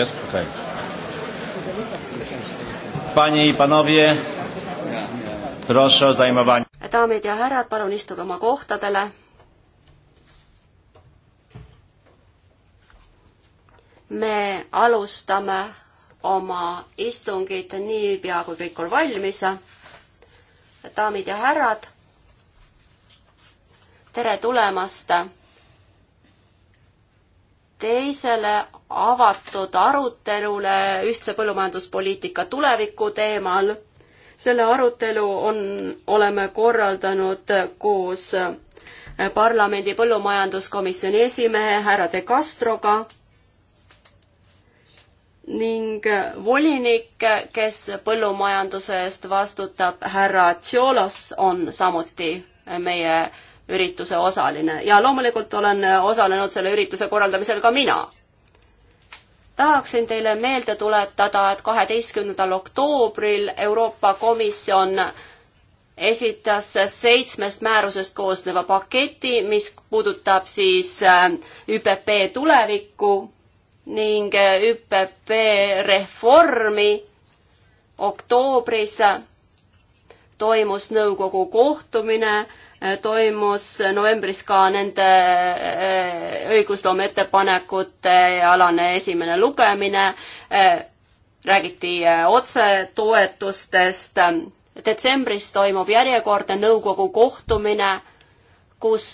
Jest? Okej. Okay. Panie i panowie, proszę o zajmowanie. Daamid ja härrad, palun istuge oma kohtadele. me alustame oma istungit niipea, kui kõik on valmis. daamid ja härrad, tere tulemast teisele avatud arutelule ühtse põllumajanduspoliitika tuleviku teemal. selle arutelu on, oleme korraldanud koos parlamendi põllumajanduskomisjoni esimehe härra De Castroga ning volinik, kes põllumajanduse eest vastutab, härra Tšiolos, on samuti meie ürituse osaline ja loomulikult olen osalenud selle ürituse korraldamisel ka mina. tahaksin teile meelde tuletada, et kaheteistkümnendal oktoobril Euroopa Komisjon esitas seitsmest määrusest koosneva paketi, mis puudutab siis äh, ÜPP tulevikku ning äh, ÜPP reformi oktoobris toimus nõukogu kohtumine Äh, toimus novembris ka nende äh, õigusloome ettepanekute alane esimene lugemine, äh, räägiti otsetoetustest, detsembris toimub järjekordne nõukogu kohtumine, kus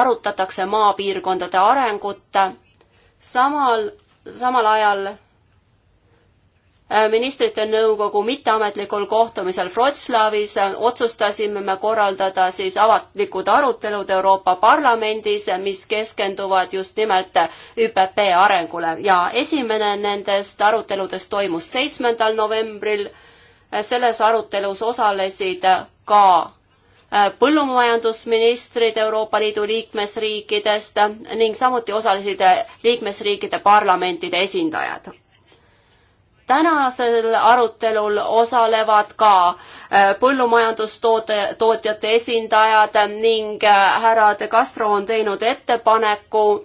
arutatakse maapiirkondade arengut, samal, samal ajal Äh, ministrite nõukogu mitteametlikul kohtumisel Wroclawis äh, otsustasime me korraldada siis avalikud arutelud Euroopa Parlamendis, äh, mis keskenduvad just nimelt ÜPP arengule ja esimene nendest aruteludest toimus seitsmendal novembril. selles arutelus osalesid ka põllumajandusministrid Euroopa Liidu liikmesriikidest ning samuti osalesid liikmesriikide parlamentide esindajad tänasel arutelul osalevad ka äh, põllumajandustoote, tootjate esindajad ning äh, härra De Castro on teinud ettepaneku,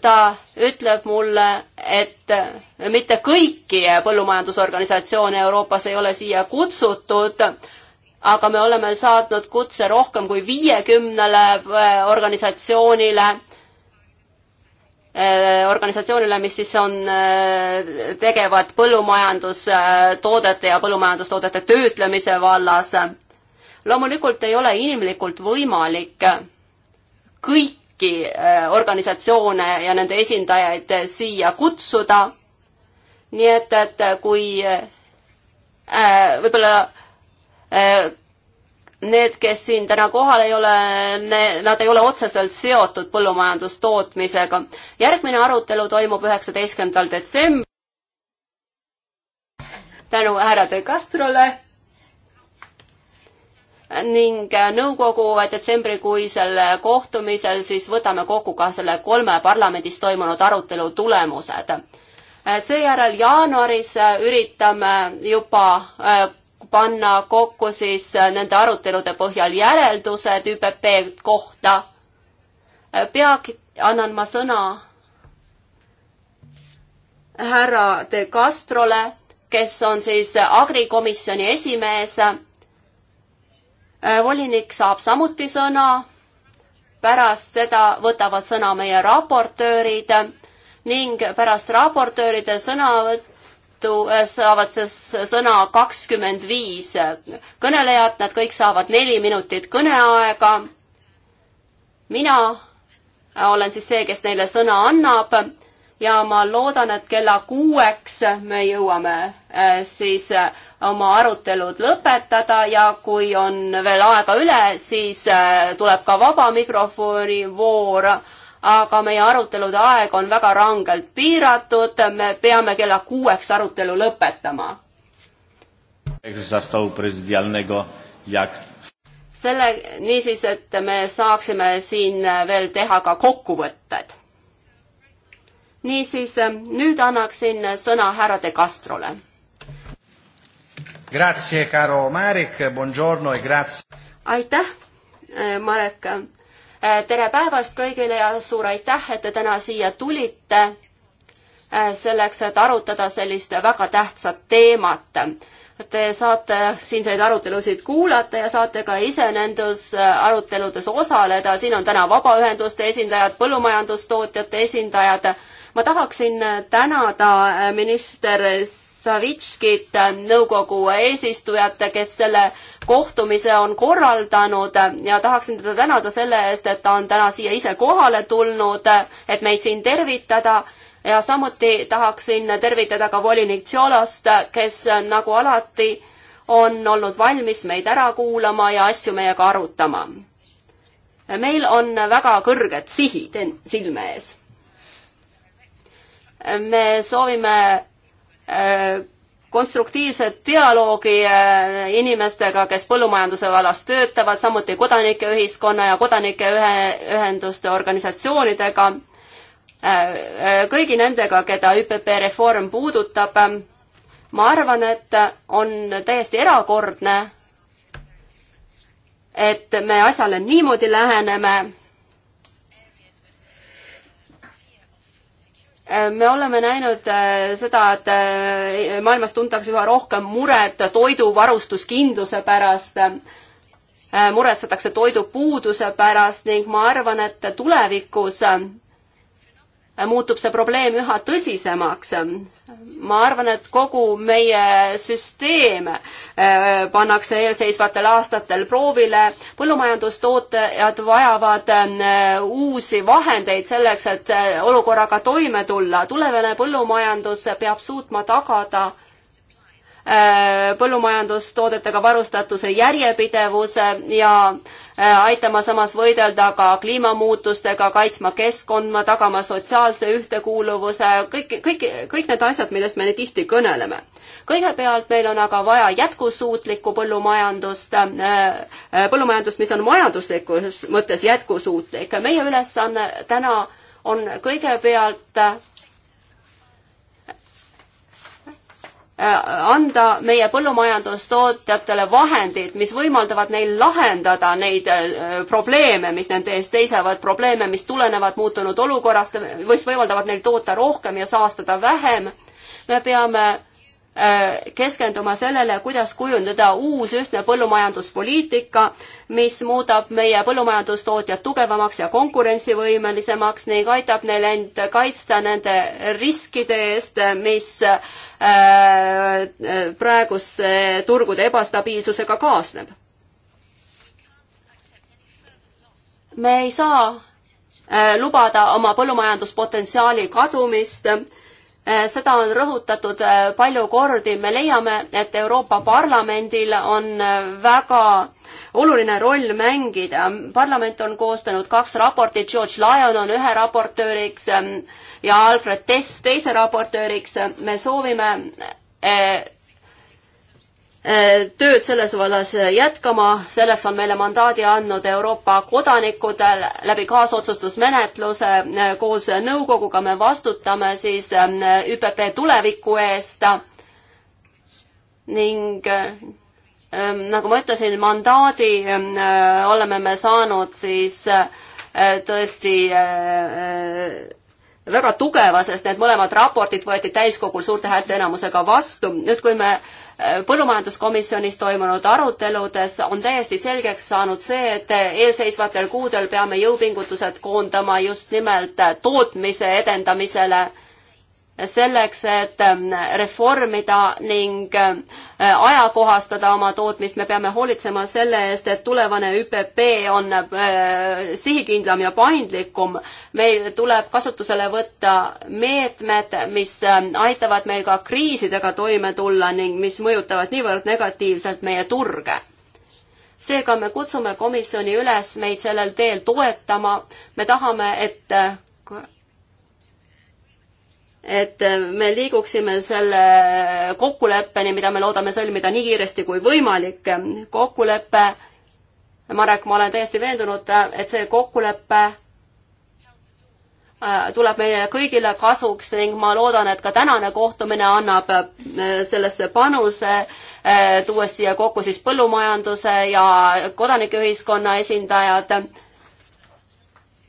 ta ütleb mulle, et äh, mitte kõiki põllumajandusorganisatsioone Euroopas ei ole siia kutsutud, aga me oleme saatnud kutse rohkem kui viiekümnele organisatsioonile Äh, organisatsioonile, mis siis on, äh, tegevad põllumajandustoodete äh, ja põllumajandustoodete töötlemise vallas. loomulikult ei ole inimlikult võimalik kõiki organisatsioone ja nende esindajaid siia kutsuda. nii et, et kui võib-olla need, kes siin täna kohal ei ole, nad ei ole otseselt seotud põllumajandustootmisega. järgmine arutelu toimub üheksateistkümnendal detsembril. tänu härra De Castrole ning nõukogu detsembrikuisel kohtumisel siis võtame kokku ka selle kolme parlamendis toimunud arutelu tulemused seejärel jaanuaris üritame juba panna kokku siis äh, nende arutelude põhjal järeldused ÜPP kohta. Äh, peagi annan ma sõna härra De Castrole, kes on siis agrikomisjoni esimees. Äh, volinik saab samuti sõna. pärast seda võtavad sõna meie raportöörid ning pärast raportööride sõnavõttu tõttu äh, saavad see sõna kakskümmend viis kõnelejat, nad kõik saavad neli minutit kõneaega. mina olen siis see, kes neile sõna annab ja ma loodan, et kella kuueks me jõuame äh, siis äh, oma arutelud lõpetada ja kui on veel aega üle, siis tuleb ka vaba mikrofoni voor aga meie arutelude aeg on väga rangelt piiratud, me peame kella kuueks arutelu lõpetama. selle, niisiis, et me saaksime siin veel teha ka kokkuvõtted. niisiis, nüüd annaksin sõna härra De Castrole. Grazie, caro Marek, buongiorno e grazie. aitäh, Marek Äh, tere päevast kõigile ja suur aitäh, et te täna siia tulite äh, selleks, et arutada sellist väga tähtsat teemat. Te saate siinseid arutelusid kuulata ja saate ka ise nendes äh, aruteludes osaleda, siin on täna vabaühenduste esindajad, põllumajandustootjate esindajad. ma tahaksin tänada minister Savitskit, nõukogu eesistujat, kes selle kohtumise on korraldanud ja tahaksin teda tänada selle eest, et ta on täna siia ise kohale tulnud, et meid siin tervitada ja samuti tahaksin tervitada ka volinik Tšolost, kes nagu alati on olnud valmis meid ära kuulama ja asju meiega arutama. meil on väga kõrged sihid silme ees. me soovime konstruktiivset dialoogi äh, inimestega, kes põllumajanduse vallas töötavad, samuti kodanikeühiskonna ja kodanikeühenduste organisatsioonidega, äh, äh, kõigi nendega, keda ÜPP reform puudutab. ma arvan, et on täiesti erakordne, et me asjale niimoodi läheneme Äh, me oleme näinud äh, seda, et äh, maailmas tuntakse üha rohkem muret toiduvarustuskindluse pärast, muretsetakse toidupuuduse pärast ning ma arvan, et tulevikus muutub see probleem üha tõsisemaks ma arvan, et kogu meie süsteem äh, pannakse eelseisvatel aastatel proovile. põllumajandustootjad vajavad äh, uusi vahendeid selleks, et äh, olukorraga toime tulla. tulevane põllumajandus peab suutma tagada Äh, põllumajandustoodetega varustatuse järjepidevuse ja äh, aitama samas võidelda ka kliimamuutustega, kaitsma keskkonda, tagama sotsiaalse ühtekuuluvuse, kõik, kõik, kõik need asjad, millest me tihti kõneleme. kõigepealt meil on aga vaja jätkusuutlikku põllumajandust, äh, põllumajandust, mis on majanduslikus mõttes jätkusuutlik. meie ülesanne täna on kõigepealt Äh, anda meie põllumajandustootjatele vahendid, mis võimaldavad neil lahendada neid äh, probleeme, mis nende ees seisavad, probleeme, mis tulenevad muutunud olukorrast, mis võimaldavad neil toota rohkem ja saastada vähem. me peame Äh, keskenduma sellele, kuidas kujundada uus ühtne põllumajanduspoliitika, mis muudab meie põllumajandustootjad tugevamaks ja konkurentsivõimelisemaks ning aitab neil end kaitsta nende riskide eest, mis äh, praeguse turgude ebastabiilsusega kaasneb. me ei saa äh, lubada oma põllumajanduspotentsiaali kadumist Äh, seda on rõhutatud äh, palju kordi, me leiame, et Euroopa Parlamendil on äh, väga oluline roll mängida. parlament on koostanud kaks raportit, George Lyon on ühe raportööriks ähm, ja Alfred Tess teise raportööriks. me soovime Äh, tööd selles vallas jätkama, selleks on meile mandaadi andnud Euroopa kodanikud äh, läbi kaasotsustusmenetluse, äh, koos nõukoguga me vastutame siis ÜPP tuleviku eest ning ähm, nagu ma ütlesin, mandaadi ähm, oleme me saanud siis tõesti väga tugeva, sest need mõlemad raportid võeti täiskogul suurte häälteenamusega vastu. nüüd, kui me põllumajanduskomisjonis toimunud aruteludes on täiesti selgeks saanud see, et eelseisvatel kuudel peame jõupingutused koondama just nimelt tootmise edendamisele selleks, et ähm, reformida ning äh, ajakohastada oma tootmist, me peame hoolitsema selle eest, et tulevane ÜPP on äh, sihikindlam ja paindlikum. meil tuleb kasutusele võtta meetmed, mis ähm, aitavad meil ka kriisidega toime tulla ning mis mõjutavad niivõrd negatiivselt meie turge seega me kutsume komisjoni üles meid sellel teel toetama, me tahame, et äh, et me liiguksime selle kokkuleppeni, mida me loodame sõlmida nii kiiresti kui võimalik. kokkulepe, Marek, ma olen täiesti veendunud, et see kokkulepe äh, tuleb meie kõigile kasuks ning ma loodan, et ka tänane kohtumine annab äh, sellesse panuse, äh, tuues siia kokku siis põllumajanduse ja kodanikeühiskonna esindajad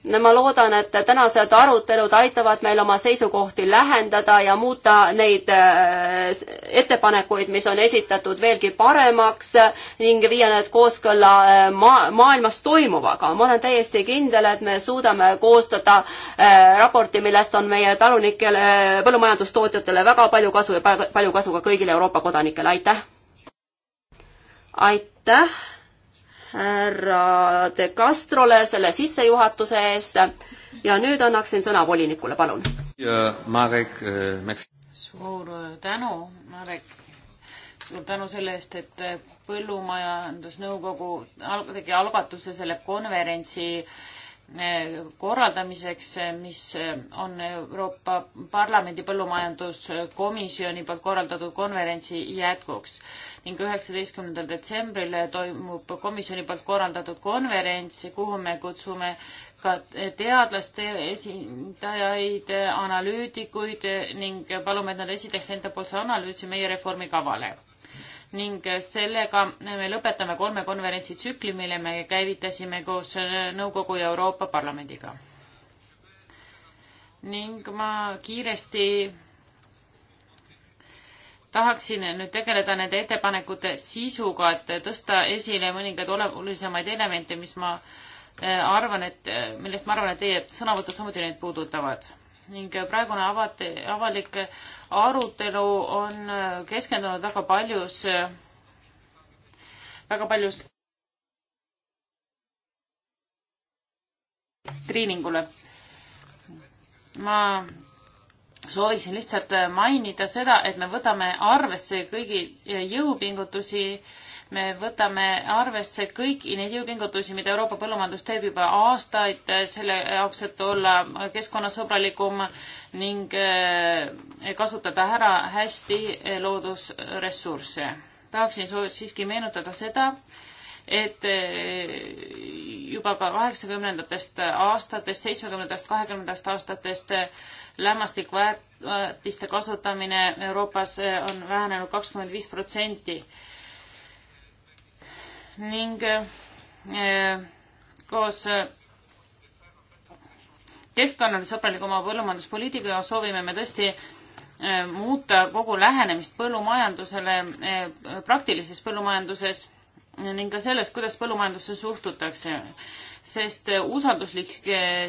ma loodan, et tänased arutelud aitavad meil oma seisukohti lähendada ja muuta neid äh, ettepanekuid, mis on esitatud veelgi paremaks ning viia need kooskõlla äh, ma-, maailmas toimuvaga. ma olen täiesti kindel, et me suudame koostada äh, raporti, millest on meie talunikele, põllumajandustootjatele väga palju kasu ja palju kasu ka kõigile Euroopa kodanikele, aitäh! aitäh! härra De Castrole selle sissejuhatuse eest ja nüüd annaksin sõna volinikule, palun. Marek äh, Meks-. suur äh, tänu, Marek. suur tänu selle eest, et äh, Põllumajandusnõukogu tegi algatuse selle konverentsi korraldamiseks, mis on Euroopa Parlamendi Põllumajanduskomisjoni poolt korraldatud konverentsi jätkuks ning üheksateistkümnendal detsembril toimub komisjoni poolt korraldatud konverents, kuhu me kutsume ka teadlaste esindajaid, analüütikuid ning palume, et nad esitaks enda poolt see analüüsi meie reformikavale ning sellega me lõpetame kolme konverentsi tsükli, mille me käivitasime koos Nõukogu ja Euroopa Parlamendiga. ning ma kiiresti tahaksin nüüd tegeleda nende ettepanekute sisuga, et tõsta esile mõningaid olulisemaid elemente, mis ma äh, arvan, et, äh, millest ma arvan, et teie sõnavõtud samuti neid puudutavad. ning äh, praegune avat-, avalik arutelu on keskendunud väga paljus, väga paljus screening ule. ma sooviksin lihtsalt äh, mainida seda, et me võtame arvesse kõigi äh, jõupingutusi, me võtame arvesse kõiki neid jõupingutusi, mida Euroopa põllumajandus teeb juba aastaid äh, selle jaoks, et olla keskkonnasõbralikum ning kasutada ära hästi loodusressursse. tahaksin siiski meenutada seda, et eh, juba ka kaheksakümnendatest aastatest, seitsmekümnendast, kahekümnendast aastatest eh, lämmastikväetiste kasutamine Euroopas eh, on vähenenud kakskümmend viis protsenti. ning koos keskkonnale sõbralikuma põllumajanduspoliitikaga soovime me tõesti muuta kogu lähenemist põllumajandusele praktilises põllumajanduses ning ka sellest, kuidas põllumajandusse suhtutakse. sest usalduslik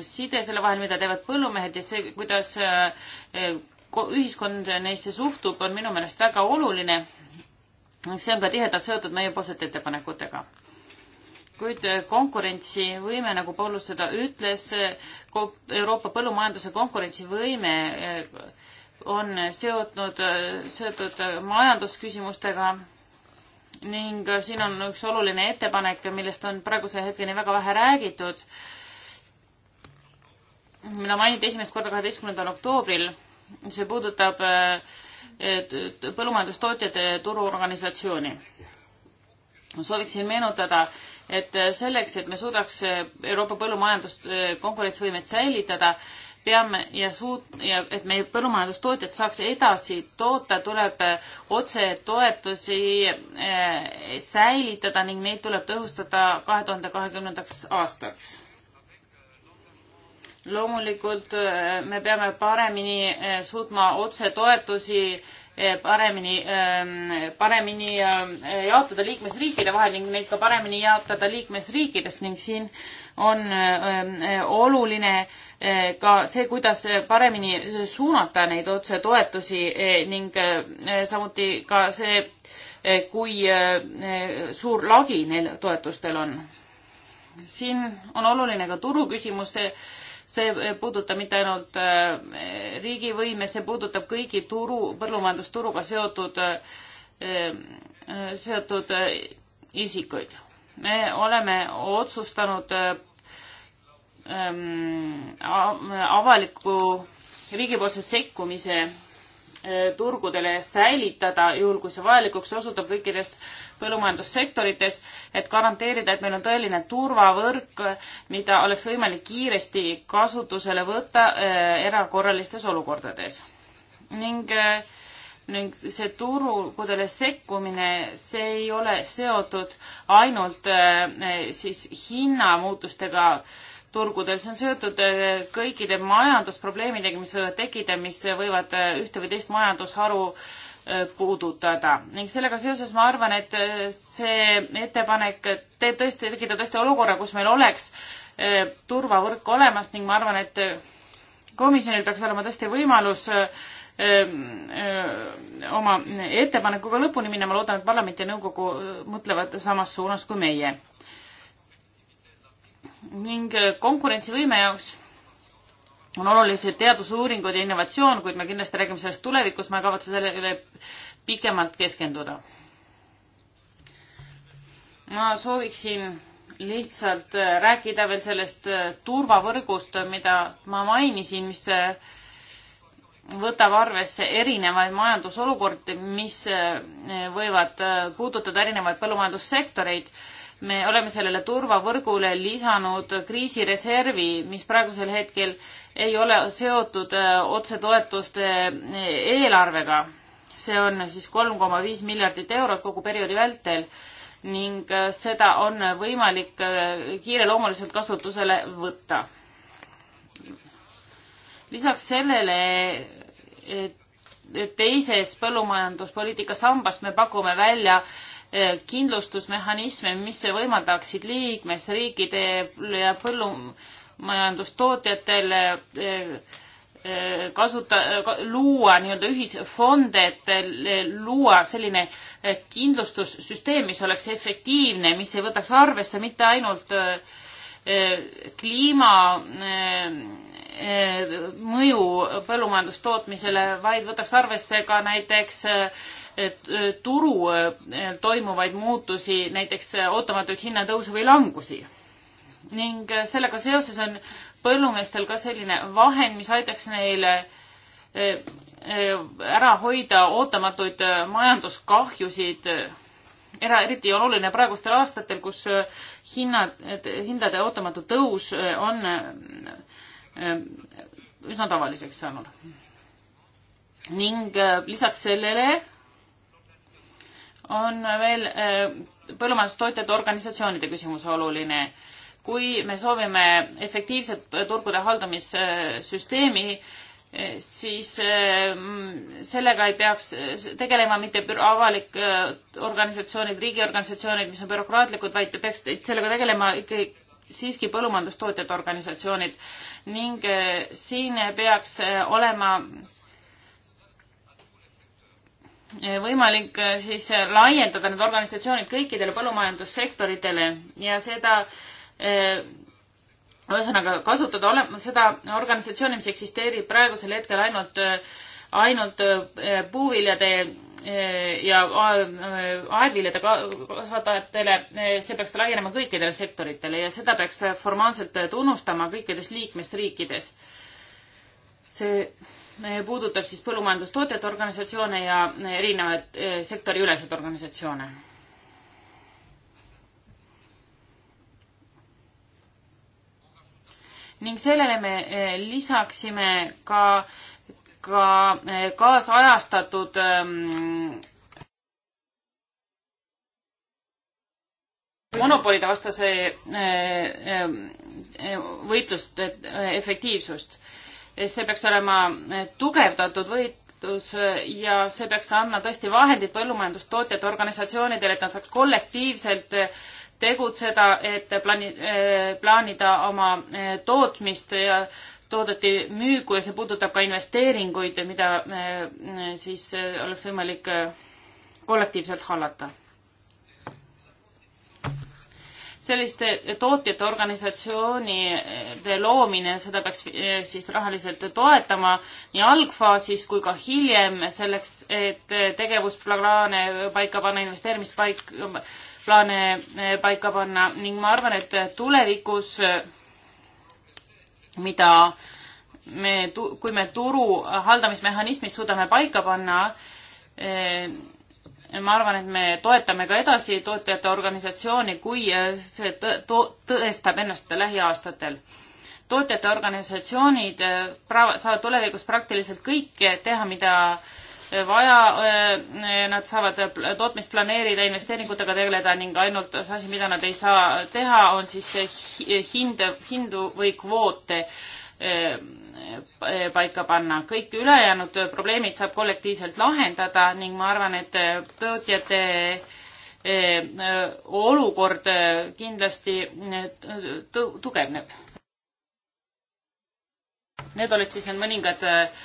side selle vahel, mida teevad põllumehed ja see, kuidas eh, ühiskond neisse suhtub, on minu meelest väga oluline. see on ka tihedalt seotud meiepoolsete ettepanekutega. kuid konkurentsivõime, nagu Paulus seda ütles, Euroopa põllumajanduse konkurentsivõime eh, on seotud, seotud majandusküsimustega ning äh, siin on üks oluline ettepanek, millest on praeguse hetkeni väga vähe räägitud, mida mainiti esimest korda kaheteistkümnendal oktoobril. see puudutab äh, põllumajandustootjate turuorganisatsiooni. ma sooviksin meenutada, et äh, selleks, et me suudaks Euroopa põllumajandust konkurentsivõimet säilitada, peame ja suut- ja et meie põllumajandustootjad saaks edasi toota, tuleb otsetoetusi eh, säilitada ning neid tuleb tõhustada kahe tuhande kahekümnendaks aastaks loomulikult eh, me peame paremini eh, suutma otsetoetusi Eh, paremini, ehm, paremini eh, jaotada liikmesriikide vahel ning neid ka paremini jaotada liikmesriikidest ning siin on ehm, eh, oluline ka see, kuidas paremini suunata neid otsetoetusi ning samuti ka see, kui suur lagi neil toetustel on. siin on oluline ka turuküsimus, see see ei puuduta mitte ainult äh, riigivõime, see puudutab kõigi turu, põllumajandusturuga seotud, äh, äh, seotud isikuid. me oleme otsustanud ähm, avaliku riigipoolse sekkumise Äh, turgudele säilitada, juhul kui see vajalikuks osutub kõikides põllumajandussektorites, et garanteerida, et meil on tõeline turvavõrk, mida oleks võimalik kiiresti kasutusele võtta äh, erakorralistes olukordades. ning, äh, ning see turgudele sekkumine, see ei ole seotud ainult siis hinnamuutustega äh, turgudel, see on seotud äh, kõikide majandusprobleemidega, mis võivad tekkida, mis äh, võivad äh, ühte või teist majandusharu puudutada ning sellega seoses ma arvan, et see ettepanek teeb tõesti, tekitab tõesti olukorra, kus meil oleks turvavõrk olemas ning ma arvan, et komisjonil peaks olema tõesti võimalus oma ettepanekuga lõpuni minna, ma loodan, et parlament ja nõukogu mõtlevad samas suunas kui meie ning äh, konkurentsivõime jaoks on olulised teadusuuringud ja innovatsioon, kuid me kindlasti räägime sellest tulevikus, ma ei kavatse selle üle pikemalt keskenduda. ma sooviksin lihtsalt äh, rääkida veel sellest äh, turvavõrgust, mida ma mainisin, mis võtab arvesse erinevaid majandusolukordi, mis võivad puudutada erinevaid põllumajandussektoreid me oleme sellele turvavõrgule lisanud kriisireservi, mis praegusel hetkel ei ole seotud äh, otsetoetuste äh, eelarvega. see on siis kolm koma viis miljardit eurot kogu perioodi vältel ning äh, seda on võimalik kiireloomuliselt kasutusele võtta. lisaks sellele, et teises põllumajanduspoliitika sambas me pakume välja äh, Eh, kindlustusmehhanisme, mis võimaldaksid liikmesriikide ja põllumajandustootjatel eh, eh, kasuta-, luua nii-öelda ühisfonde, et luua selline kindlustussüsteem, mis oleks efektiivne, mis ei võtaks arvesse mitte ainult kliima mõju põllumajandustootmisele, vaid võtaks arvesse ka näiteks turu toimuvaid muutusi, näiteks ootamatuid hinnatõuse või langusi. ning sellega seoses on põllumeestel ka selline vahend, mis aitaks neile ära hoida ootamatuid majanduskahjusid. era, eriti on oluline praegustel aastatel, kus hinnad, hindade ootamatu tõus on Ehm, üsna tavaliseks saanud. ning äh, lisaks sellele on veel äh, põllumajandustootjate organisatsioonide küsimus oluline. kui me soovime efektiivset turgude haldamissüsteemi, äh, siis sellega ei peaks tegelema mitte avalik organisatsioonid, riigiorganisatsioonid, mis on bürokraatlikud, vaid peaks sellega tegelema ikkagi siiski põllumajandustootjate organisatsioonid ning eh, siin peaks eh, olema eh, võimalik siis laiendada need organisatsioonid kõikidele põllumajandussektoritele ja seda ühesõnaga kasutada olema seda organisatsiooni, mis eksisteerib praegusel hetkel ainult ainult äh, puuviljade äh, ja äh, aedviljade kasvatajatele, see peaks laienema kõikidele sektoritele ja seda peaks formaalselt tunnustama kõikides liikmesriikides. see puudutab siis põllumajandustootjate organisatsioone ja erinevaid sektoriüleseid organisatsioone. ning sellele me lisaksime ka äh, ka eh, kaasajastatud ehm, monopolide vastase eh, ehm, eh, võitlust efektiivsust. see peaks olema tugevdatud võitlus ja see peaks andma tõesti vahendid põllumajandustootjate organisatsioonidele, et nad saaks kollektiivselt tegutseda, et plaani, plaanida oma tootmist ja toodeti müügu ja see puudutab ka investeeringuid, mida me äh, siis äh, oleks võimalik äh, kollektiivselt hallata. selliste tootjate organisatsioonide loomine, seda peaks siis rahaliselt toetama nii algfaasis kui ka hiljem selleks, et tegevusplaane paika panna, investeerimispaik, plaane paika panna ning ma arvan, et tulevikus mida me, kui me turu haldamismehhanismis suudame paika panna, eh, ma arvan, et me toetame ka edasi tootjate organisatsiooni, kui eh, see tõestab ennast lähiaastatel. tootjate organisatsioonid eh, saavad tulevikus praktiliselt kõike teha, mida äh, vaja, äh, nad saavad tootmist planeerida, investeeringutega tegeleda ning ainult see asi, mida nad ei saa teha, on siis hind, hindu või kvoote äh, paika panna. kõik ülejäänud probleemid saab kollektiivselt lahendada ning ma arvan, et tootjate äh, olukord kindlasti tugevneb. Need olid siis need mõningad äh,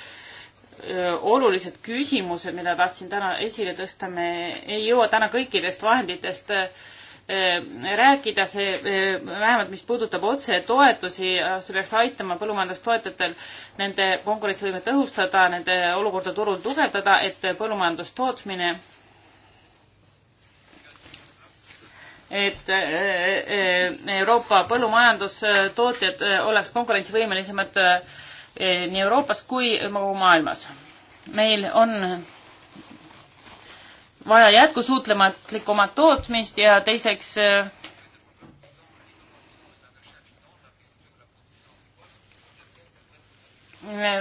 olulised küsimused, mida tahtsin täna esile tõsta, me ei jõua täna kõikidest vahenditest rääkida, see vähemalt, mis puudutab otsetoetusi, see peaks aitama põllumajandustoetajatel nende konkurentsivõimet tõhustada, nende olukorda turul tugevdada, et põllumajandustootmine et Euroopa põllumajandustootjad oleks konkurentsivõimelisemad äh, Eh, nii Euroopas kui kogu maailmas. meil on vaja jätkusuutlematlikumat tootmist ja teiseks eh,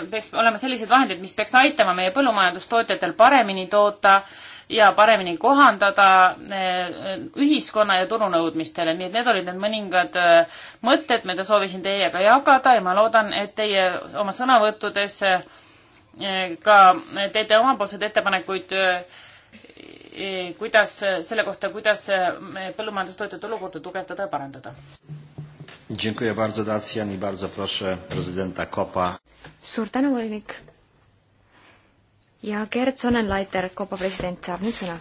peaks olema sellised vahendid, mis peaks aitama meie põllumajandustootjatel paremini toota äh, ja paremini kohandada eh, ühiskonna ja turu nõudmistele, nii et need olid need mõningad eh, mõtted, mida soovisin teiega jagada ja ma loodan, et teie oma sõnavõttudes eh, ka teete omapoolseid ettepanekuid, kuidas, selle kohta, kuidas põllumajandustootjate olukorda tugevdada ja parandada. Dziękuję bardzo, Dacjan, i bardzo proszę prezydenta Kopa. Suur tänu, volinik ja Gerd Sonnenlaiter, Kopa president, saab nüüd sõna.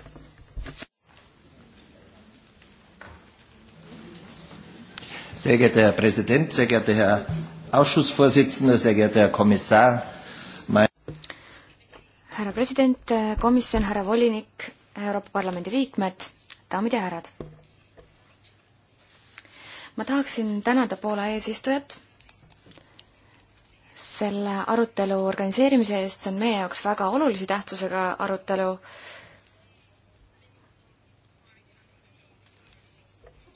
Sehr geehrter Herr Präsident, sehr geehrter Herr Ausschussvorsitzender, sehr geehrter Herr Kommissar, mein härra president, komisjon, härra volinik, Euroopa Parlamendi liikmed, daamid ja härrad. ma tahaksin tänada Poola eesistujat selle arutelu organiseerimise eest, see on meie jaoks väga olulise tähtsusega arutelu.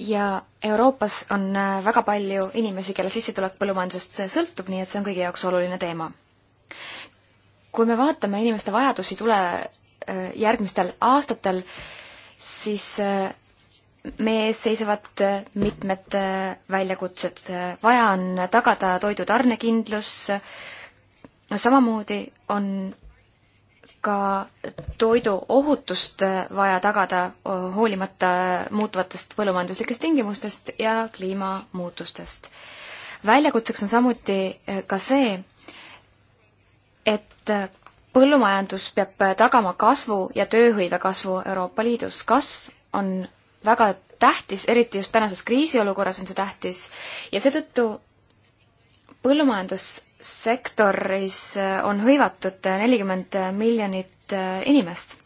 ja Euroopas on äh, väga palju inimesi, kelle sissetulek põllumajandusest sõltub, nii et see on kõigi jaoks oluline teema. kui me vaatame inimeste vajadusi tule äh, järgmistel aastatel, siis äh, meie ees seisavad äh, mitmed äh, väljakutsed. Äh, vaja on tagada toidu tarnekindlus, samamoodi on ka toiduohutust vaja tagada, hoolimata muutuvatest põllumajanduslikest tingimustest ja kliimamuutustest. väljakutseks on samuti ka see, et põllumajandus peab tagama kasvu ja tööhõive kasvu Euroopa Liidus. kasv on väga tähtis, eriti just tänases kriisiolukorras on see tähtis ja seetõttu põllumajandussektoris äh, on hõivatud äh, nelikümmend äh, miljonit inimest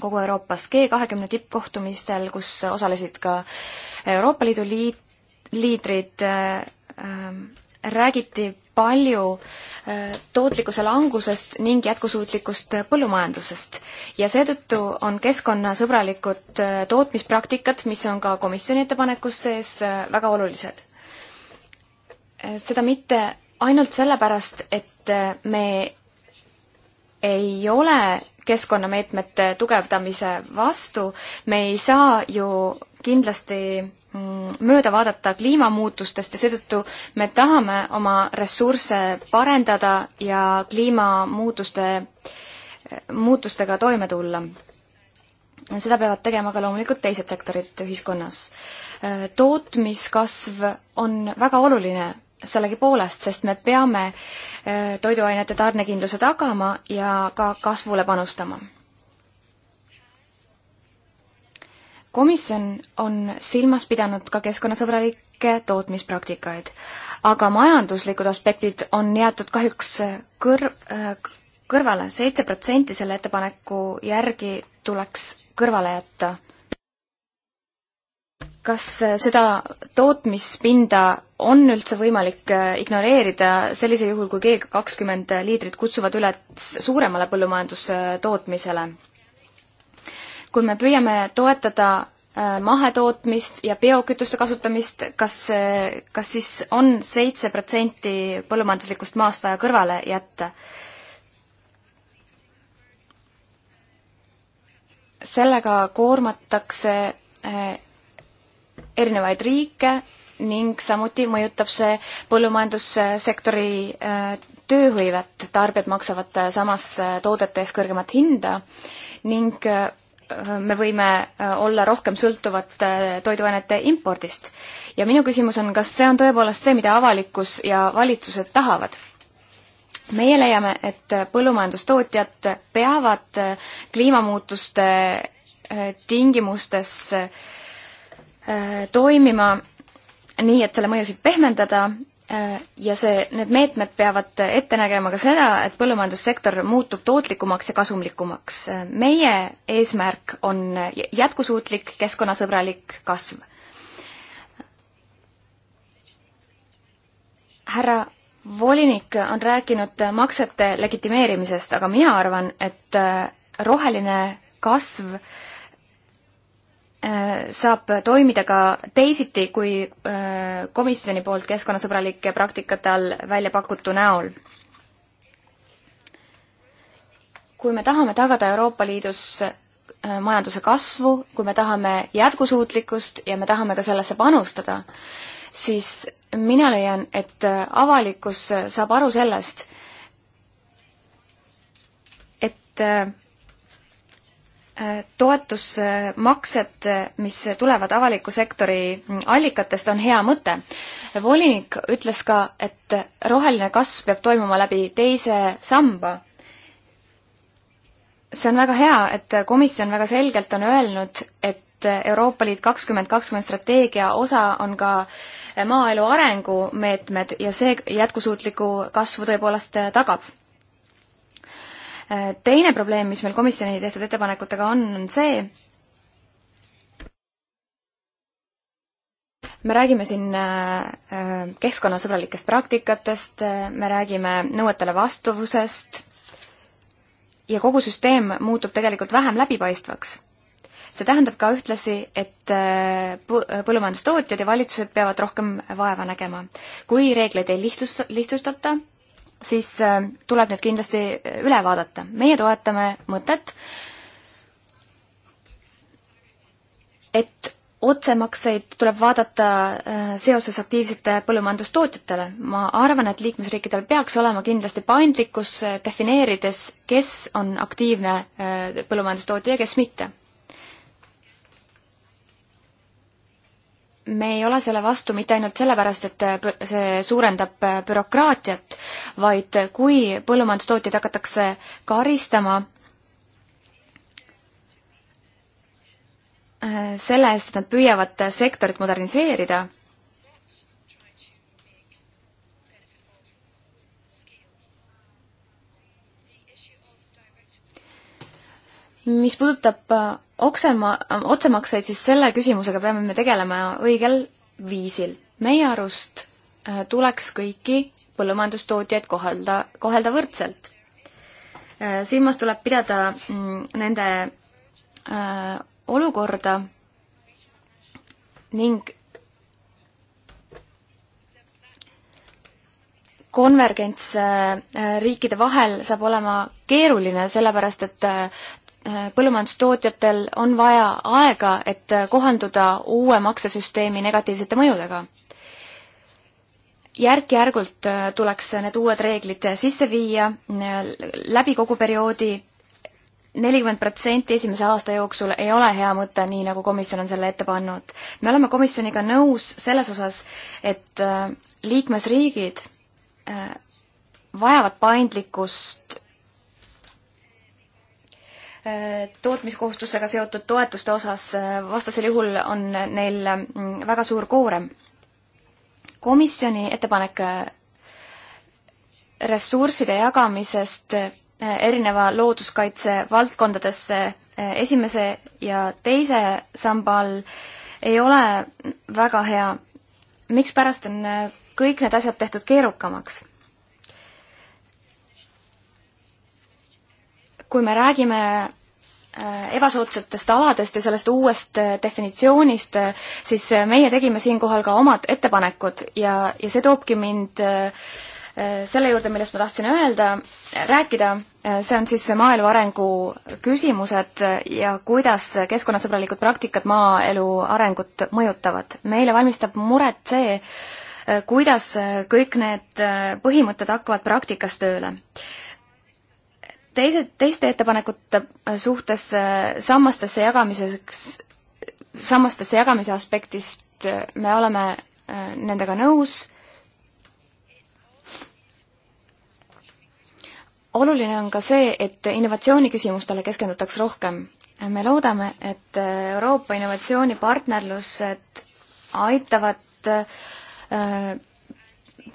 kogu Euroopas G kahekümne tippkohtumistel, kus osalesid ka Euroopa Liidu liit-, liidrid ähm,, räägiti palju äh, tootlikkuse langusest ning jätkusuutlikust põllumajandusest. ja seetõttu on keskkonnasõbralikud äh, tootmispraktikad, mis on ka komisjoni ettepanekus sees, äh, väga olulised. seda mitte ainult sellepärast, et me ei ole keskkonnameetmete tugevdamise vastu, me ei saa ju kindlasti Mm, mööda vaadata kliimamuutustest ja seetõttu me tahame oma ressursse parendada ja kliimamuutuste, muutustega toime tulla. seda peavad tegema ka loomulikult teised sektorid ühiskonnas. Äh, tootmiskasv on väga oluline sellegipoolest, sest me peame äh, toiduainete tarnekindluse tagama ja ka kasvule panustama komisjon on silmas pidanud ka keskkonnasõbralikke tootmispraktikaid, aga majanduslikud aspektid on jäetud kahjuks kõr-, äh, kõrvale, seitse protsenti selle ettepaneku järgi tuleks kõrvale jätta. kas seda tootmispinda on üldse võimalik äh, ignoreerida sellisel juhul, kui G kakskümmend liidrid kutsuvad üles suuremale põllumajandustootmisele? Äh, kui me püüame toetada äh, mahetootmist ja biokütuste kasutamist, kas, kas siis on seitse protsenti põllumajanduslikust maast vaja kõrvale jätta? sellega koormatakse äh, erinevaid riike ning samuti mõjutab see põllumajandussektori äh, tööhõivet, tarbijad maksavad samas toodete eest kõrgemat hinda ning Äh, me võime äh, olla rohkem sõltuvad äh, toiduainete impordist. ja minu küsimus on, kas see on tõepoolest see, mida avalikkus ja valitsused tahavad? meie leiame, et põllumajandustootjad peavad kliimamuutuste tingimustes toimima nii, et selle mõjusid pehmendada Äh, ja see, need meetmed peavad ette nägema ka seda, et põllumajandussektor muutub tootlikumaks ja kasumlikumaks. Äh, meie eesmärk on jätkusuutlik keskkonnasõbralik kasv. härra volinik on rääkinud maksete legitimeerimisest, aga mina arvan, et äh, roheline kasv äh, Äh, saab toimida ka teisiti kui äh, komisjoni poolt keskkonnasõbralike praktikate all välja pakutu näol. kui me tahame tagada Euroopa Liidus äh, majanduse kasvu, kui me tahame jätkusuutlikkust ja me tahame ka sellesse panustada, siis mina leian, et avalikkus saab aru sellest, et Äh, toetusmaksed, äh, mis tulevad avaliku sektori mm, allikatest, on hea mõte. volinik ütles ka, et roheline kasv peab toimuma läbi teise samba. see on väga hea, et komisjon väga selgelt on öelnud, et Euroopa Liit kakskümmend kakskümmend strateegia osa on ka maaelu arengumeetmed ja see jätkusuutliku kasvu tõepoolest tagab teine probleem, mis meil komisjoni tehtud ettepanekutega on, on see, me räägime siin äh, äh, keskkonnasõbralikest praktikatest, äh, me räägime nõuetele vastavusest ja kogu süsteem muutub tegelikult vähem läbipaistvaks. see tähendab ka ühtlasi, et põllumajandustootjad ja valitsused peavad rohkem vaeva nägema. kui reegleid ei lihtsust-, lihtsustata, siis äh, tuleb need kindlasti äh, üle vaadata. meie toetame mõtet, et otsemakseid tuleb vaadata äh, seoses aktiivsete põllumajandustootjatele. ma arvan, et liikmesriikidel peaks olema kindlasti paindlikkus defineerides, kes on aktiivne põllumajandustootja ja kes mitte. me ei ole selle vastu mitte ainult sellepärast, et äh, see suurendab äh, bürokraatiat, vaid kui põllumajandustootjaid hakatakse karistama äh, selle eest, et nad püüavad sektorit moderniseerida, mis puudutab oksema, otsemakseid, siis selle küsimusega peame me tegelema õigel viisil. meie arust äh, tuleks kõiki põllumajandustootjaid kohelda, kohelda võrdselt. Äh, silmas tuleb pidada mm, nende äh, olukorda ning konvergents riikide vahel saab olema keeruline, sellepärast et Äh, põllumajandustootjatel on vaja aega, et äh, kohanduda uue maksesüsteemi negatiivsete mõjudega. järk-järgult äh, tuleks need uued reeglid sisse viia läbi kogu perioodi, nelikümmend protsenti esimese aasta jooksul ei ole hea mõte, nii nagu komisjon on selle ette pannud. me oleme komisjoniga nõus selles osas, et liikmesriigid vajavad paindlikkust tootmiskohustusega seotud toetuste osas, vastasel juhul on neil mm, väga suur koorem. komisjoni ettepanek äh, ressursside jagamisest äh, erineva looduskaitse valdkondadesse äh, esimese ja teise samba all ei ole väga hea. mikspärast on kõik need asjad tehtud keerukamaks? kui me räägime äh, ebasoodsatest aladest ja sellest uuest äh, definitsioonist, äh, siis meie tegime siinkohal ka omad ettepanekud ja, ja see toobki mind selle juurde, millest ma tahtsin öelda, rääkida, see on siis maaelu arengu küsimused ja kuidas keskkonnasõbralikud praktikad maaelu arengut mõjutavad. meile valmistab muret see, kuidas kõik need põhimõtted hakkavad praktikas tööle teised, teiste ettepanekute äh, suhtes äh, sammastesse jagamiseks, sammastesse jagamise aspektist äh, me oleme nendega nõus. oluline on ka see, et innovatsiooniküsimustele keskendutaks rohkem. me loodame, et Euroopa innovatsioonipartnerlused aitavad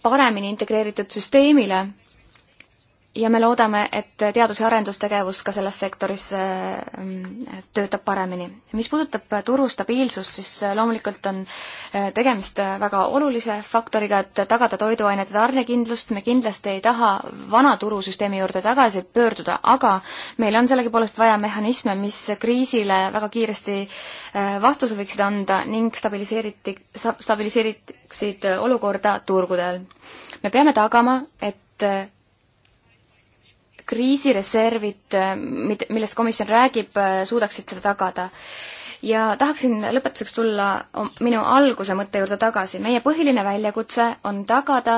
paremini integreeritud süsteemile ja me loodame, et teadus- ja arendustegevus ka selles sektoris äh, töötab paremini. mis puudutab turu stabiilsust, siis äh, loomulikult on äh, tegemist väga olulise faktoriga, et tagada toiduainete tarnekindlust, me kindlasti ei taha vana turusüsteemi juurde tagasi pöörduda, aga meil on sellegipoolest vaja mehhanisme, mis kriisile väga kiiresti vastuse võiksid anda ning stabiliseeriti, stabiliseeriksid olukorda turgudel. me peame tagama, et kriisireservid, äh, mid-, millest komisjon räägib, äh, suudaksid seda tagada. ja tahaksin lõpetuseks tulla minu alguse mõtte juurde tagasi. meie põhiline väljakutse on tagada,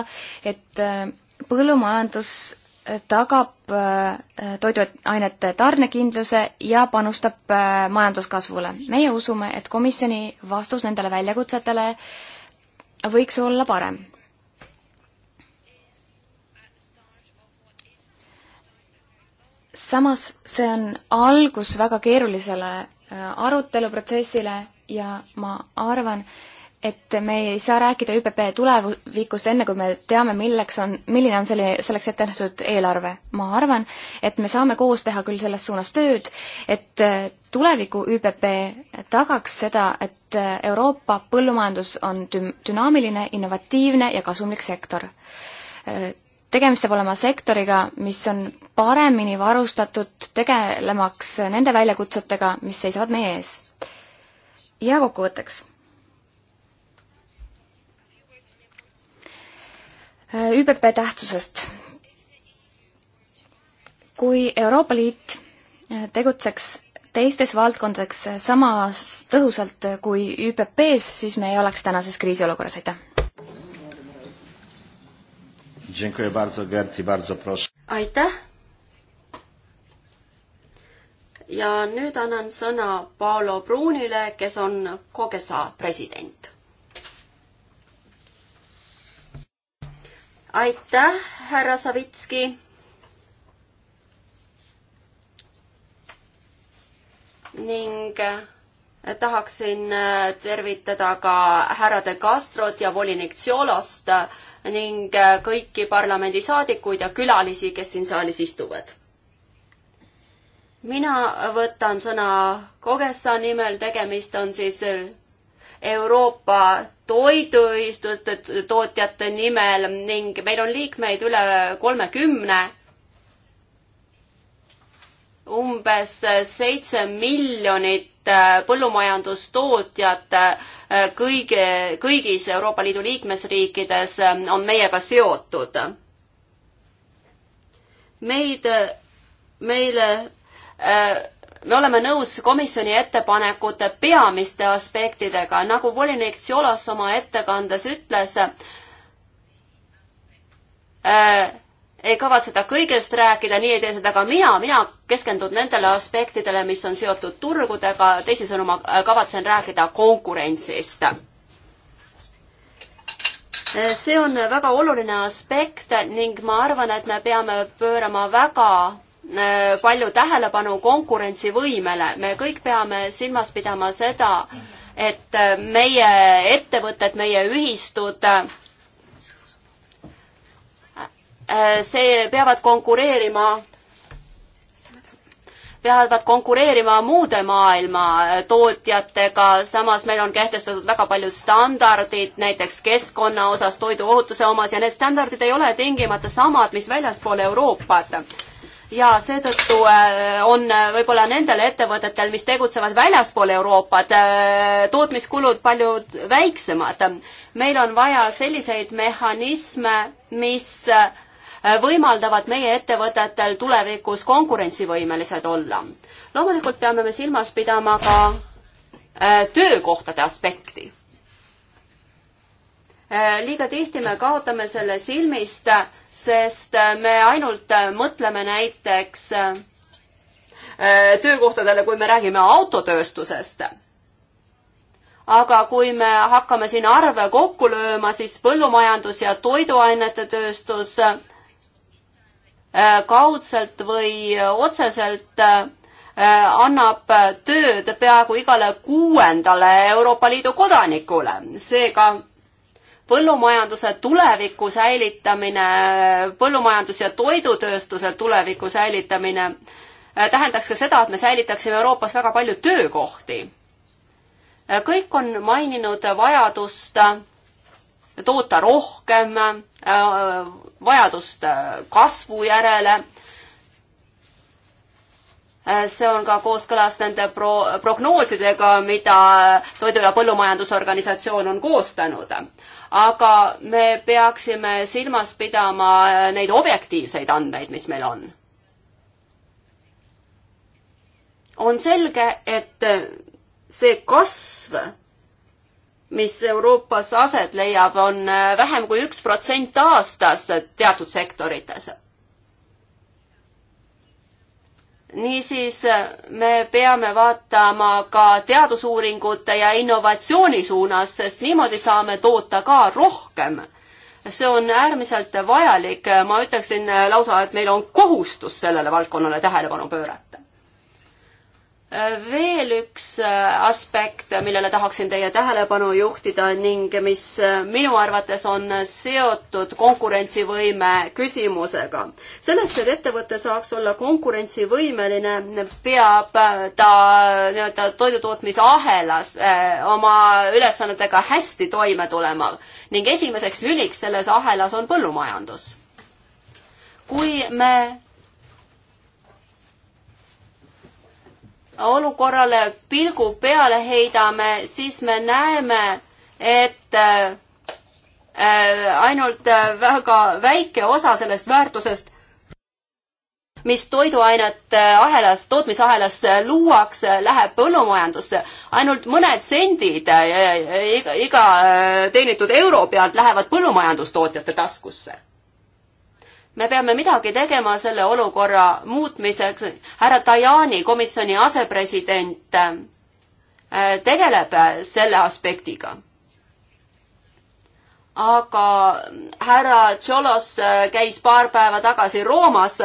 et äh, põllumajandus tagab toiduainete tarnekindluse ja panustab majanduskasvule. meie usume, et komisjoni vastus nendele väljakutsetele võiks olla parem samas see on algus väga keerulisele äh, aruteluprotsessile ja ma arvan, et me ei saa rääkida ÜPP tulevikust, enne kui me teame, milleks on, milline on selle, selleks ette nähtud eelarve. ma arvan, et me saame koos teha küll selles suunas tööd, et äh, tuleviku ÜPP tagaks seda, et äh, Euroopa põllumajandus on düm-, dünaamiline, innovatiivne ja kasumlik sektor tegemist saab olema sektoriga, mis on paremini varustatud tegelemaks nende väljakutsetega, mis seisavad meie ees. ja kokkuvõtteks. ÜPP tähtsusest. kui Euroopa Liit tegutseks teistes valdkondades samas tõhusalt kui ÜPP-s, siis me ei oleks tänases kriisiolukorras, aitäh! aitäh. ja nüüd annan sõna Paolo Pruunile, kes on Kogesa president. aitäh, härra Savitski ning eh, tahaksin eh, tervitada ka härra De Castrot ja volinik Tšiolost eh, ning äh, kõiki parlamendisaadikuid ja külalisi, kes siin saalis istuvad. mina võtan sõna Kogesa nimel, tegemist on siis äh, Euroopa toiduistute tootjate nimel ning meil on liikmeid üle kolmekümne umbes seitse miljonit äh, põllumajandustootjat äh, kõige, kõigis Euroopa Liidu liikmesriikides ähm, on meiega seotud. meid, äh, meile me oleme nõus komisjoni ettepanekute peamiste aspektidega, nagu volinik Tsiolas oma ettekandes ütles äh,, ei kavatseta kõigest rääkida, nii ei tee seda ka mina, mina keskendun nendele aspektidele, mis on seotud turgudega, teisisõnu ma kavatsen rääkida konkurentsist. see on väga oluline aspekt ning ma arvan, et me peame pöörama väga äh, palju tähelepanu konkurentsivõimele, me kõik peame silmas pidama seda, et äh, meie ettevõtted, meie ühistud äh, Äh, see, peavad konkureerima peavad konkureerima muude maailma äh, tootjatega, samas meil on kehtestatud väga palju standardid, näiteks keskkonna osas, toiduohutuse omas ja need standardid ei ole tingimata samad, mis väljaspool Euroopat ja seetõttu äh, on võib-olla nendel ettevõtetel, mis tegutsevad väljaspool Euroopat, tootmiskulud palju väiksemad. meil on vaja selliseid mehhanisme, mis äh, Äh, võimaldavad meie ettevõtetel tulevikus konkurentsivõimelised olla. loomulikult peame me silmas pidama ka äh, töökohtade aspekti. Äh, liiga tihti me kaotame selle silmist, sest me ainult mõtleme näiteks töökohtadele, kui me räägime autotööstusest aga kui me hakkame siin arve kokku lööma, siis põllumajandus ja toiduainete tööstus Äh, kaudselt või otseselt äh, annab tööd peaaegu igale kuuendale Euroopa Liidu kodanikule. seega põllumajanduse tuleviku säilitamine, põllumajandus- ja toidutööstuse tuleviku säilitamine äh, tähendaks ka seda, et me säilitaksime Euroopas väga palju töökohti. kõik on maininud vajadust toota rohkem, vajadust äh, kasvu järele. Äh, see on ka kooskõlas nende pro-, prognoosidega, mida Toidu- ja Põllumajandusorganisatsioon on koostanud. aga me peaksime silmas pidama äh, neid objektiivseid andmeid, mis meil on. on selge, et see kasv mis Euroopas aset leiab, on äh, vähem kui üks protsent aastas teatud sektorites. niisiis äh, me peame vaatama ka teadusuuringute ja innovatsiooni suunas, sest niimoodi saame toota ka rohkem. see on äärmiselt vajalik, ma ütleksin äh, lausa, et meil on kohustus sellele valdkonnale tähelepanu pöörata Äh, veel üks äh, aspekt, millele tahaksin teie tähelepanu juhtida ning mis äh, minu arvates on seotud konkurentsivõime küsimusega. selleks, et ettevõte saaks olla konkurentsivõimeline, peab ta nii-öelda toidutootmisahelas oma ülesannetega hästi toime tulema ning esimeseks lüliks selles ahelas on põllumajandus. kui me olukorrale pilgu peale heidame, siis me näeme, et äh, ainult äh, väga väike osa sellest väärtusest, mis toiduainete äh, ahelas, tootmisahelas luuakse, läheb põllumajandusse. ainult mõned sendid iga, iga teenitud euro pealt lähevad põllumajandustootjate taskusse me peame midagi tegema selle olukorra muutmiseks. härra Tajani, komisjoni asepresident, äh, tegeleb selle aspektiga. aga härra Tšolos äh, käis paar päeva tagasi Roomas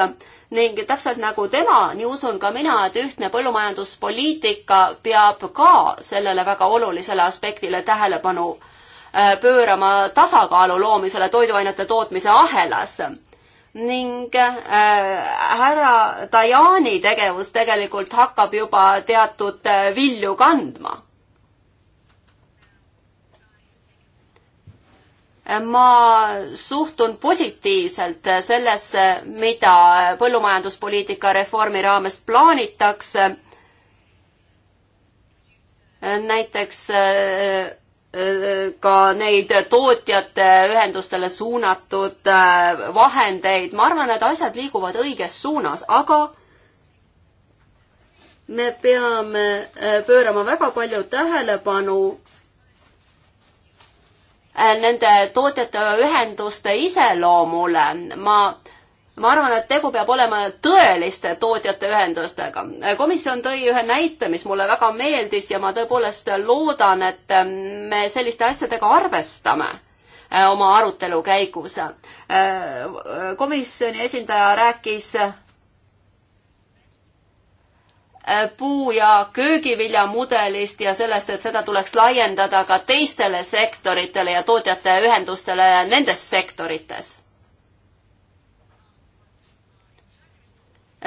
ning täpselt nagu tema, nii usun ka mina, et ühtne põllumajanduspoliitika peab ka sellele väga olulisele aspektile tähelepanu äh, pöörama tasakaalu loomisele toiduainete tootmise ahelas ning äh, härra Dajani tegevus tegelikult hakkab juba teatud äh, vilju kandma. ma suhtun positiivselt sellesse, mida põllumajanduspoliitika reformi raames plaanitakse. näiteks äh, ka neid tootjate ühendustele suunatud äh, vahendeid, ma arvan, et asjad liiguvad õiges suunas, aga me peame äh, pöörama väga palju tähelepanu äh, nende tootjate ühenduste iseloomule. ma ma arvan, et tegu peab olema tõeliste tootjate ühendustega. komisjon tõi ühe näite, mis mulle väga meeldis ja ma tõepoolest loodan, et me selliste asjadega arvestame äh, oma arutelu käigus. Äh, komisjoni esindaja rääkis äh, puu- ja köögivilja mudelist ja sellest, et seda tuleks laiendada ka teistele sektoritele ja tootjate ühendustele nendes sektorites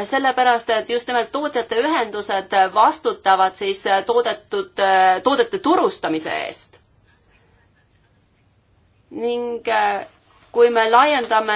sellepärast, et just nimelt tootjate ühendused vastutavad siis toodetud, toodete turustamise eest. ning äh, kui me laiendame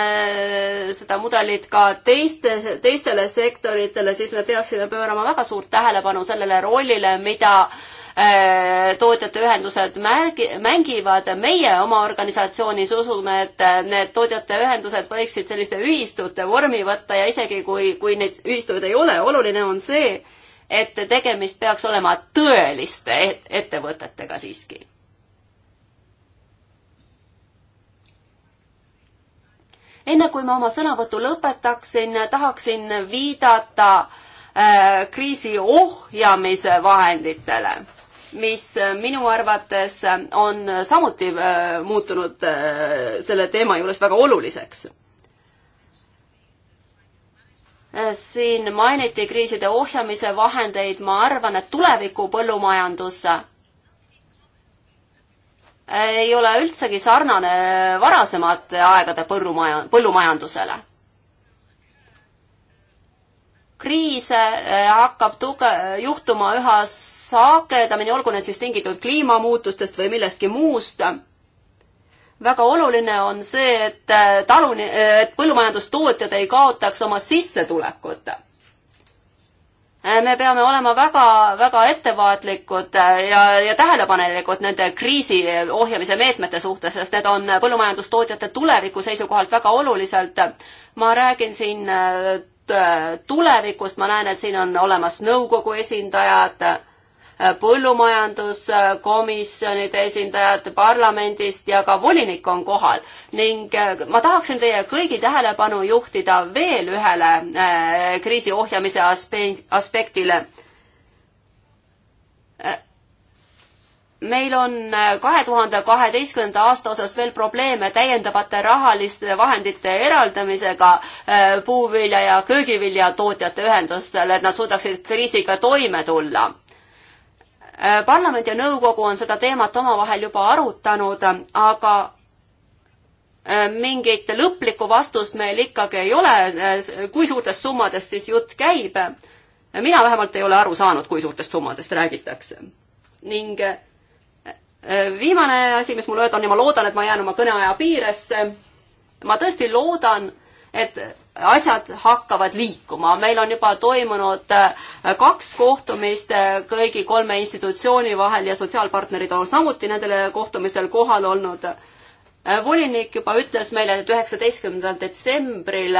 seda mudelit ka teiste, teistele sektoritele, siis me peaksime pöörama väga suurt tähelepanu sellele rollile, mida äh, Äh, tootjate ühendused märgi, mängivad. meie oma organisatsioonis usume, et äh, need tootjate ühendused võiksid selliste ühistute vormi võtta ja isegi kui, kui neid ühistuid ei ole, oluline on see, et tegemist peaks olema tõeliste e-, ettevõtetega siiski. enne kui ma oma sõnavõtu lõpetaksin, tahaksin viidata äh, kriisi ohjamise vahenditele mis äh, minu arvates äh, on äh, samuti muutunud selle teema juures väga oluliseks. siin mainiti kriiside ohjamise vahendeid, ma arvan, et tuleviku põllumajandus ei ole üldsegi sarnane varasemate aegade põllumaja, põllumajandusele kriise äh, hakkab tuge-, juhtuma üha sagedamini, olgu need siis tingitud kliimamuutustest või millestki muust. väga oluline on see, et äh, taluni-, äh, et põllumajandustootjad ei kaotaks oma sissetulekut. me peame olema väga, väga ettevaatlikud ja, ja tähelepanelikud nende kriisi ohjamise meetmete suhtes, sest need on põllumajandustootjate tuleviku seisukohalt väga oluliselt. ma räägin siin Äh, tulevikust, ma näen, et siin on olemas nõukogu esindajad, äh, põllumajanduskomisjonide esindajad parlamendist ja ka volinik on kohal ning äh, ma tahaksin teie kõigi tähelepanu juhtida veel ühele kriisi ohjamise aspektile meil on äh, kahe tuhande kaheteistkümnenda aasta osas veel probleeme täiendavate rahaliste vahendite eraldamisega äh, puuvilja ja köögivilja tootjate ühendustele, et nad suudaksid kriisiga toime tulla. Äh, parlament ja nõukogu on seda teemat omavahel juba arutanud, aga mingit lõplikku vastust meil ikkagi ei ole, kui suurtest summadest siis jutt käib. mina vähemalt ei ole aru saanud, kui suurtest summadest räägitakse. ning viimane asi, mis mul öelda on ja ma loodan, et ma jään oma kõneaja piiresse. ma tõesti loodan, et asjad hakkavad liikuma, meil on juba toimunud äh, kaks kohtumist äh, kõigi kolme institutsiooni vahel ja sotsiaalpartnerid on samuti nendel kohtumistel kohal olnud. Äh, volinik juba ütles meile, et üheksateistkümnendal detsembril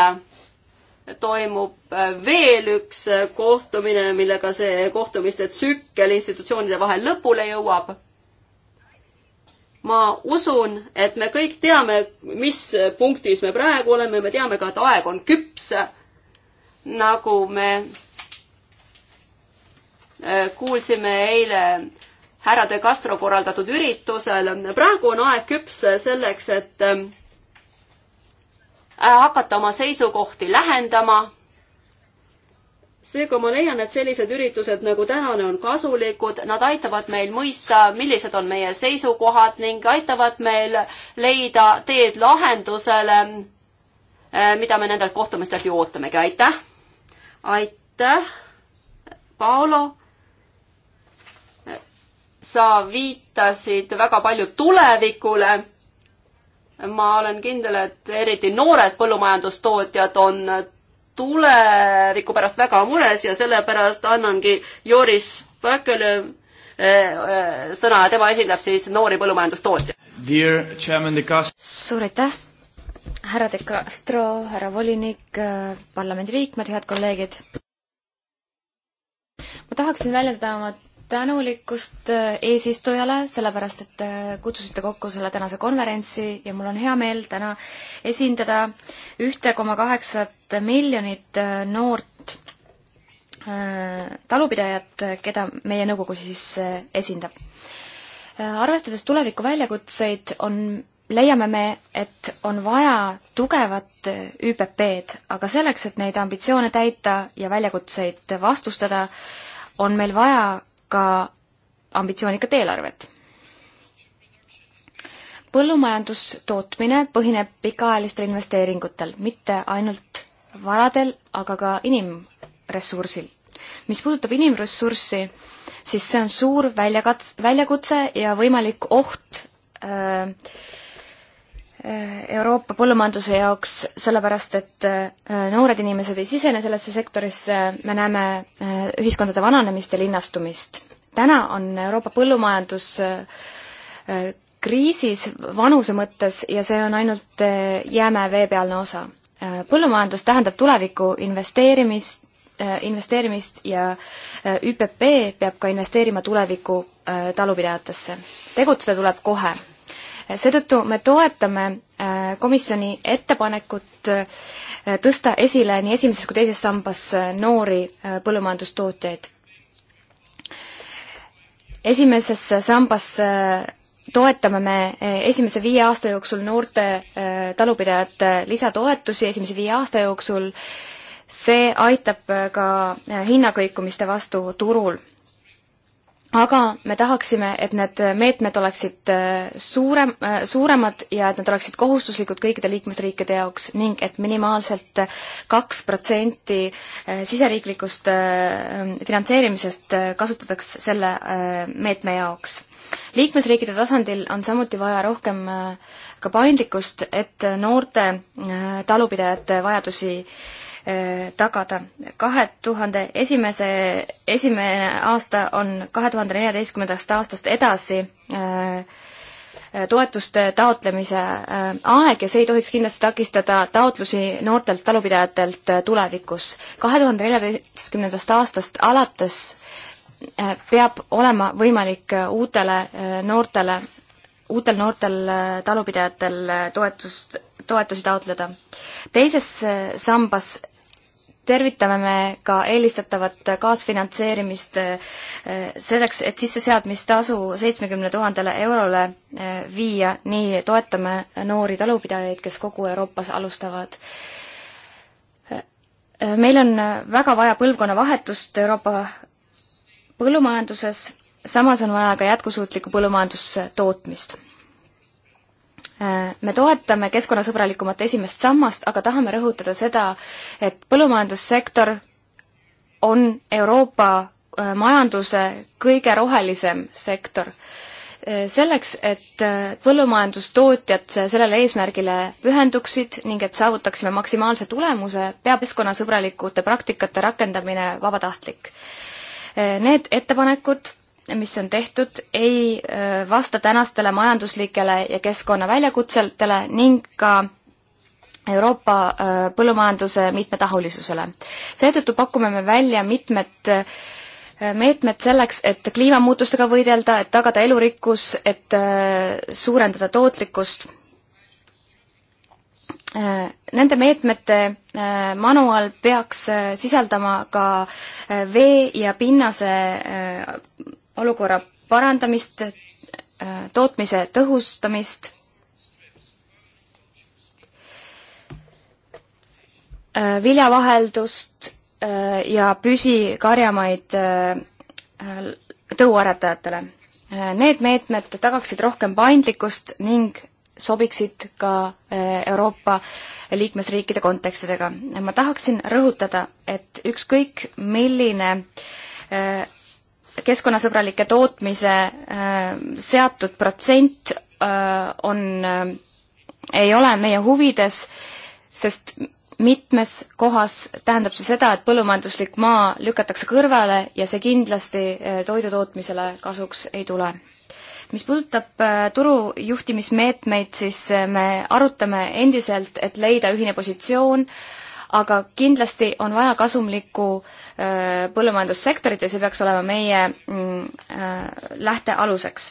toimub veel üks kohtumine, millega see kohtumiste tsükkel institutsioonide vahel lõpule jõuab ma usun, et me kõik teame, mis punktis me praegu oleme, me teame ka, et aeg on küps. nagu me äh, kuulsime eile härra De Castro korraldatud üritusel, praegu on aeg küps selleks, et äh, hakata oma seisukohti lähendama seega ma leian, et sellised üritused nagu tänane on kasulikud, nad aitavad meil mõista, millised on meie seisukohad ning aitavad meil leida teed lahendusele, eh, mida me nendelt kohtumistelt ju ootamegi, aitäh! aitäh, Paolo! sa viitasid väga palju tulevikule ma olen kindel, et eriti noored põllumajandustootjad on tuleviku pärast väga mures ja sellepärast annangi Joris Päkkele eh, eh, sõna, tema esindab siis noori põllumajandustootjaid. suur aitäh, härra de Castro, härra volinik, eh, parlamendiliikmed, head kolleegid! ma tahaksin väljendada oma tänulikkust äh, eesistujale, sellepärast et äh, kutsusite kokku selle tänase konverentsi ja mul on hea meel täna esindada ühte koma kaheksat miljonit äh, noort talupidajat, keda meie nõukogu siis esindab. arvestades tuleviku väljakutseid, on, leiame me, et on vaja tugevat ÜPP-d, aga selleks, et neid ambitsioone täita ja väljakutseid vastustada, on meil vaja ka ambitsioonikat eelarvet. põllumajandustootmine põhineb pikaajalistel investeeringutel, mitte ainult varadel, aga ka inimressursil. mis puudutab inimressurssi, siis see on suur väljakats-, väljakutse ja võimalik oht äh, Euroopa põllumajanduse jaoks, sellepärast et äh, noored inimesed ei sisene sellesse sektorisse, me näeme äh, ühiskondade vananemist ja linnastumist. täna on Euroopa põllumajandus äh, kriisis vanuse mõttes ja see on ainult jäämäe veepealne osa. põllumajandus tähendab tuleviku investeerimist, investeerimist ja ÜPP peab ka investeerima tuleviku talupidajatesse. tegutseda tuleb kohe seetõttu me toetame äh, komisjoni ettepanekut äh, tõsta esile nii esimeses kui teises sambas äh, noori põllumajandustootjaid. esimeses sambas toetame me esimese viie aasta jooksul noorte talupidajate lisatoetusi esimese viie aasta jooksul, see aitab ka hinnakõikumiste vastu turul aga me tahaksime, et need meetmed oleksid äh, suurem, äh, suuremad ja et nad oleksid kohustuslikud kõikide liikmesriikide jaoks ning et minimaalselt kaks protsenti äh, siseriiklikust finantseerimisest kasutataks selle meetme jaoks liikmesriikide tasandil on samuti vaja rohkem ka paindlikkust, et noorte talupidajate vajadusi Eh, tagada. kahe tuhande esimese, esimene aasta on kahe tuhande neljateistkümnendast aastast edasi eh, toetuste taotlemise eh, aeg ja see ei tohiks kindlasti takistada taotlusi noortelt talupidajatelt tulevikus. kahe tuhande neljateistkümnendast aastast alates peab olema võimalik uutele noortele, uutel noortel talupidajatel toetust toetusi taotleda. teises äh, sambas tervitame me ka eelistatavat kaasfinantseerimist äh, selleks, et sisseseadmistasu seitsmekümne tuhandele eurole äh, viia, nii toetame noori talupidajaid, kes kogu Euroopas alustavad meil on väga vaja põlvkonnavahetust Euroopa põllumajanduses, samas on vaja ka jätkusuutlikku põllumajandustootmist. Äh, me toetame keskkonnasõbralikumat esimest sammast, aga tahame rõhutada seda, et põllumajandussektor on Euroopa äh, majanduse kõige rohelisem sektor. Äh, selleks, et põllumajandustootjad sellele eesmärgile pühenduksid ning et saavutaksime maksimaalse tulemuse, peab keskkonnasõbralikute praktikate rakendamine vabatahtlik. Need ettepanekud mis on tehtud, ei äh, vasta tänastele majanduslikele ja keskkonna väljakutsetele ning ka Euroopa äh, põllumajanduse mitmetahulisusele. seetõttu pakume me välja mitmed äh, meetmed selleks, et kliimamuutustega võidelda, et tagada elurikkus, et suurendada tootlikkust. Nende meetmete manual peaks sisaldama ka vee ja pinnase olukorra parandamist, äh, tootmise tõhustamist, äh, viljavaheldust äh, ja püsikarjamaid tõuaretajatele. Need meetmed tagaksid rohkem paindlikkust ning sobiksid ka Euroopa liikmesriikide kontekstidega. ma tahaksin rõhutada, et ükskõik, milline keskkonnasõbralike tootmise äh, seatud protsent äh, on, äh, ei ole meie huvides, sest mitmes kohas tähendab see seda, et põllumajanduslik maa lükatakse kõrvale ja see kindlasti toidu tootmisele kasuks ei tule. mis puudutab turu juhtimismeetmeid, siis me arutame endiselt, et leida ühine positsioon äh, aga kindlasti on vaja kasumlikku põllumajandussektorit ja see peaks olema meie mm, lähtealuseks.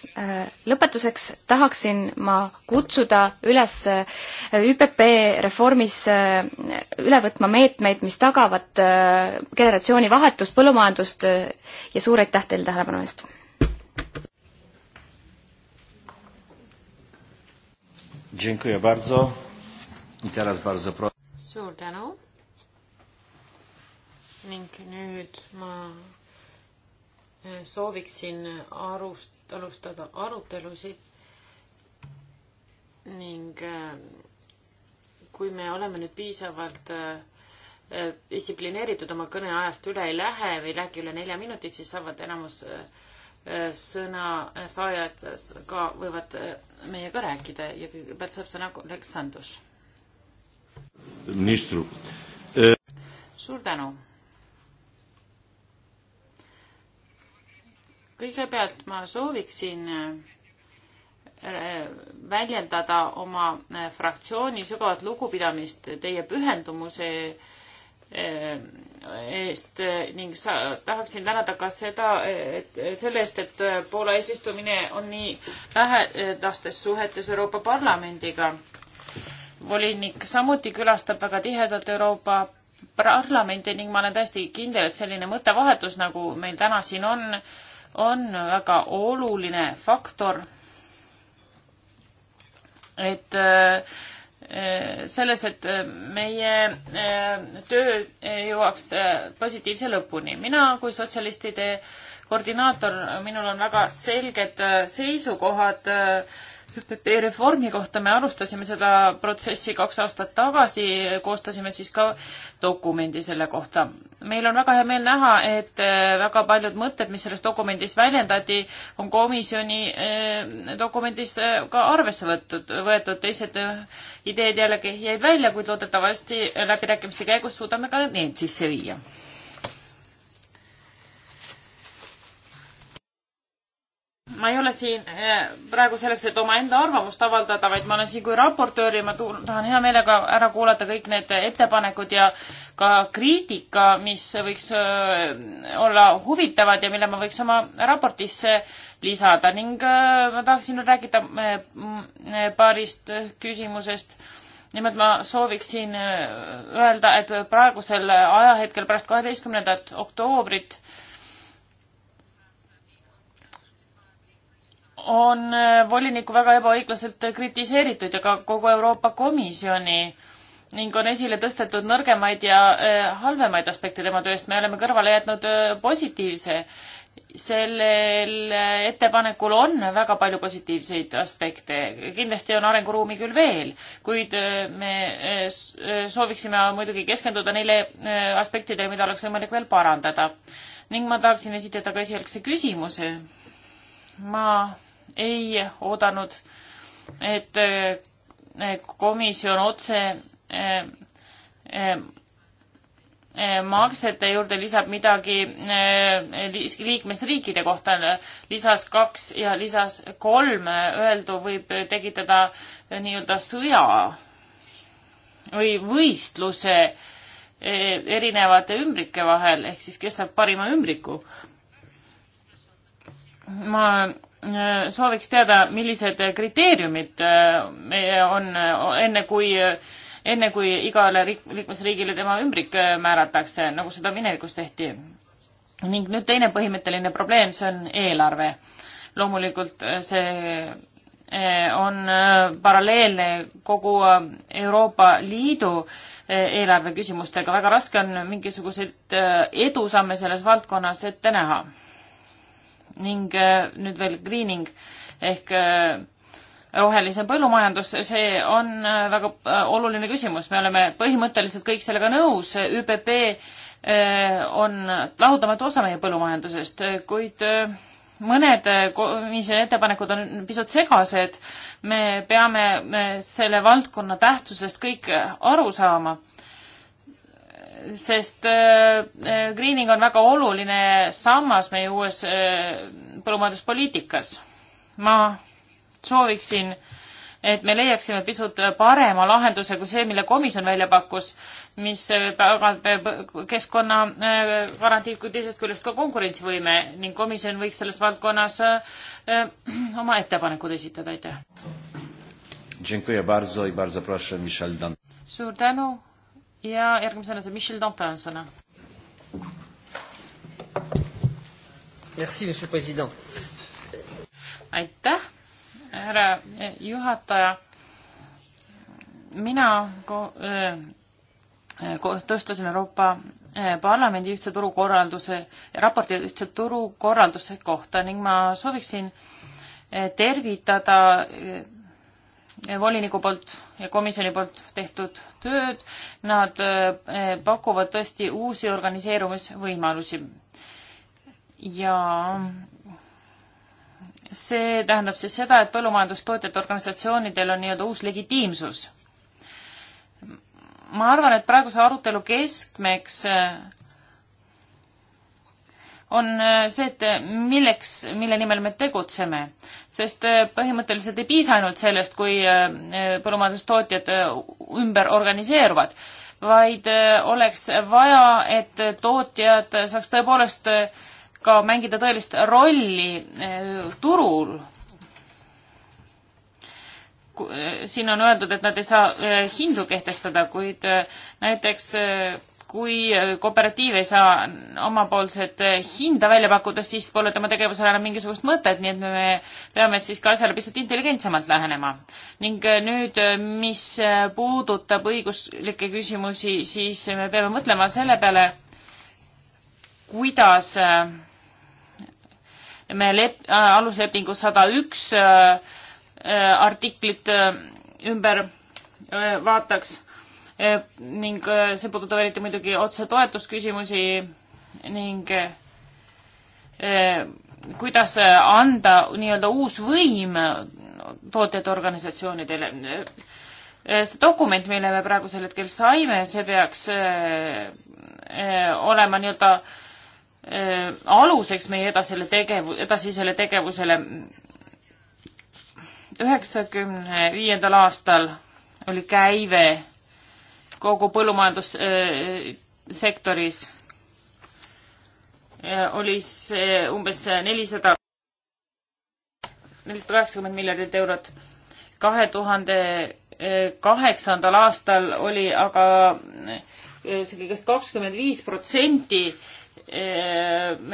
lõpetuseks tahaksin ma kutsuda üles ÜPP reformis üle võtma meetmeid, mis tagavad generatsioonivahetust, põllumajandust ja suur aitäh teile tähelepanu eest! Dziękuję bardzo. I teraz bardzo proszę. Suur tänu ning nüüd ma eh, sooviksin arust, alustada arutelusid ning eh, kui me oleme nüüd piisavalt eh, distsiplineeritud oma kõneajast üle ei lähe või ei lähegi üle nelja minuti, siis saavad enamus sõnasaajad ka võivad meiega rääkida ja kõigepealt saab sõna kolleeg Sandus. ministru. suur tänu kõigepealt ma sooviksin äh, väljendada oma äh, fraktsiooni sügavat lugupidamist teie pühendumuse äh, eest ning sa, tahaksin tänada ka seda, et selle eest, et Poola eesistumine on nii lähedastes suhetes Euroopa Parlamendiga. volinik samuti külastab väga tihedalt Euroopa Parlamenti ning ma olen täiesti kindel, et selline mõttevahetus, nagu meil täna siin on, on väga oluline faktor, et äh, äh, selles, et äh, meie töö jõuaks positiivse lõpuni. mina kui sotsialistide koordinaator, minul on väga selged seisukohad äh, ÜPP reformi kohta me alustasime seda protsessi kaks aastat tagasi, koostasime siis ka dokumendi selle kohta. meil on väga hea meel näha, et äh, väga paljud mõtted, mis selles dokumendis väljendati, on komisjoni äh, dokumendis äh, ka arvesse võtud, võetud, teised ideed jällegi jäid välja, kuid loodetavasti läbirääkimiste käigus suudame ka need sisse viia ma ei ole siin eh, praegu selleks, et omaenda arvamust avaldada, vaid ma olen siin kui raportöör ja ma tuun, tahan hea meelega ära kuulata kõik need ettepanekud ja ka kriitika, mis võiks eh, olla huvitavad ja mille ma võiks oma raportisse lisada ning eh, ma tahaksin nüüd rääkida paarist küsimusest nimelt ma sooviksin öelda, et praegusel ajahetkel pärast kaheteistkümnendat oktoobrit äh, on äh, volinikku väga ebaõiglaselt kritiseeritud ja ka kogu Euroopa Komisjoni ning on esile tõstetud nõrgemaid ja äh, halvemaid aspekte tema tööst. me oleme kõrvale jätnud äh, positiivse. sellel ettepanekul on väga palju positiivseid aspekte. kindlasti on arenguruumi küll veel, kuid me sooviksime muidugi keskenduda neile aspektidele, mida oleks võimalik veel parandada. ning ma tahaksin esitada ka esialgse küsimuse. ma ei oodanud, et eh, komisjon otse eh, eh, maksete juurde lisab midagi liikmesriikide kohta, lisas kaks ja lisas kolm öeldu võib tekitada nii-öelda sõja või võistluse erinevate ümbrike vahel, ehk siis kes saab parima ümbriku. ma Äh, sooviks teada, millised kriteeriumid äh, on enne, kui, enne kui igale liikmesriigile tema ümbrik äh, määratakse, nagu seda minevikus tehti. ning nüüd teine põhimõtteline probleem, see on eelarve. loomulikult see on paralleelne kogu Euroopa Liidu eelarve küsimustega, väga raske on mingisuguseid edusamme selles valdkonnas ette näha ning äh, nüüd veel greening ehk äh, rohelisem põllumajandus, see on äh, väga oluline küsimus, me oleme põhimõtteliselt kõik sellega nõus, ÜPP on lahutamatu osa meie põllumajandusest, kuid mõned komisjoni ettepanekud on pisut segased, me peame selle valdkonna tähtsusest kõik aru saama sest äh, äh, greening on väga oluline sammas meie uues äh, põllumajanduspoliitikas. ma sooviksin, et me leiaksime pisut parema lahenduse kui see, mille komisjon välja pakkus, mis tagab keskkonna garantiid, kui teisest küljest ka konkurentsivõime ning komisjon võiks selles valdkonnas oma ettepanekud esitada, aitäh. suur tänu ja järgmisena see Michel Dantin sõna. aitäh, härra juhataja. mina ko-, äh, töötasin Euroopa äh, Parlamendi ühtse turukorralduse, raporti ühtse turukorralduse kohta ning ma sooviksin äh, tervitada voliniku poolt ja komisjoni poolt tehtud tööd. Nad eh, pakuvad tõesti uusi organiseerumisvõimalusi. ja see tähendab siis seda, et põllumajandustootjate organisatsioonidel on nii-öelda uus legitiimsus. ma arvan, et praeguse arutelu keskmeks eh, on äh, see, et äh, milleks, mille nimel me tegutseme. sest äh, põhimõtteliselt ei piisa ainult sellest, kui põllumajandustootjad ümber organiseeruvad, vaid oleks vaja, et tootjad saaks tõepoolest ka mängida tõelist rolli turul. siin on öeldud, et nad ei saa hindu kehtestada, kuid näiteks kui äh, kooperatiiv ei saa omapoolset äh, hinda välja pakkuda, siis pole tema tegevusel enam mingisugust mõtet, nii et me peame siis ka asjale pisut intelligentsemalt lähenema. ning äh, nüüd, mis puudutab õiguslikke küsimusi, siis me peame mõtlema selle peale, kuidas me lep-, aluslepingu sada üks artiklit ümber vaataks Äh, ning äh, see puudutab eriti muidugi otsetoetusküsimusi ning äh, kuidas anda nii-öelda uus võim tootjate organisatsioonidele. see dokument, mille me praegusel hetkel saime, see peaks olema nii-öelda aluseks meie edasele tegevu-, edasisele tegevusele. üheksakümne viiendal aastal oli käive kogu põllumajandussektoris eh, oli see umbes nelisada, nelisada kaheksakümmend miljardit eurot. kahe tuhande kaheksandal aastal oli aga eh, see kõigest kakskümmend viis protsenti eh,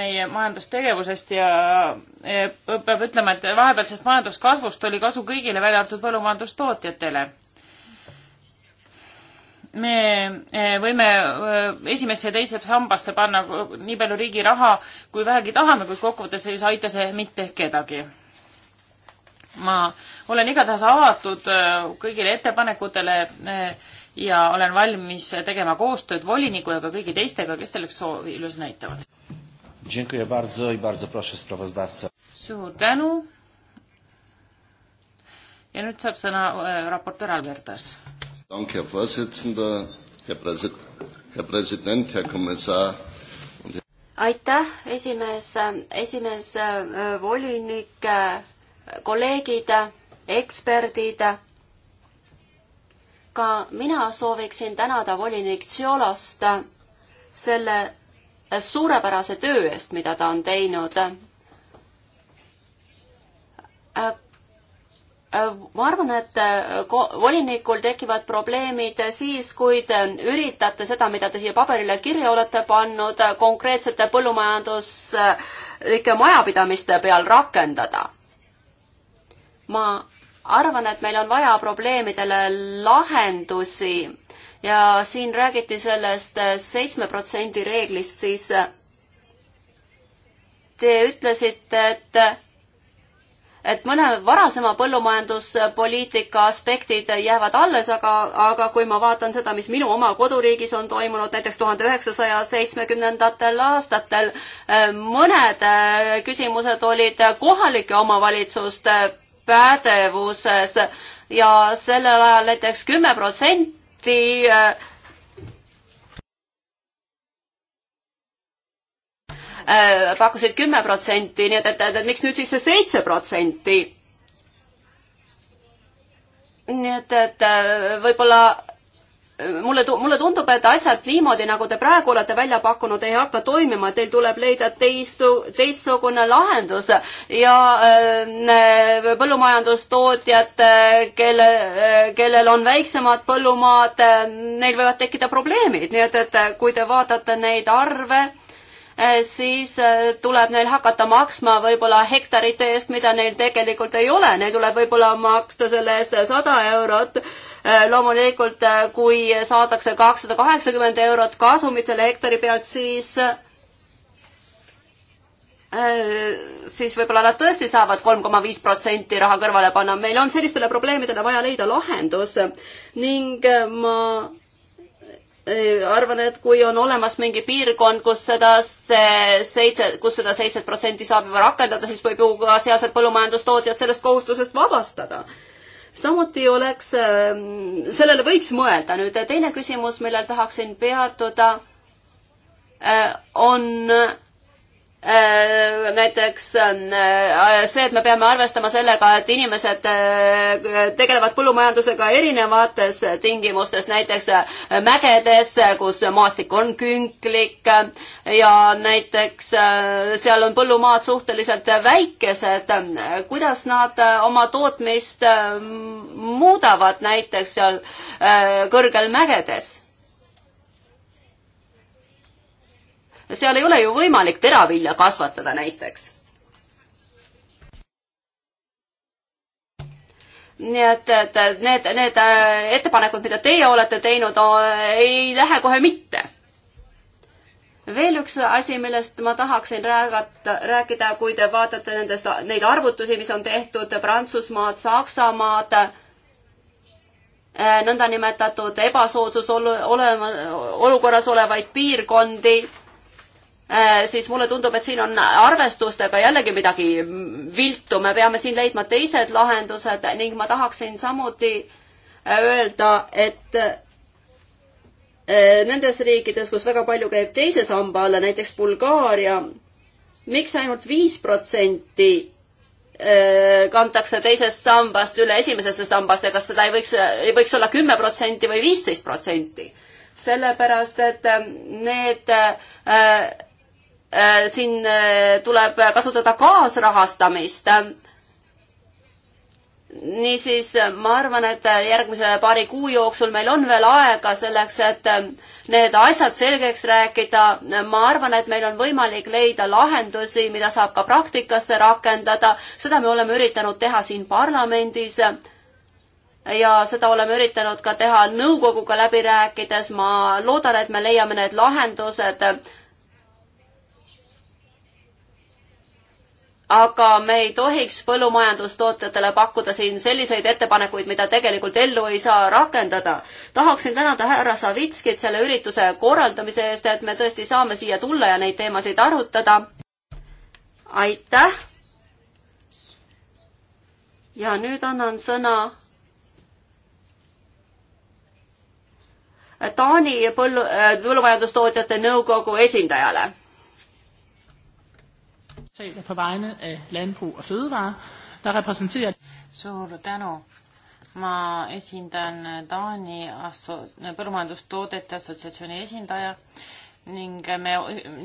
meie majandustegevusest ja peab ütlema, et vahepealsest majanduskasvust oli kasu kõigile, välja arvatud põllumajandustootjatele me eh, võime eh, esimesse ja teise sambasse panna nii palju riigi raha, kui vähegi tahame, kuid kokkuvõttes ei aita see mitte kedagi. ma olen igatahes avatud eh, kõigile ettepanekutele ja olen valmis tegema koostööd volinikuga, kõigi teistega, kes selleks soovi üles näitavad. suur tänu. ja nüüd saab sõna raportöör Albertas Danke, Herr Vorsitzender, Herr Präsident, Herr Präsident, Herr Kommissar. aitäh, esimees, esimees, äh, volinik, äh, kolleegid, eksperdid. ka mina sooviksin tänada volinik Tšiolast selle suurepärase töö eest, mida ta on teinud äh, ma arvan, et äh, volinikul tekivad probleemid siis, kui te äh, üritate seda, mida te siia paberile kirja olete pannud, äh, konkreetsete põllumajanduslike majapidamiste peal rakendada. ma arvan, et meil on vaja probleemidele lahendusi ja siin räägiti sellest seitsme protsendi reeglist, siis te ütlesite, et et mõne varasema põllumajanduspoliitika aspektid jäävad alles, aga, aga kui ma vaatan seda, mis minu oma koduriigis on toimunud näiteks tuhande üheksasaja seitsmekümnendatel aastatel, mõned äh, küsimused olid kohalike omavalitsuste pädevuses ja sellel ajal näiteks kümme protsenti protsenti äh, Äh, pakkusid kümme protsenti, nii et, et, et, et miks nüüd siis see seitse protsenti? nii et, et äh, võib-olla äh, mulle, mulle tundub, et asjad niimoodi, nagu te praegu olete välja pakkunud, ei hakka toimima, teil tuleb leida teist, teistsugune lahendus ja äh, põllumajandustootjad, kelle, kellel on väiksemad põllumaad, neil võivad tekkida probleemid, nii et, et kui te vaatate neid arve äh,, Äh, siis äh, tuleb neil hakata maksma võib-olla hektarite eest, mida neil tegelikult ei ole, neil tuleb võib-olla maksta selle eest sada eurot. Äh, loomulikult, kui saadakse kakssada kaheksakümmend eurot kasumit selle hektari pealt, siis siis võib-olla nad tõesti saavad kolm koma viis protsenti raha kõrvale panna. meil on sellistele probleemidele vaja leida lahendus ning ma Äh, arvan, et kui on olemas mingi piirkond, kus seda seitse, kus seda seitset protsenti saab juba rakendada, siis võib ju ka sealsed põllumajandustootjad sellest kohustusest vabastada. samuti oleks, ähm, sellele võiks mõelda. nüüd teine küsimus, millel tahaksin peatuda, äh, on Äh, näiteks on äh, see, et me peame arvestama sellega, et inimesed äh, tegelevad põllumajandusega erinevates tingimustes, näiteks mägedes, kus maastik on künklik ja näiteks seal on põllumaad suhteliselt väikesed. kuidas nad oma tootmist muudavad näiteks seal kõrgel mägedes? seal ei ole ju võimalik teravilja kasvatada näiteks. nii et, et need, need äh, ettepanekud, mida teie olete teinud, ei lähe kohe mitte veel üks asi, millest ma tahaksin räägata, rääkida, kui te vaatate nendest, neid arvutusi, mis on tehtud Prantsusmaad, Saksamaad, äh, nõndanimetatud ebasoodsus olu-, olema, olukorras olevaid piirkondi Äh, siis mulle tundub, et siin on arvestustega jällegi midagi viltu, me peame siin leidma teised lahendused ning ma tahaksin samuti äh, öelda, et äh, nendes riikides, kus väga palju käib teise samba alla, näiteks Bulgaaria, miks ainult viis protsenti kantakse teisest sambast üle esimesesse sambasse, kas seda ei võiks, ei võiks olla kümme protsenti või viisteist protsenti? sellepärast, et need äh, Äh, siin äh, tuleb kasutada kaasrahastamist. niisiis, ma arvan, et järgmise paari kuu jooksul meil on veel aega selleks, et äh, need asjad selgeks rääkida. ma arvan, et meil on võimalik leida lahendusi, mida saab ka praktikasse rakendada. seda me oleme üritanud teha siin parlamendis ja seda oleme üritanud ka teha nõukoguga läbi rääkides. ma loodan, et me leiame need lahendused aga me ei tohiks põllumajandustootjatele pakkuda siin selliseid ettepanekuid, mida tegelikult ellu ei saa rakendada. tahaksin tänada härra Savitskit selle ürituse korraldamise eest, et me tõesti saame siia tulla ja neid teemasid arutada. aitäh! ja nüüd annan sõna Taani põllu, äh, põllumajandustootjate nõukogu esindajale taler på vegne af Landbrug og Fødevare, der repræsenterer... Suur tänu. Ma esindan Taani asso... Põllumajandustoodete Assotsiatsiooni esindaja ning me,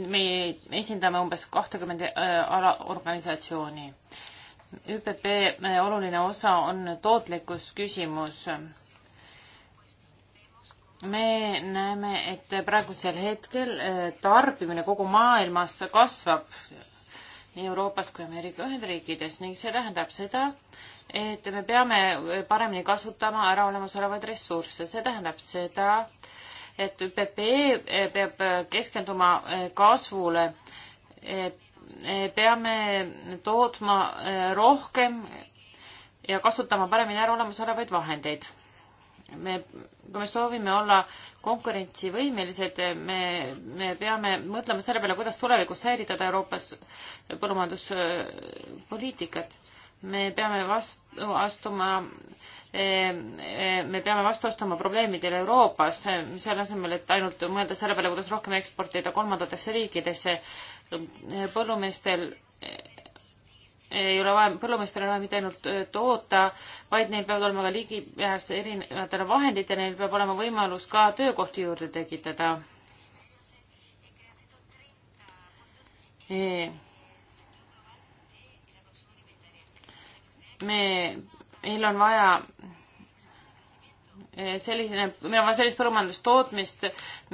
me esindame umbes kahtekümmend äh, alaorganisatsiooni. ÜPP äh, oluline osa on tootlikkus küsimus. me näeme, et praegusel hetkel äh, tarbimine kogu maailmas kasvab nii Euroopas kui Ameerika Ühendriikides ning see tähendab seda, et me peame paremini kasutama ära olemasolevaid ressursse, see tähendab seda, et ÜPP peab keskenduma eh, kasvule. Eh, eh, peame tootma rohkem ja kasutama paremini ära olemasolevaid vahendeid. me, kui me soovime olla konkurentsivõimelised, me, me peame mõtlema selle peale, kuidas tulevikus säilitada Euroopas põllumajanduspoliitikat. me peame vastu astuma, eh, eh, me peame vastu astuma probleemidele Euroopas, selle asemel, et ainult mõelda selle peale, kuidas rohkem eksportida kolmandatesse riikidesse. põllumeestel ei ole vaja, põllumeestel ei ole vaja mitte ainult toota, vaid neil peavad olema ka ligipääs erinevatele vahenditele, neil peab olema võimalus ka töökohti juurde tekitada. E, me, meil on vaja selline, meil on vaja sellist põllumajandustootmist,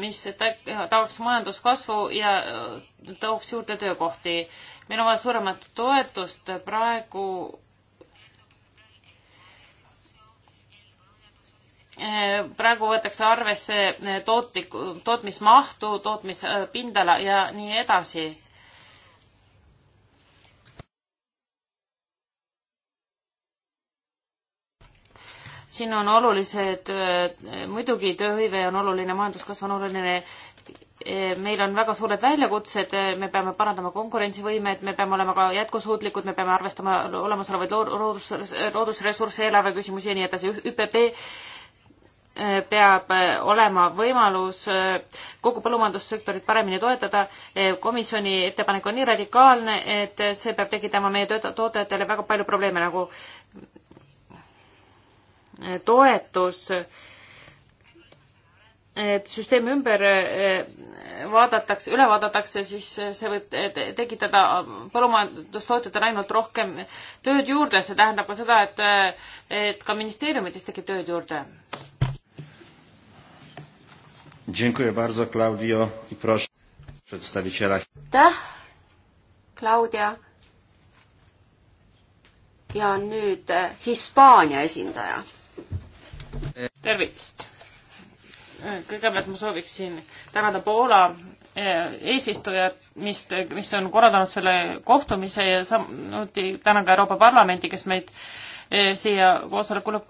mis tagaks majanduskasvu ja äh, tooks juurde töökohti. meil on vaja suuremat toetust praegu äh, praegu võetakse arvesse tootlik, tootmismahtu, tootmispindala äh, ja nii edasi siin on olulised, äh, muidugi tööhõive on oluline, majanduskasv on oluline, äh, meil on väga suured väljakutsed, äh, me peame parandama konkurentsivõimet, me peame olema ka jätkusuutlikud, me peame arvestama olemasolevaid loodus, loodusressursse, eelarve küsimusi ja nii edasi, ÜPP peab olema võimalus kogu põllumajandussektorit paremini toetada. komisjoni ettepanek on nii radikaalne, et see peab tekitama meie toot tootjatele väga palju probleeme, nagu toetus, et süsteem ümber eh, vaadatakse, üle vaadatakse, siis see võib tekitada põllumajandustootjatele ainult rohkem tööd juurde, see tähendab ka seda, et, et ka ministeeriumides tekib tööd juurde. aitäh, Claudia. ja nüüd eh, Hispaania esindaja tervist! kõigepealt ma sooviksin tänada Poola eh, eesistujat, mis, mis on korraldanud selle kohtumise ja samuti tänan ka Euroopa Parlamenti, kes meid eh, siia koosolekule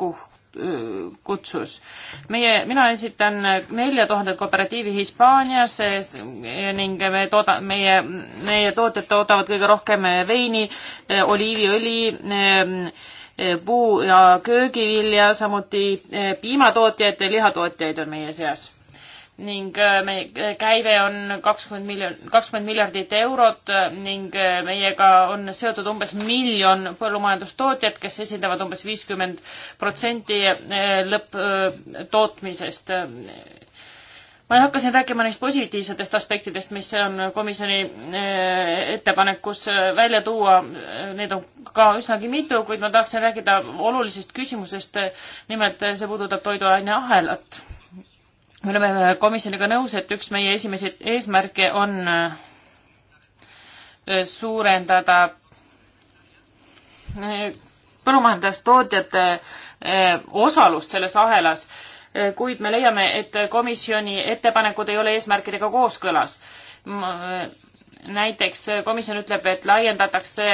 kutsus. meie, mina esitan nelja tuhandet kooperatiivi Hispaanias eh, ning me tooda-, meie, meie tootjad toodavad kõige rohkem veini, oliiviõli, Eh, puu- ja köögivilja, samuti eh, piimatootjaid ja lihatootjaid on meie seas. ning eh, meie käive on kakskümmend miljon, kakskümmend miljardit eurot ning meiega on seotud umbes miljon põllumajandustootjat, kes esindavad umbes viiskümmend protsenti lõpptootmisest. Lõp ma ei hakka siin rääkima neist positiivsetest aspektidest, mis on komisjoni eh, ettepanekus eh, välja tuua, neid on ka üsnagi mitu, kuid ma tahaksin rääkida olulisest küsimusest, nimelt eh, see puudutab toiduaineahelat. me oleme komisjoniga nõus, et üks meie esimesi eesmärke on suurendada põllumajandustootjate osalust selles ahelas kuid me leiame, et komisjoni ettepanekud ei ole eesmärkidega kooskõlas. näiteks komisjon ütleb, et laiendatakse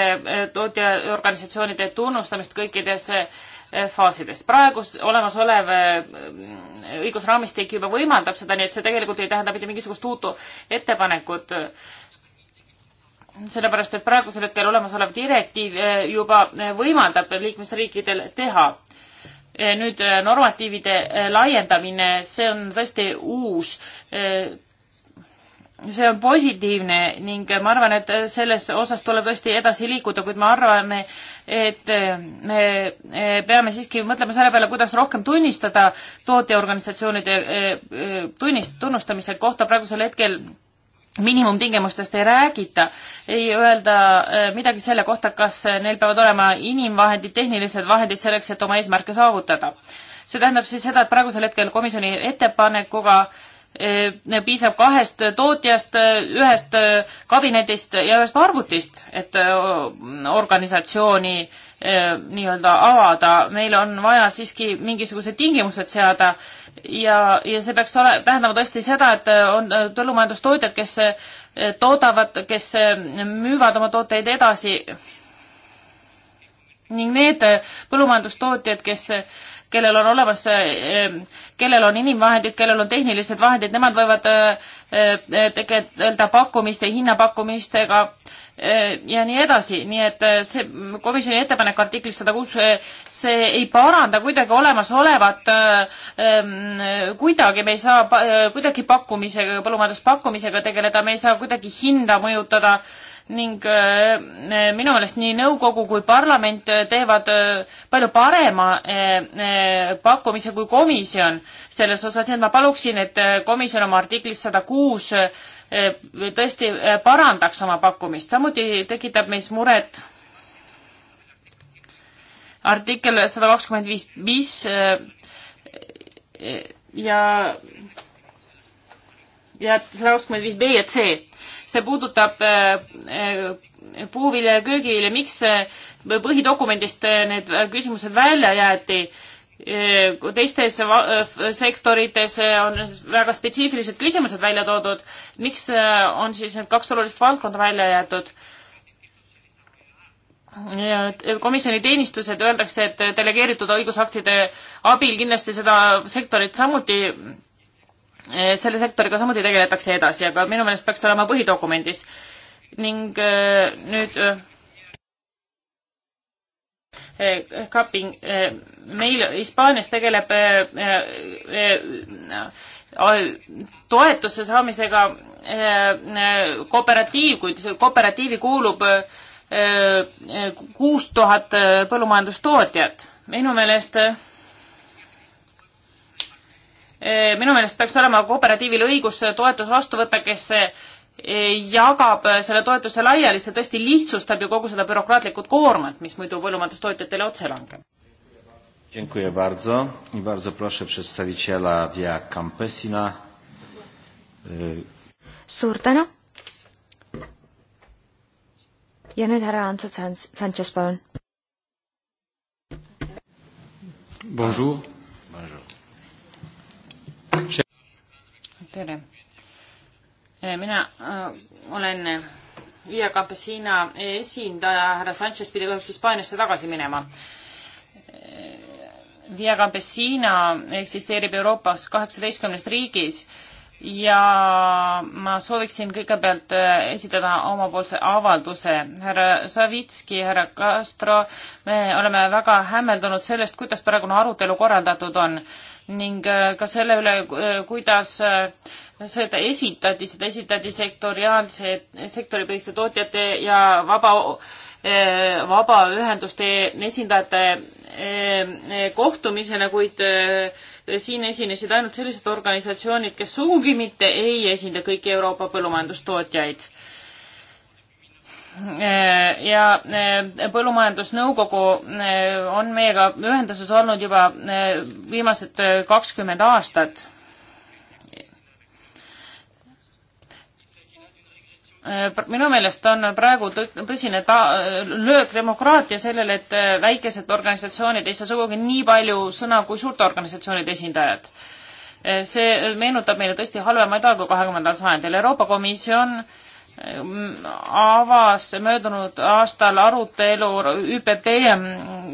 tootjaorganisatsioonide tunnustamist kõikides äh, faasides. praegu olemasolev äh, õigusraamistik juba võimaldab seda, nii et see tegelikult ei tähenda mitte mingisugust uut ettepanekut sellepärast, et praegusel hetkel olemasolev direktiiv äh, juba võimaldab liikmesriikidel teha Eh, nüüd eh, normatiivide eh, laiendamine, see on tõesti uus, see on positiivne ning ma arvan, et selles osas tuleb tõesti edasi liikuda, kuid ma arvan, et me peame siiski mõtlema selle peale, kuidas rohkem tunnistada tootjaorganisatsioonide tunnist-, tunnustamise kohta praegusel hetkel miinimumtingimustest ei räägita, ei öelda äh, midagi selle kohta, kas neil peavad olema inimvahendid, tehnilised vahendid selleks, et oma eesmärke saavutada. see tähendab siis seda, et praegusel hetkel komisjoni ettepanekuga äh, piisab kahest tootjast, äh, ühest kabinetist ja ühest arvutist, et organisatsiooni nii-öelda avada. meil on vaja siiski mingisugused tingimused seada ja, ja see peaks ole, tähendama tõesti seda, et äh, on äh, põllumajandustootjad, kes äh, toodavad, kes müüvad oma tooteid edasi ning need põllumajandustootjad, kes, kellel on olemas, kellel on inimvahendid, kellel on tehnilised vahendid, nemad võivad tegeleda pakkumiste, hinnapakkumistega äh, Äh, ja nii edasi, nii et äh, see komisjoni ettepanek artiklis sada kuus, äh, see ei paranda kuidagi olemasolevat ähm,, kuidagi me ei saa kuidagi pakkumisega, põllumajanduspakkumisega tegeleda, me ei saa kuidagi hinda mõjutada äh, ning äh, äh, minu meelest nii nõukogu kui parlament äh, teevad palju parema pakkumise kui komisjon selles osas, nii et ma paluksin, et komisjon oma artiklis sada kuus tõesti parandaks oma pakkumist, samuti tekitab meis muret artikkel sada kakskümmend viis bis ja ja sada kakskümmend viis B ja C see puudutab eh, eh, puuvilja ja köögivilja, miks eh, põhidokumendist need küsimused välja jäeti? teistes sektorites on väga spetsiifilised küsimused välja toodud, miks on siis need kaks olulist valdkonda välja jäetud? komisjoni teenistused öeldakse, et delegeeritud õigusaktide abil kindlasti seda sektorit samuti Eh, selle sektoriga samuti tegeletakse edasi, aga minu meelest peaks olema põhidokumendis. ning eh, nüüd kaping, eh, meil Hispaanias tegeleb toetuse saamisega kooperatiiv, kuid kooperatiivi kuulub kuus tuhat põllumajandustootjat. minu meelest Eh, minu meelest peaks olema kooperatiivil õigus toetus vastu võtta, kes eh, jagab selle toetuse laiali, see tõesti lihtsustab ju kogu seda bürokraatlikku koormat, mis muidu põllumajandustootjatele otse langeb. Dziękuję bardzo i bardzo proszę przedstawiciela Via Campesina. Suur tänu. ja nüüd härra Antso Sanchez, palun. Bonjour tere! mina äh, olen Via Campesina esindaja, härra Sanchez pidi kahjuks Hispaaniasse tagasi minema. Äh, Via Campesina eksisteerib Euroopas kaheksateistkümnes riigis ja ma sooviksin kõigepealt äh, esitada omapoolse avalduse. härra Savitski, härra Castro, me oleme väga hämmeldunud sellest, kuidas praegune arutelu korraldatud on ning äh, ka selle üle, äh, kuidas äh, seda esitati, seda esitati sektoriaalse, sektoripõhiste tootjate ja vaba, vabaühenduste esindajate kohtumisena, kuid siin esinesid ainult sellised organisatsioonid, kes sugugi mitte ei esinda kõiki Euroopa põllumajandustootjaid Äh, ja äh, Põllumajandusnõukogu äh, on meiega ühenduses olnud juba viimased kakskümmend aastat. minu meelest on praegu tõsine ta-, löök demokraatia sellele, et väikesed organisatsioonid ei saa sugugi nii palju sõna kui suurte organisatsioonide esindajad. see meenutab meile tõesti halvemaid aegu kahekümnendal sajandil. Euroopa Komisjon äh, avas möödunud aastal arutelu ÜPP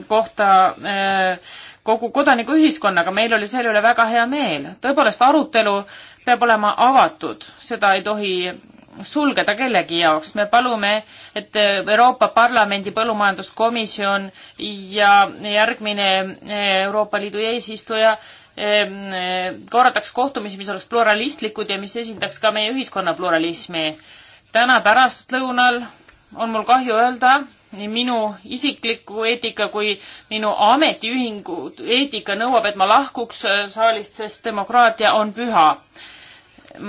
kohta eh, kogu kodanikuühiskonnaga, meil oli selle üle väga hea meel. tõepoolest, arutelu peab olema avatud, seda ei tohi sulgeda kellegi jaoks, me palume, et Euroopa Parlamendi põllumajanduskomisjon ja järgmine eh, Euroopa Liidu eesistuja eh, korraldaks kohtumisi, mis oleks pluralistlikud ja mis esindaks ka meie ühiskonna pluralismi täna pärastlõunal on mul kahju öelda, nii minu isikliku eetika kui minu ametiühingu eetika nõuab, et ma lahkuks äh, saalist, sest demokraatia on püha.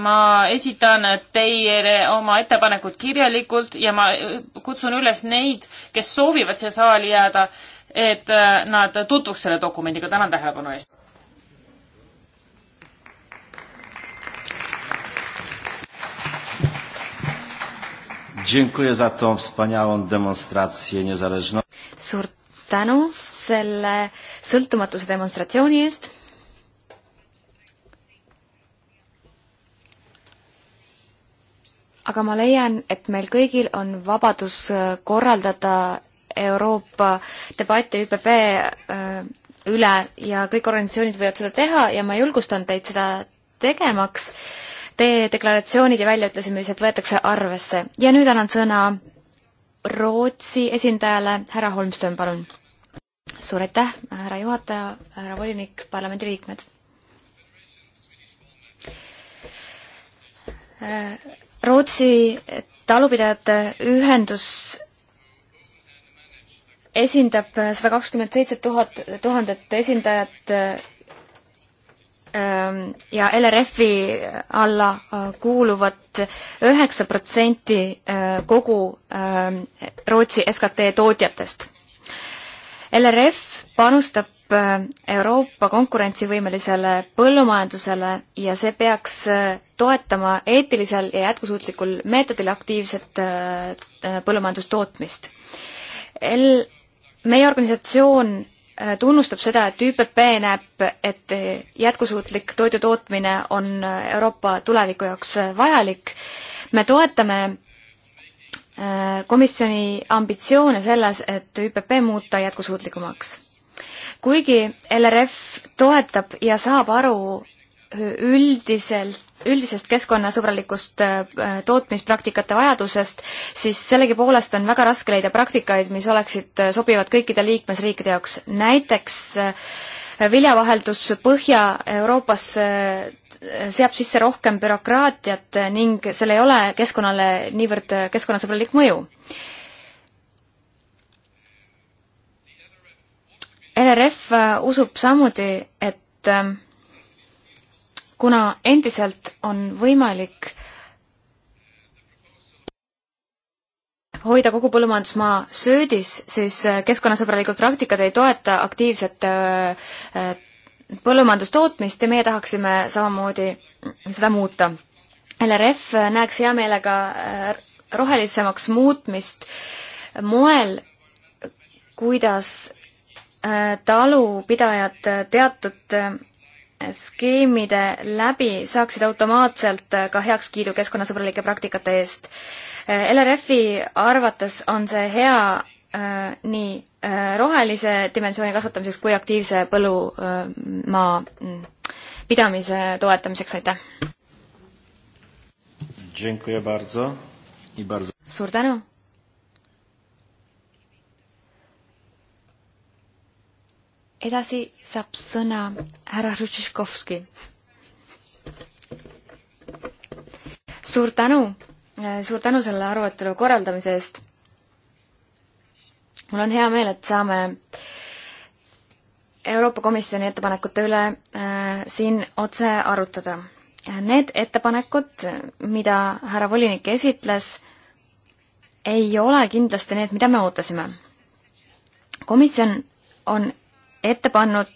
ma esitan teile oma ettepanekud kirjalikult ja ma äh, kutsun üles neid, kes soovivad siia saali jääda, et äh, nad tutvuks selle dokumendiga. tänan tähelepanu eest! Dziękuję za tą wspaniałą demonstrację niezależności. Suur tänu selle sõltumatuse demonstratsiooni eest. aga ma leian, et meil kõigil on vabadus äh, korraldada Euroopa debatte ÜPP äh, üle ja kõik organisatsioonid võivad seda teha ja ma julgustan teid seda tegemaks äh, Teie deklaratsioonid ja väljaütlemised võetakse arvesse ja nüüd annan sõna Rootsi esindajale, härra Holmström, palun. suur aitäh, härra juhataja, härra volinik, parlamendiliikmed. Rootsi talupidajate ühendus esindab sada kakskümmend seitse tuhat, tuhandet esindajat ja LRF-i alla kuuluvat üheksa protsenti kogu Rootsi SKT tootjatest. LRF panustab Euroopa konkurentsivõimelisele põllumajandusele ja see peaks toetama eetilisel ja jätkusuutlikul meetodil aktiivset põllumajandustootmist. El-, meie organisatsioon Äh, tunnustab seda, et ÜPP näeb, et äh, jätkusuutlik toidu tootmine on äh, Euroopa tuleviku jaoks vajalik. me toetame komisjoni ambitsioone selles, et ÜPP muuta jätkusuutlikumaks. kuigi LRF toetab ja saab aru üldiselt, üldisest keskkonnasõbralikust äh, tootmispraktikate vajadusest, siis sellegipoolest on väga raske leida praktikaid, mis oleksid äh, sobivad kõikide liikmesriikide jaoks. näiteks äh, viljavaheldus Põhja-Euroopas seab sisse rohkem bürokraatiat ning sel ei ole keskkonnale niivõrd keskkonnasõbralik mõju LRF usub samuti, et kuna endiselt on võimalik hoida kogu põllumajandusmaa söödis, siis äh, keskkonnasõbralikud praktikad ei toeta aktiivset äh, äh, põllumajandustootmist ja meie tahaksime samamoodi seda muuta. LRF näeks hea meelega rohelisemaks muutmist moel, kuidas talupidajad teatud skeemide läbi saaksid automaatselt ka heakskiidu keskkonnasõbralike praktikate eest. LRF-i arvates on see hea äh, nii äh, rohelise dimensiooni kasvatamiseks kui aktiivse põllumaa äh, mm, pidamise toetamiseks, aitäh! suur tänu! edasi saab sõna härra Rutšiškovski. suur tänu, äh, suur tänu selle arutelu korraldamise eest. mul on hea meel, et saame Euroopa Komisjoni ettepanekute üle äh, siin otse arutada. Need ettepanekud, mida härra volinik esitles, ei ole kindlasti need, mida me ootasime. komisjon on pannud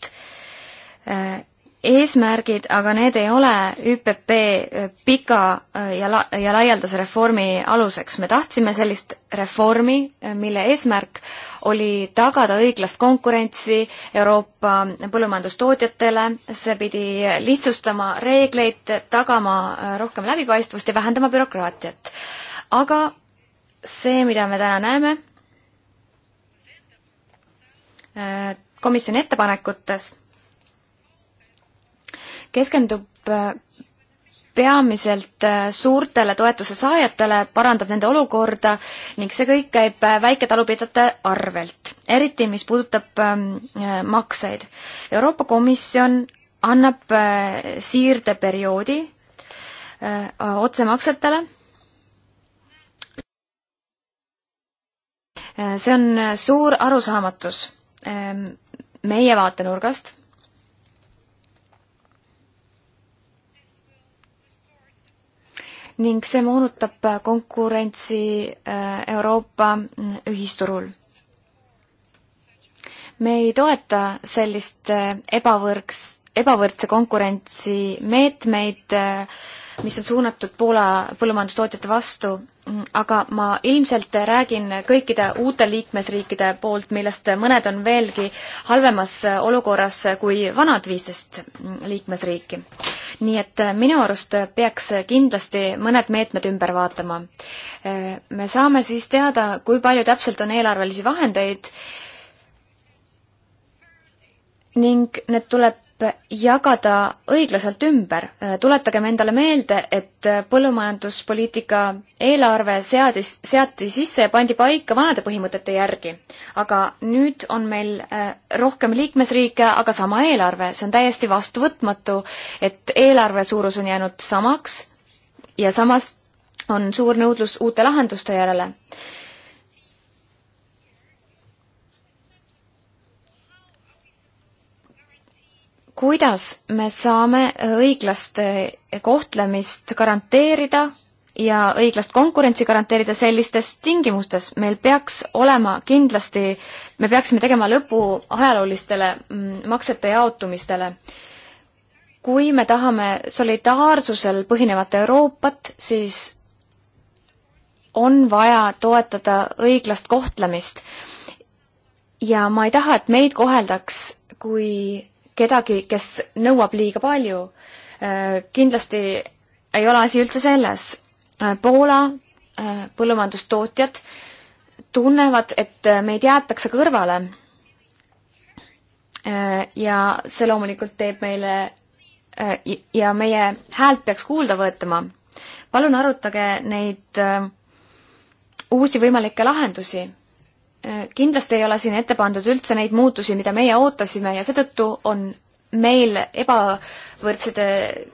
äh, eesmärgid, aga need ei ole ÜPP äh, pika äh, ja la-, ja laialdase reformi aluseks. me tahtsime sellist reformi, mille eesmärk oli tagada õiglast konkurentsi Euroopa põllumajandustootjatele, see pidi lihtsustama reegleid, tagama rohkem läbipaistvust ja vähendama bürokraatiat. aga see, mida me täna näeme, komisjoni ettepanekutes keskendub äh, peamiselt äh, suurtele toetuse saajatele, parandab nende olukorda ning see kõik käib äh, väiketalupidajate arvelt, eriti mis puudutab ähm, makseid. Euroopa Komisjon annab siirdeperioodi otsemaksetele. see on suur arusaamatus ähm, meie vaatenurgast ning see moonutab konkurentsi äh, Euroopa mm, ühisturul. me ei toeta sellist äh, ebavõrgs, ebavõrdse konkurentsi meetmeid, äh, mis on suunatud Poola põllumajandustootjate vastu aga ma ilmselt räägin kõikide uute liikmesriikide poolt, millest mõned on veelgi halvemas olukorras kui vanad viisteist liikmesriiki. nii et minu arust peaks kindlasti mõned meetmed ümber vaatama. me saame siis teada, kui palju täpselt on eelarvelisi vahendeid ning need tuleb jagada õiglaselt ümber. tuletagem endale meelde, et põllumajanduspoliitika eelarve seadis, seati sisse ja pandi paika vanade põhimõtete järgi. aga nüüd on meil äh, rohkem liikmesriike, aga sama eelarve, see on täiesti vastuvõtmatu, et eelarve suurus on jäänud samaks ja samas on suur nõudlus uute lahenduste järele kuidas me saame õiglast äh, kohtlemist garanteerida ja õiglast konkurentsi garanteerida sellistes tingimustes. meil peaks olema kindlasti, me peaksime tegema lõpu ajaloolistele mm, maksete jaotumistele. kui me tahame solidaarsusel põhinevat Euroopat, siis on vaja toetada õiglast kohtlemist. ja ma ei taha, et meid koheldaks kui kedagi, kes nõuab liiga palju. Äh, kindlasti ei ole asi üldse selles. Äh, Poola äh, põllumajandustootjad tunnevad, et meid jäetakse kõrvale. ja see loomulikult teeb meile ja meie häält peaks kuulda võetama. palun arutage neid uusi võimalikke lahendusi kindlasti ei ole siin ette pandud üldse neid muutusi, mida meie ootasime ja seetõttu on meil ebavõrdsete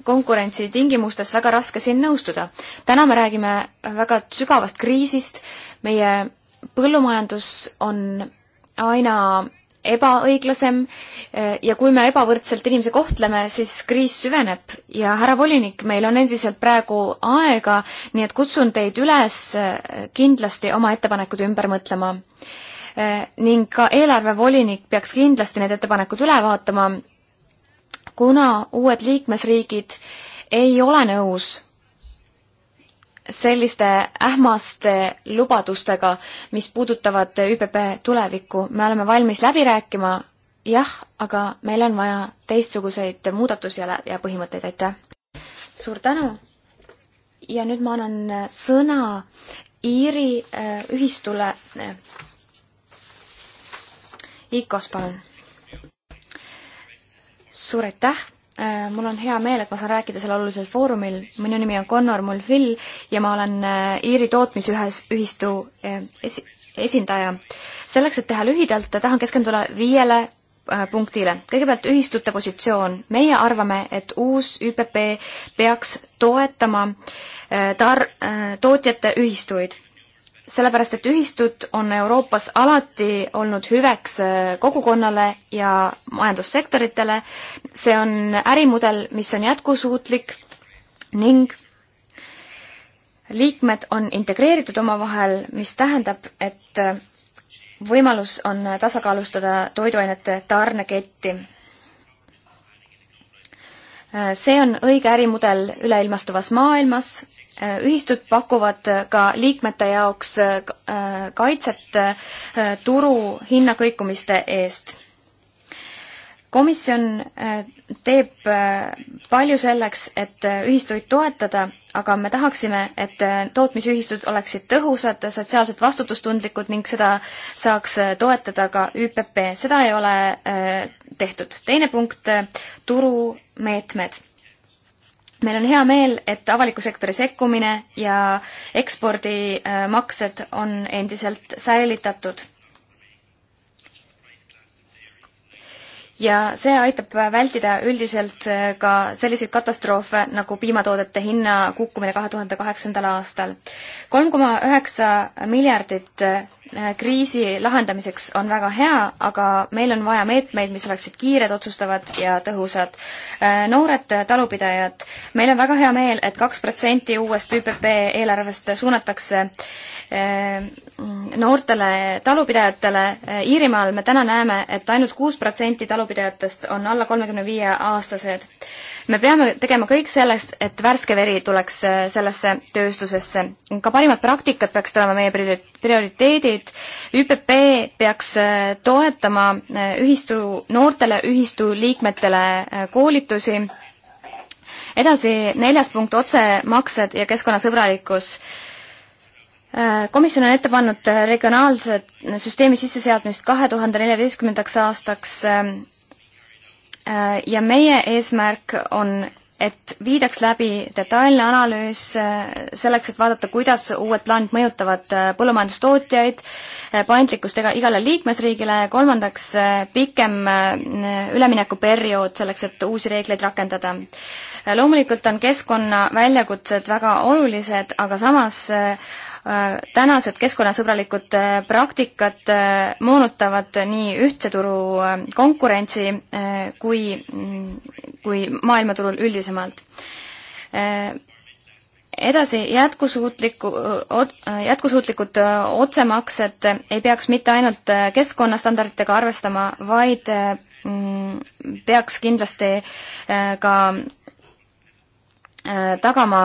konkurentsitingimustes väga raske siin nõustuda. täna me räägime väga sügavast kriisist, meie põllumajandus on aina ebaõiglasem eh, ja kui me ebavõrdselt inimesi kohtleme, siis kriis süveneb ja härra volinik, meil on endiselt praegu aega, nii et kutsun teid üles eh, kindlasti oma ettepanekud ümber mõtlema. Eh, ning ka eelarvevolinik peaks kindlasti need ettepanekud üle vaatama, kuna uued liikmesriigid ei ole nõus selliste ähmaste lubadustega, mis puudutavad ÜPP tulevikku, me oleme valmis läbi rääkima, jah, aga meil on vaja teistsuguseid muudatusi ja, ja põhimõtteid, aitäh! suur tänu! ja nüüd ma annan sõna Iiri äh, ühistule. Ikos, palun! suur aitäh! Äh, mul on hea meel, et ma saan rääkida sellel olulisel foorumil. minu nimi on Connor Mulvill ja ma olen äh, Iiri tootmisühes, ühistu äh, esi-, esindaja. selleks, et teha lühidalt, tahan keskenduda viiele punktile. kõigepealt ühistute positsioon. meie arvame, et uus ÜPP peaks toetama tar-, tootjate ühistuid sellepärast, et ühistud on Euroopas alati olnud hüveks äh, kogukonnale ja majandussektoritele. see on ärimudel, mis on jätkusuutlik ning liikmed on integreeritud omavahel, mis tähendab, et äh, võimalus on tasakaalustada toiduainete tarneketti. Äh, see on õige ärimudel üleilmastuvas maailmas Äh, ühistud pakuvad äh, ka liikmete jaoks äh, kaitset turu hinnakõikumiste eest. komisjon teeb palju selleks, et ühistuid toetada, aga me tahaksime, et tootmisühistud oleksid tõhusad, sotsiaalselt vastutustundlikud ning seda saaks toetada ka ÜPP. seda ei ole tehtud. teine punkt, turumeetmed meil on hea meel, et avaliku sektori sekkumine ja ekspordimaksed äh, on endiselt säilitatud ja see aitab vältida üldiselt äh, ka selliseid katastroofe nagu piimatoodete hinna kukkumine kahe tuhande kaheksandal aastal. kolm koma üheksa miljardit äh, kriisi lahendamiseks on väga hea, aga meil on vaja meetmeid, mis oleksid kiired, otsustavad ja tõhusad. Äh, noored talupidajad, meil on väga hea meel et, et kaks protsenti uuest ÜPP eelarvest suunatakse noortele talupidajatele eh, Iirimaal me täna näeme, et ainult kuus protsenti talupidajatest on alla kolmekümne viie aastased. me peame tegema kõik selleks, et värske veri tuleks eh, sellesse tööstusesse. ka parimad praktikad peaksid olema meie priori-, prioriteedid. ÜPP peaks eh, toetama ühistu, noortele ühistu liikmetele koolitusi. edasi neljas punkt, otsemaksed ja keskkonnasõbralikkus Äh, komisjon on ette pannud äh, regionaalse süsteemi sisseseadmist kahe tuhande neljateistkümnendaks aastaks ähm, äh, ja meie eesmärk on, et viidaks läbi detailne analüüs selleks, et vaadata, kuidas uued plaanid mõjutavad põllumajandustootjaid, paindlikkust igale liikmesriigile ja kolmandaks, pikem üleminekuperiood selleks, et uusi reegleid rakendada loomulikult on keskkonna väljakutsed väga olulised, aga samas Äh, tänased keskkonnasõbralikud äh, praktikad äh, moonutavad nii ühtse turu konkurentsi kui, mm, kui maailmaturul üldisemalt. edasi, jätkusuutliku, jätkusuutlikud otsemaksed ei peaks mitte ainult keskkonnastandarditega arvestama, vaid mm, peaks kindlasti ka tagama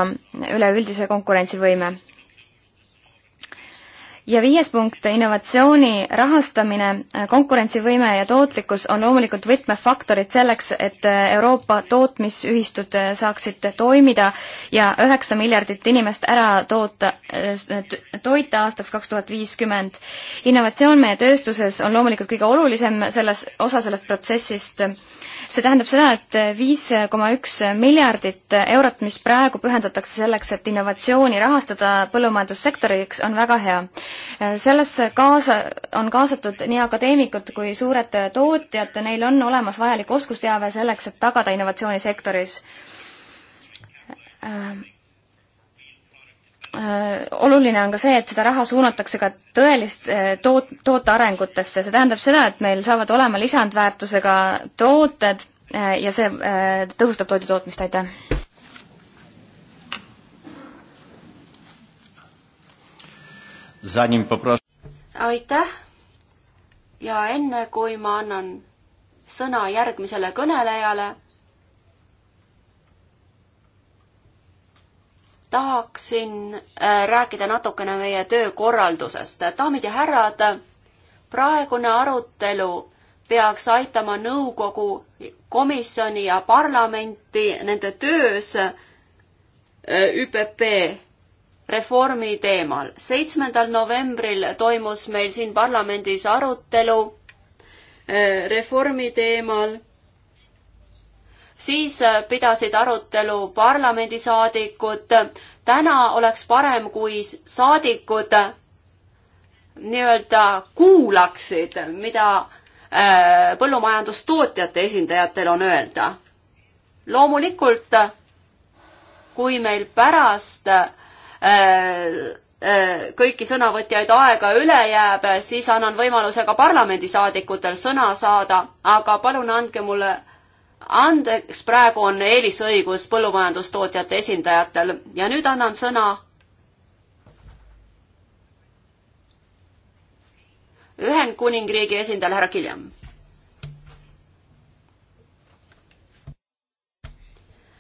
üleüldise konkurentsivõime ja viies punkt, innovatsiooni rahastamine, äh, konkurentsivõime ja tootlikkus on loomulikult võtmefaktorid selleks, et äh, Euroopa tootmisühistud äh, saaksid toimida ja üheksa miljardit inimest ära toota, toita aastaks kaks tuhat viiskümmend. innovatsioon meie tööstuses on loomulikult kõige olulisem selles, osa sellest protsessist see tähendab seda, et viis koma üks miljardit eurot, mis praegu pühendatakse selleks, et innovatsiooni rahastada põllumajandussektoriks, on väga hea. sellesse kaasa, on kaasatud nii akadeemikud kui suured tootjad, neil on olemas vajalik oskusteave selleks, et tagada innovatsioonisektoris Äh, oluline on ka see, et seda raha suunatakse ka tõelist äh, toot-, toote arengutesse, see tähendab seda, et meil saavad olema lisandväärtusega tooted äh, ja see tõhustab toidu tootmist, aitäh! aitäh! ja enne, kui ma annan sõna järgmisele kõnelejale tahaksin äh, rääkida natukene meie töökorraldusest. daamid ja härrad, praegune arutelu peaks aitama nõukogu, komisjoni ja parlamenti nende töös äh, ÜPP reformi teemal. seitsmendal novembril toimus meil siin parlamendis arutelu äh, reformi teemal siis äh, pidasid arutelu parlamendisaadikud. täna oleks parem, kui saadikud äh, nii-öelda kuulaksid, mida äh, põllumajandustootjate esindajatel on öelda. loomulikult, kui meil pärast kõiki sõnavõtjaid aega üle jääb, siis annan võimaluse ka parlamendisaadikutel sõna saada, aga palun andke mulle andeks, praegu on eelisõigus põllumajandustootjate esindajatel ja nüüd annan sõna Ühendkuningriigi esindajale härra Killiam.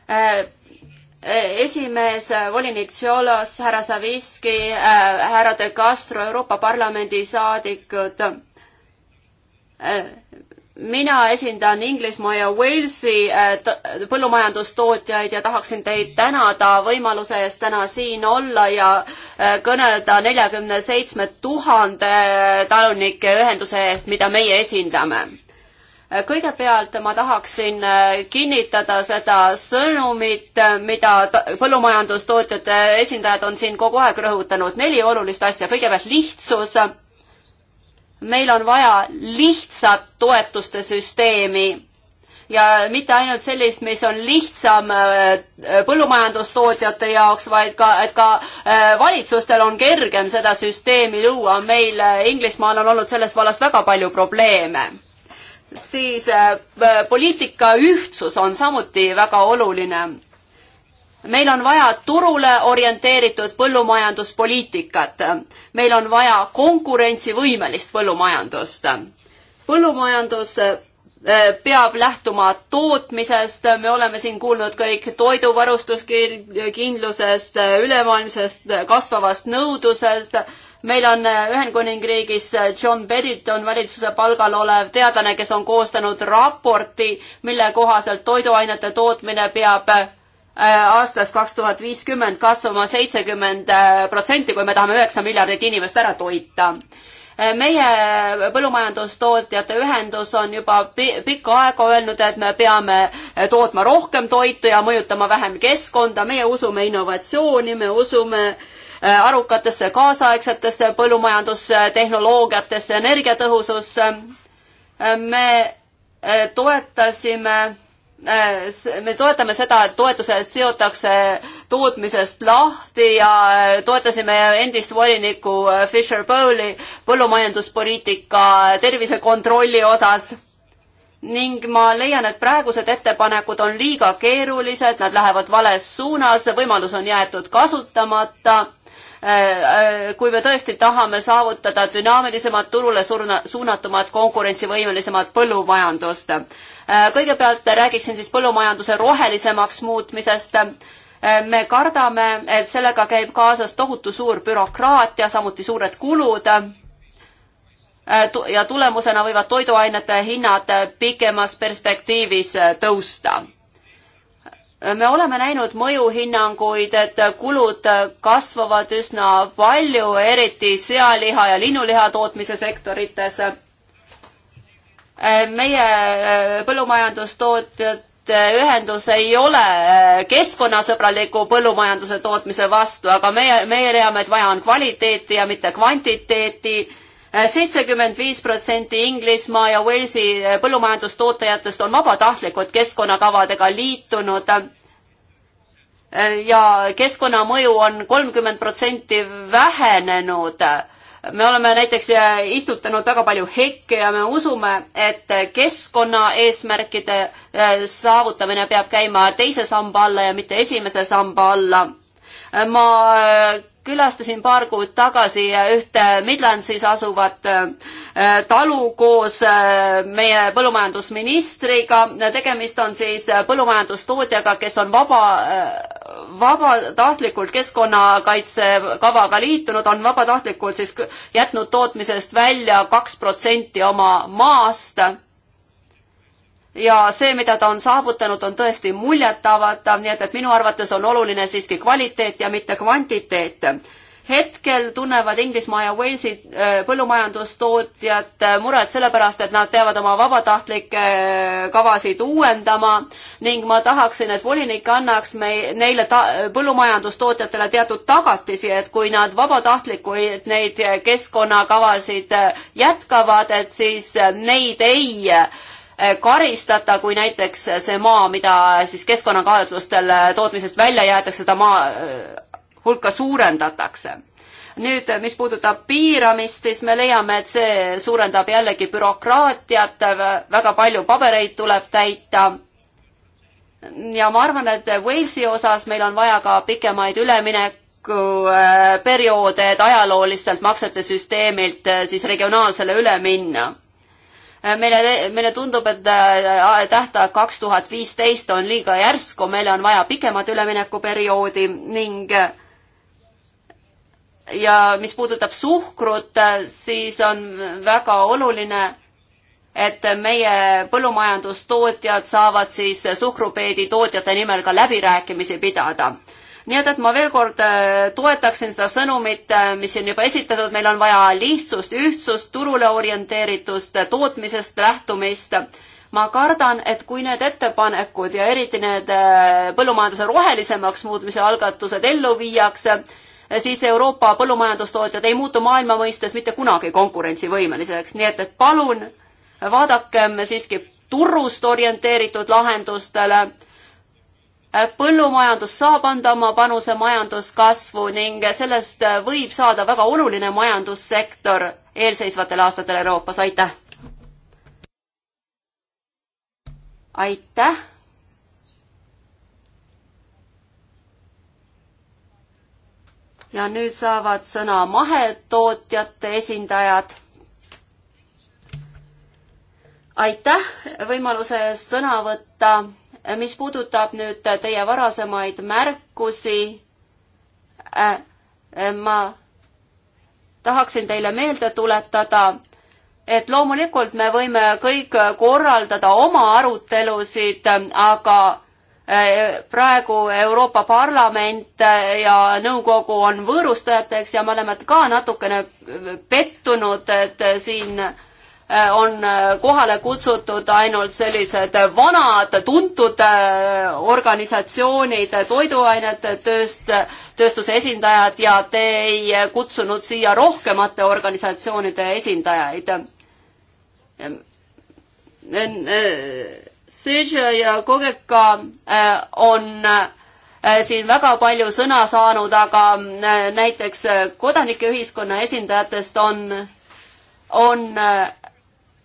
Äh, äh, esimees, äh, volinik Tšolos, härra Saviski, härra De Castro, Euroopa Parlamendi saadikud mina esindan Inglismaa ja Walesi äh, põllumajandustootjaid ja tahaksin teid tänada võimaluse eest täna siin olla ja äh, kõnelda neljakümne seitsme tuhande äh, talunike ühenduse eest, mida meie esindame. kõigepealt ma tahaksin kinnitada seda sõnumit, mida põllumajandustootjate esindajad on siin kogu aeg rõhutanud, neli olulist asja, kõigepealt lihtsus meil on vaja lihtsat toetuste süsteemi ja mitte ainult sellist, mis on lihtsam äh, põllumajandustootjate jaoks, vaid ka, et ka äh, valitsustel on kergem seda süsteemi luua. meil äh, Inglismaal on olnud selles vallas väga palju probleeme. siis poliitika ühtsus on samuti väga oluline meil on vaja turule orienteeritud põllumajanduspoliitikat. meil on vaja konkurentsivõimelist põllumajandust. põllumajandus äh, peab lähtuma tootmisest, me oleme siin kuulnud kõik toiduvarustuskindlusest, ülemaailmsest kasvavast nõudlusest, meil on äh, Ühendkuningriigis äh, John Beditton valitsuse palgal olev teadlane, kes on koostanud raporti, mille kohaselt toiduainete tootmine peab Äh, aastast kaks tuhat viiskümmend kasvama seitsekümmend äh, protsenti, kui me tahame üheksa miljardit inimest ära toita. Äh, meie põllumajandustootjate ühendus on juba pikka aega öelnud, et me peame tootma rohkem toitu ja mõjutama vähem keskkonda, meie usume innovatsiooni, me usume arukatesse kaasaegsetesse põllumajandustehnoloogiatesse, energiatõhususse. me toetasime Äh, me toetame seda, et toetused seotakse tootmisest lahti ja äh, toetasime endist volinikku äh, Fisher Bowley põllumajanduspoliitika tervisekontrolli osas. ning ma leian, et praegused ettepanekud on liiga keerulised, nad lähevad vales suunas, võimalus on jäetud kasutamata Äh, äh, kui me tõesti tahame saavutada dünaamilisemat turule surna, suunatumat konkurentsivõimelisemat põllumajandust. Äh, kõigepealt räägiksin siis põllumajanduse rohelisemaks muutmisest. me kardame, et sellega käib kaasas tohutu suur bürokraatia, samuti suured kulud ja tulemusena võivad toiduainete hinnad pikemas perspektiivis tõusta me oleme näinud mõjuhinnanguid, et kulud kasvavad üsna palju, eriti sealiha ja linnuliha tootmise sektorites. meie eh, põllumajandustootjate ühendus ei ole eh, keskkonnasõbraliku põllumajanduse tootmise vastu, aga meie, meie leiame, et vaja on kvaliteeti ja mitte kvantiteeti Äh, seitsekümmend viis protsenti Inglismaa ja Walesi äh, põllumajandustootjatest on vabatahtlikud keskkonnakavadega liitunud äh, ja keskkonnamõju on kolmkümmend protsenti vähenenud. me oleme näiteks istutanud väga palju hekke ja me usume, et keskkonnaeesmärkide saavutamine peab käima teise samba alla ja mitte esimese samba alla. ma külastasin paar kuud tagasi ühte Midlandsis asuvat äh, talu koos äh, meie põllumajandusministriga. tegemist on siis äh, põllumajandustootjaga, kes on vaba, vabatahtlikult keskkonnakaitsekavaga liitunud, on vabatahtlikult siis jätnud tootmisest välja kaks protsenti oma maast ja see, mida ta on saavutanud, on tõesti muljetavaldav, nii et, et minu arvates on oluline siiski kvaliteet ja mitte kvantiteet. hetkel tunnevad Inglismaa ja Walesi äh, põllumajandustootjad äh, muret sellepärast, et nad peavad oma vabatahtlikke äh, kavasid uuendama ning ma tahaksin, et volinik annaks mei-, neile ta-, põllumajandustootjatele teatud tagatisi, et kui nad vabatahtlikult neid keskkonnakavasid jätkavad, et siis neid ei äh, Eh, karistata, kui näiteks see maa, mida siis keskkonnakaalutlustel eh, tootmisest välja jäetakse, seda maa eh, hulka suurendatakse. nüüd, mis puudutab piiramist, siis me leiame, et see suurendab jällegi bürokraatiat, väga palju pabereid tuleb täita ja ma arvan, et Walesi osas meil on vaja ka pikemaid üleminekuperioode, et ajalooliselt maksete süsteemilt siis regionaalsele üle minna Äh, meile, meile tundub, et äh, äh, tähtaeg kaks tuhat viisteist on liiga järsku, meile on vaja pikemat üleminekuperioodi ning ja mis puudutab suhkrut, siis on väga oluline, et meie põllumajandustootjad saavad siis suhkrupeedi tootjate nimel ka läbirääkimisi pidada nii et, et ma veel kord äh, toetaksin seda sõnumit, äh, mis siin juba esitatud, meil on vaja lihtsust, ühtsust, turule orienteeritust, äh, tootmisest lähtumist. ma kardan, et kui need ettepanekud ja eriti need põllumajanduse rohelisemaks muutmise algatused ellu viiakse, siis Euroopa põllumajandustootjad ei muutu maailma mõistes mitte kunagi konkurentsivõimeliseks, nii et, et palun vaadakem siiski turust orienteeritud lahendustele Äh, põllumajandus saab anda oma panuse majanduskasvu ning sellest äh, võib saada väga oluline majandussektor eelseisvatel aastatel Euroopas, aitäh! aitäh! ja nüüd saavad sõna mahetootjate esindajad aitäh võimaluse eest sõna võtta mis puudutab nüüd teie varasemaid märkusi äh, äh,, ma tahaksin teile meelde tuletada, et loomulikult me võime kõik korraldada oma arutelusid, aga äh, praegu Euroopa Parlament äh, ja nõukogu on võõrustajateks ja me oleme ka natukene pettunud, et siin äh, Äh, on äh, kohale kutsutud ainult sellised vanad tuntud äh, organisatsioonid, toiduainete tööst, tööstuse esindajad ja te ei kutsunud siia rohkemate organisatsioonide esindajaid. Seja ja Kogeka on siin väga palju sõna saanud, aga näiteks kodanikeühiskonna esindajatest on, on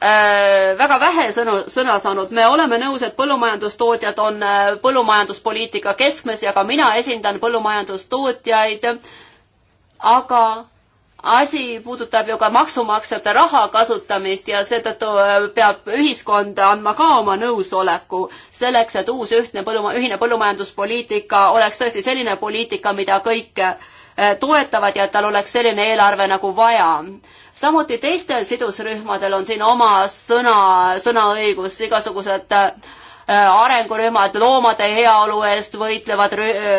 Äh, väga vähe sõnu, sõna saanud, me oleme nõus, et põllumajandustootjad on äh, põllumajanduspoliitika keskmes ja ka mina esindan põllumajandustootjaid, aga asi puudutab ju ka maksumaksjate raha kasutamist ja seetõttu äh, peab ühiskond andma ka oma nõusoleku selleks, et uus ühtne põlluma-, ühine põllumajanduspoliitika oleks tõesti selline poliitika, mida kõik toetavad ja et tal oleks selline eelarve nagu vaja samuti teistel sidusrühmadel on siin oma sõna, sõnaõigus, igasugused äh, arengurühmad, loomade heaolu eest võitlevad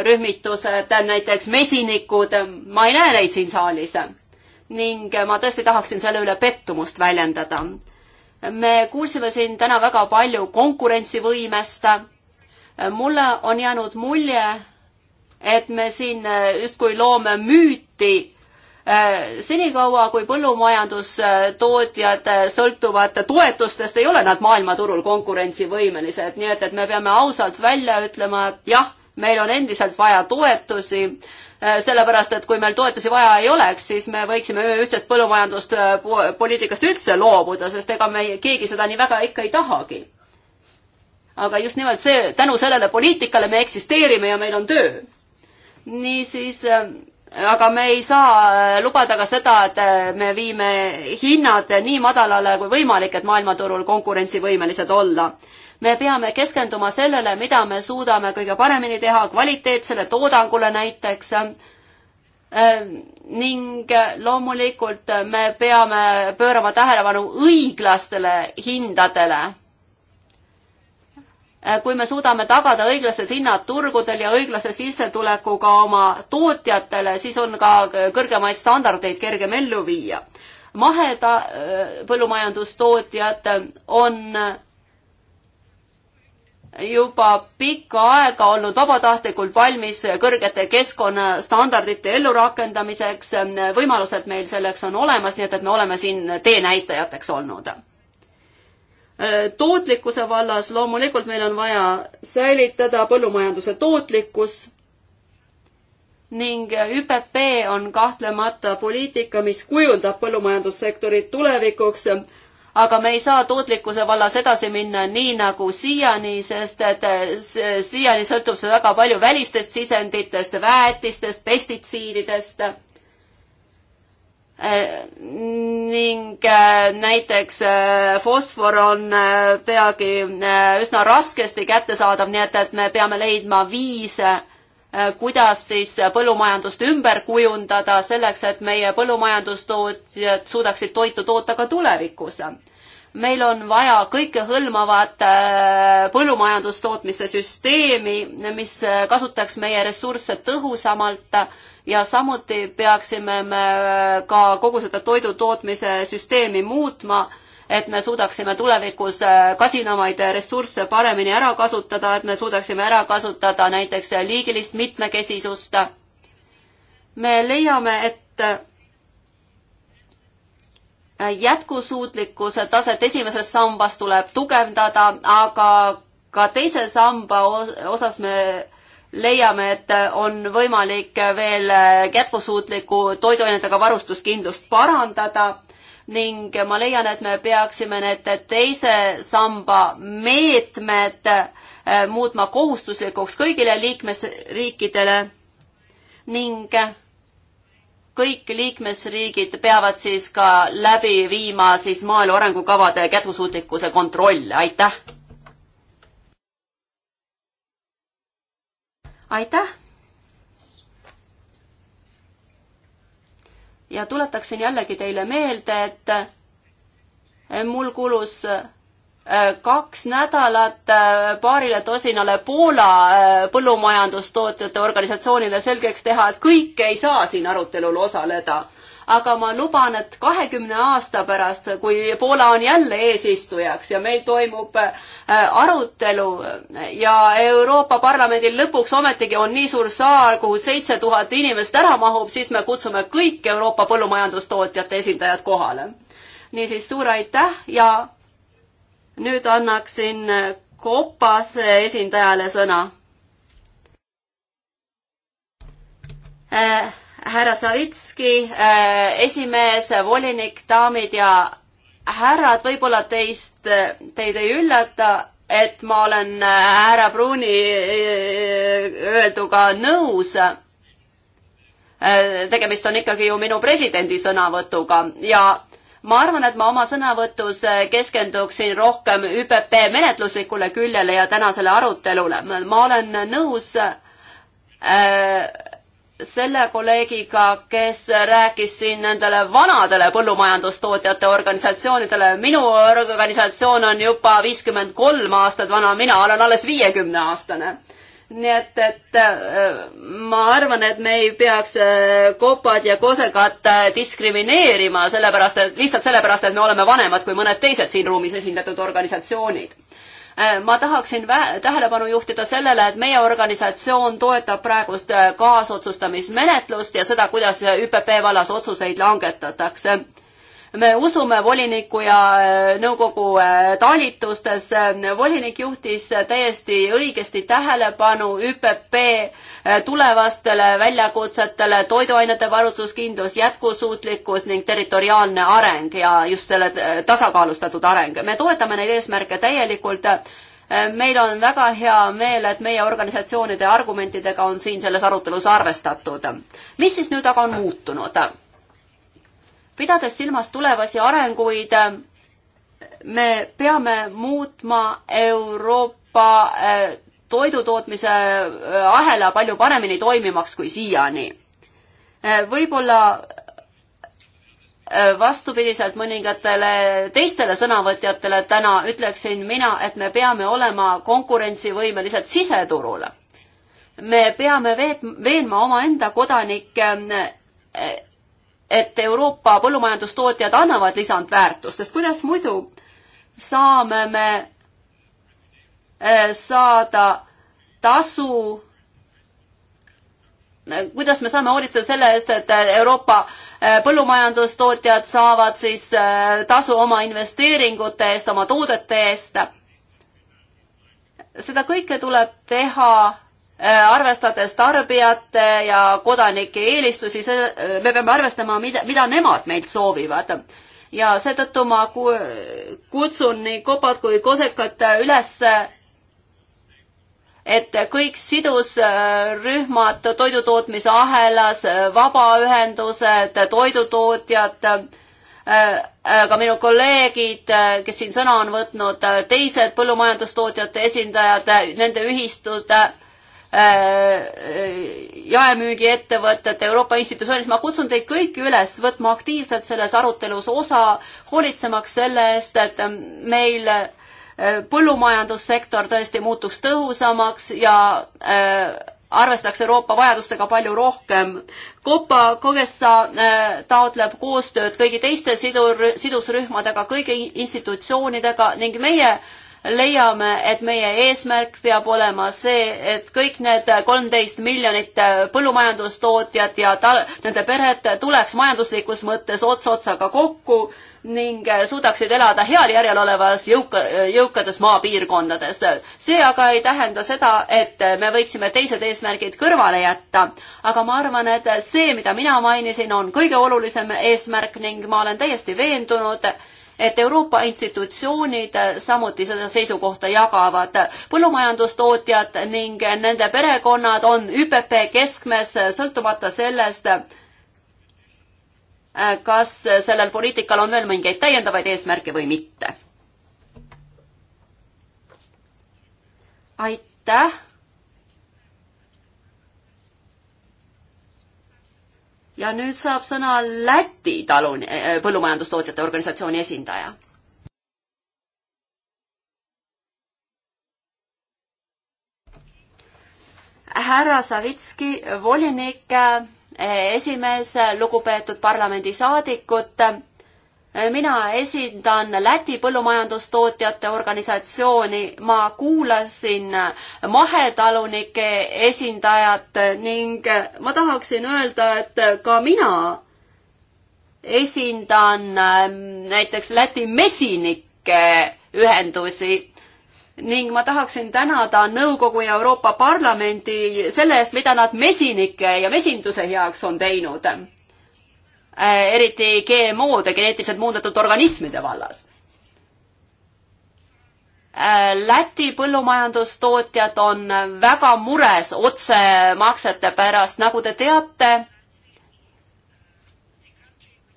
rühmitused, näiteks mesinikud, ma ei näe neid siin saalis. ning ma tõesti tahaksin selle üle pettumust väljendada. me kuulsime siin täna väga palju konkurentsivõimest. mulle on jäänud mulje, et me siin äh, justkui loome müüti Äh, senikaua, kui põllumajandustootjad äh, sõltuvad toetustest, ei ole nad maailmaturul konkurentsivõimelised, nii et, et me peame ausalt välja ütlema, et jah, meil on endiselt vaja toetusi, äh, sellepärast et kui meil toetusi vaja ei oleks, siis me võiksime ühtsest põllumajanduspoliitikast üldse loobuda, sest ega me keegi seda nii väga ikka ei tahagi. aga just nimelt see, tänu sellele poliitikale me eksisteerime ja meil on töö. niisiis aga me ei saa äh, lubada ka seda, et äh, me viime hinnad nii madalale kui võimalik, et maailmaturul konkurentsivõimelised olla. me peame keskenduma sellele, mida me suudame kõige paremini teha, kvaliteetsele toodangule näiteks äh, ning loomulikult me peame pöörama tähelepanu õiglastele hindadele. Äh, kui me suudame tagada õiglased hinnad turgudel ja õiglase sissetulekuga oma tootjatele, siis on ka kõrgemaid standardeid kergem ellu viia. maheda äh, põllumajandustootjad on juba pikka aega olnud vabatahtlikult valmis kõrgete keskkonnastandardite ellurakendamiseks, võimalused meil selleks on olemas, nii et, et me oleme siin teenäitajateks olnud Äh, tootlikkuse vallas loomulikult meil on vaja säilitada põllumajanduse tootlikkus ning ÜPP on kahtlemata poliitika, mis kujundab põllumajandussektorit tulevikuks, aga me ei saa tootlikkuse vallas edasi minna nii nagu siiani, sest et äh, siiani sõltub see väga palju välistest sisenditest, väetistest, pestitsiididest ning äh, näiteks äh, fosfor on äh, peagi üsna raskesti kättesaadav, nii et, et me peame leidma viise, kuidas siis põllumajandust ümber kujundada selleks, et meie põllumajandustootjad suudaksid toitu toota ka tulevikus meil on vaja kõikehõlmavat äh, põllumajandustootmise süsteemi, mis äh, kasutaks meie ressursse tõhusamalt ja samuti peaksime me äh, ka kogu seda toidutootmise süsteemi muutma, et me suudaksime tulevikus kasinamaid ressursse paremini ära kasutada, et me suudaksime ära kasutada näiteks liigilist mitmekesisust. me leiame, et jätkusuutlikkuse taset esimeses sambas tuleb tugevdada, aga ka teise samba osas me leiame, et on võimalik veel jätkusuutliku toiduainetega varustuskindlust parandada ning ma leian, et me peaksime need teise samba meetmed eh, muutma kohustuslikuks kõigile liikmesriikidele ning kõik liikmesriigid peavad siis ka läbi viima siis maaelu arengukavade jätkusuutlikkuse kontrolle, aitäh! aitäh! ja tuletaksin jällegi teile meelde, et mul kulus Äh, kaks nädalat äh, paarile tosinale Poola äh, põllumajandustootjate organisatsioonile selgeks teha, et kõik ei saa siin arutelul osaleda. aga ma luban, et kahekümne aasta pärast, kui Poola on jälle eesistujaks ja meil toimub arutelu ja Euroopa Parlamendil lõpuks ometigi on nii suur saal, kuhu seitse tuhat inimest ära mahub, siis me kutsume kõik Euroopa põllumajandustootjate esindajad kohale. niisiis suur aitäh ja nüüd annaksin Kopase esindajale sõna äh,. härra Savitski äh,, esimees, volinik, daamid ja härrad, võib-olla teist, teid ei üllata, et ma olen äh, härra Pruuni äh, öelduga nõus äh, tegemist on ikkagi ju minu presidendi sõnavõtuga ja ma arvan, et ma oma sõnavõtus äh, keskenduksin rohkem ÜPP menetluslikule küljele ja tänasele arutelule. ma olen nõus äh, selle kolleegiga, kes rääkis siin nendele vanadele põllumajandustootjate organisatsioonidele. minu organisatsioon on juba viiskümmend kolm aastat vana, mina olen alles viiekümne aastane nii et, et äh, ma arvan, et me ei peaks äh, kopad ja kosekad äh, diskrimineerima, sellepärast et, lihtsalt sellepärast, et me oleme vanemad kui mõned teised siin ruumis esindatud organisatsioonid ma tahaksin tähelepanu juhtida sellele, et meie organisatsioon toetab praegust kaasotsustamismenetlust ja seda, kuidas ÜPP vallas otsuseid langetatakse me usume voliniku ja äh, nõukogu äh, talitustesse. volinik juhtis äh, täiesti õigesti tähelepanu ÜPP tulevastele väljakutsetele, toiduainete varustuskindlus, jätkusuutlikkus ning territoriaalne areng ja just selle tasakaalustatud areng. me toetame neid eesmärke täielikult meil on väga hea meel, et meie organisatsioonide argumentidega on siin selles arutelus arvestatud. mis siis nüüd aga on muutunud? pidades silmas tulevasi arenguid, me peame muutma Euroopa äh, toidutootmise äh, ahela palju paremini toimimaks kui siiani. Äh, võib-olla vastupidiselt mõningatele teistele sõnavõtjatele täna ütleksin mina, et me peame olema konkurentsivõimelised siseturul. me peame veet-, veenma omaenda kodanikke et Euroopa põllumajandustootjad annavad lisandväärtust, sest kuidas muidu saame me eh, saada tasu kuidas me saame hoolitseda selle eest, et Euroopa eh, põllumajandustootjad saavad siis eh, tasu oma investeeringute eest, oma toodete eest. seda kõike tuleb teha Äh, arvestades tarbijate ja kodanike eelistusi, äh, me peame arvestama, mida, mida nemad meilt soovivad. ja seetõttu ma kutsun nii kopad kui kosekad üles et kõik sidusrühmad toidutootmise ahelas, vabaühendused, toidutootjad, äh, ka minu kolleegid, kes siin sõna on võtnud, teised põllumajandustootjate esindajad, nende ühistud Äh, äh, jaemüügiettevõtted, Euroopa institutsioonid, ma kutsun teid kõiki üles võtma aktiivselt selles arutelus osa, hoolitsemaks selle eest, et meil äh, põllumajandussektor tõesti muutuks tõhusamaks ja arvestaks Euroopa vajadustega palju rohkem. Kopa Kogessa taotleb koostööd kõigi teiste sidur, sidusrühmadega, kõigi institutsioonidega ning meie leiame, et meie eesmärk peab olema see, et kõik need kolmteist miljonit põllumajandustootjat ja tal, nende pered tuleks majanduslikus mõttes ots otsaga kokku ning suudaksid elada heal järjel olevas jõuka, jõukades maapiirkondades. see aga ei tähenda seda, et me võiksime teised eesmärgid kõrvale jätta, aga ma arvan, et see, mida mina mainisin, on kõige olulisem eesmärk ning ma olen täiesti veendunud, et Euroopa institutsioonid samuti seda seisukohta jagavad. põllumajandustootjad ning nende perekonnad on ÜPP keskmes, sõltumata sellest, kas sellel poliitikal on veel mingeid täiendavaid eesmärke või mitte. aitäh ja nüüd saab sõna Läti talun-, eh, eh, põllumajandustootjate organisatsiooni esindaja. härra Savitski, volinik, eh, esimees, lugupeetud parlamendisaadikud mina esindan Läti põllumajandustootjate organisatsiooni, ma kuulasin mahetalunike esindajat ning ma tahaksin öelda, et ka mina esindan ähm, näiteks Läti mesinike ühendusi ning ma tahaksin tänada Nõukogu ja Euroopa Parlamendi selle eest, mida nad mesinike ja mesinduse heaks on teinud Äh, eriti GMO-de, geneetiliselt muundatud organismide vallas. Äh, Läti põllumajandustootjad on väga mures otsemaksete pärast, nagu te teate,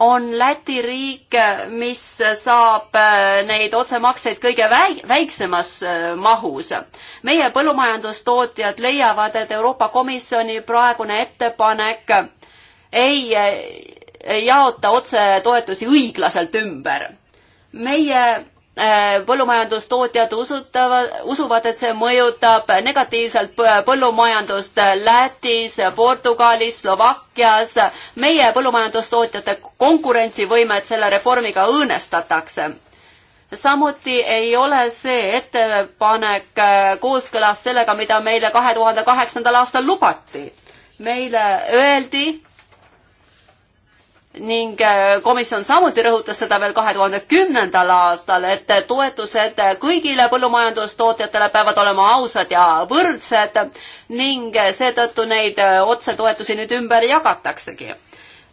on Läti riik, mis saab äh, neid otsemakseid kõige väi-, väiksemas mahus. meie põllumajandustootjad leiavad, et Euroopa Komisjoni praegune ettepanek ei jaota otsetoetusi õiglaselt ümber. meie äh, põllumajandustootjad usutavad, usuvad, et see mõjutab negatiivselt põllumajandust Lätis, Portugalis, Slovakkias. meie põllumajandustootjate konkurentsivõimet selle reformiga õõnestatakse. samuti ei ole see ettepanek äh, kooskõlas sellega, mida meile kahe tuhande kaheksandal aastal lubati. meile öeldi, ning äh, komisjon samuti rõhutas seda veel kahe tuhande kümnendal aastal, et toetused kõigile põllumajandustootjatele peavad olema ausad ja võrdsed ning seetõttu neid äh, otsetoetusi nüüd ümber jagataksegi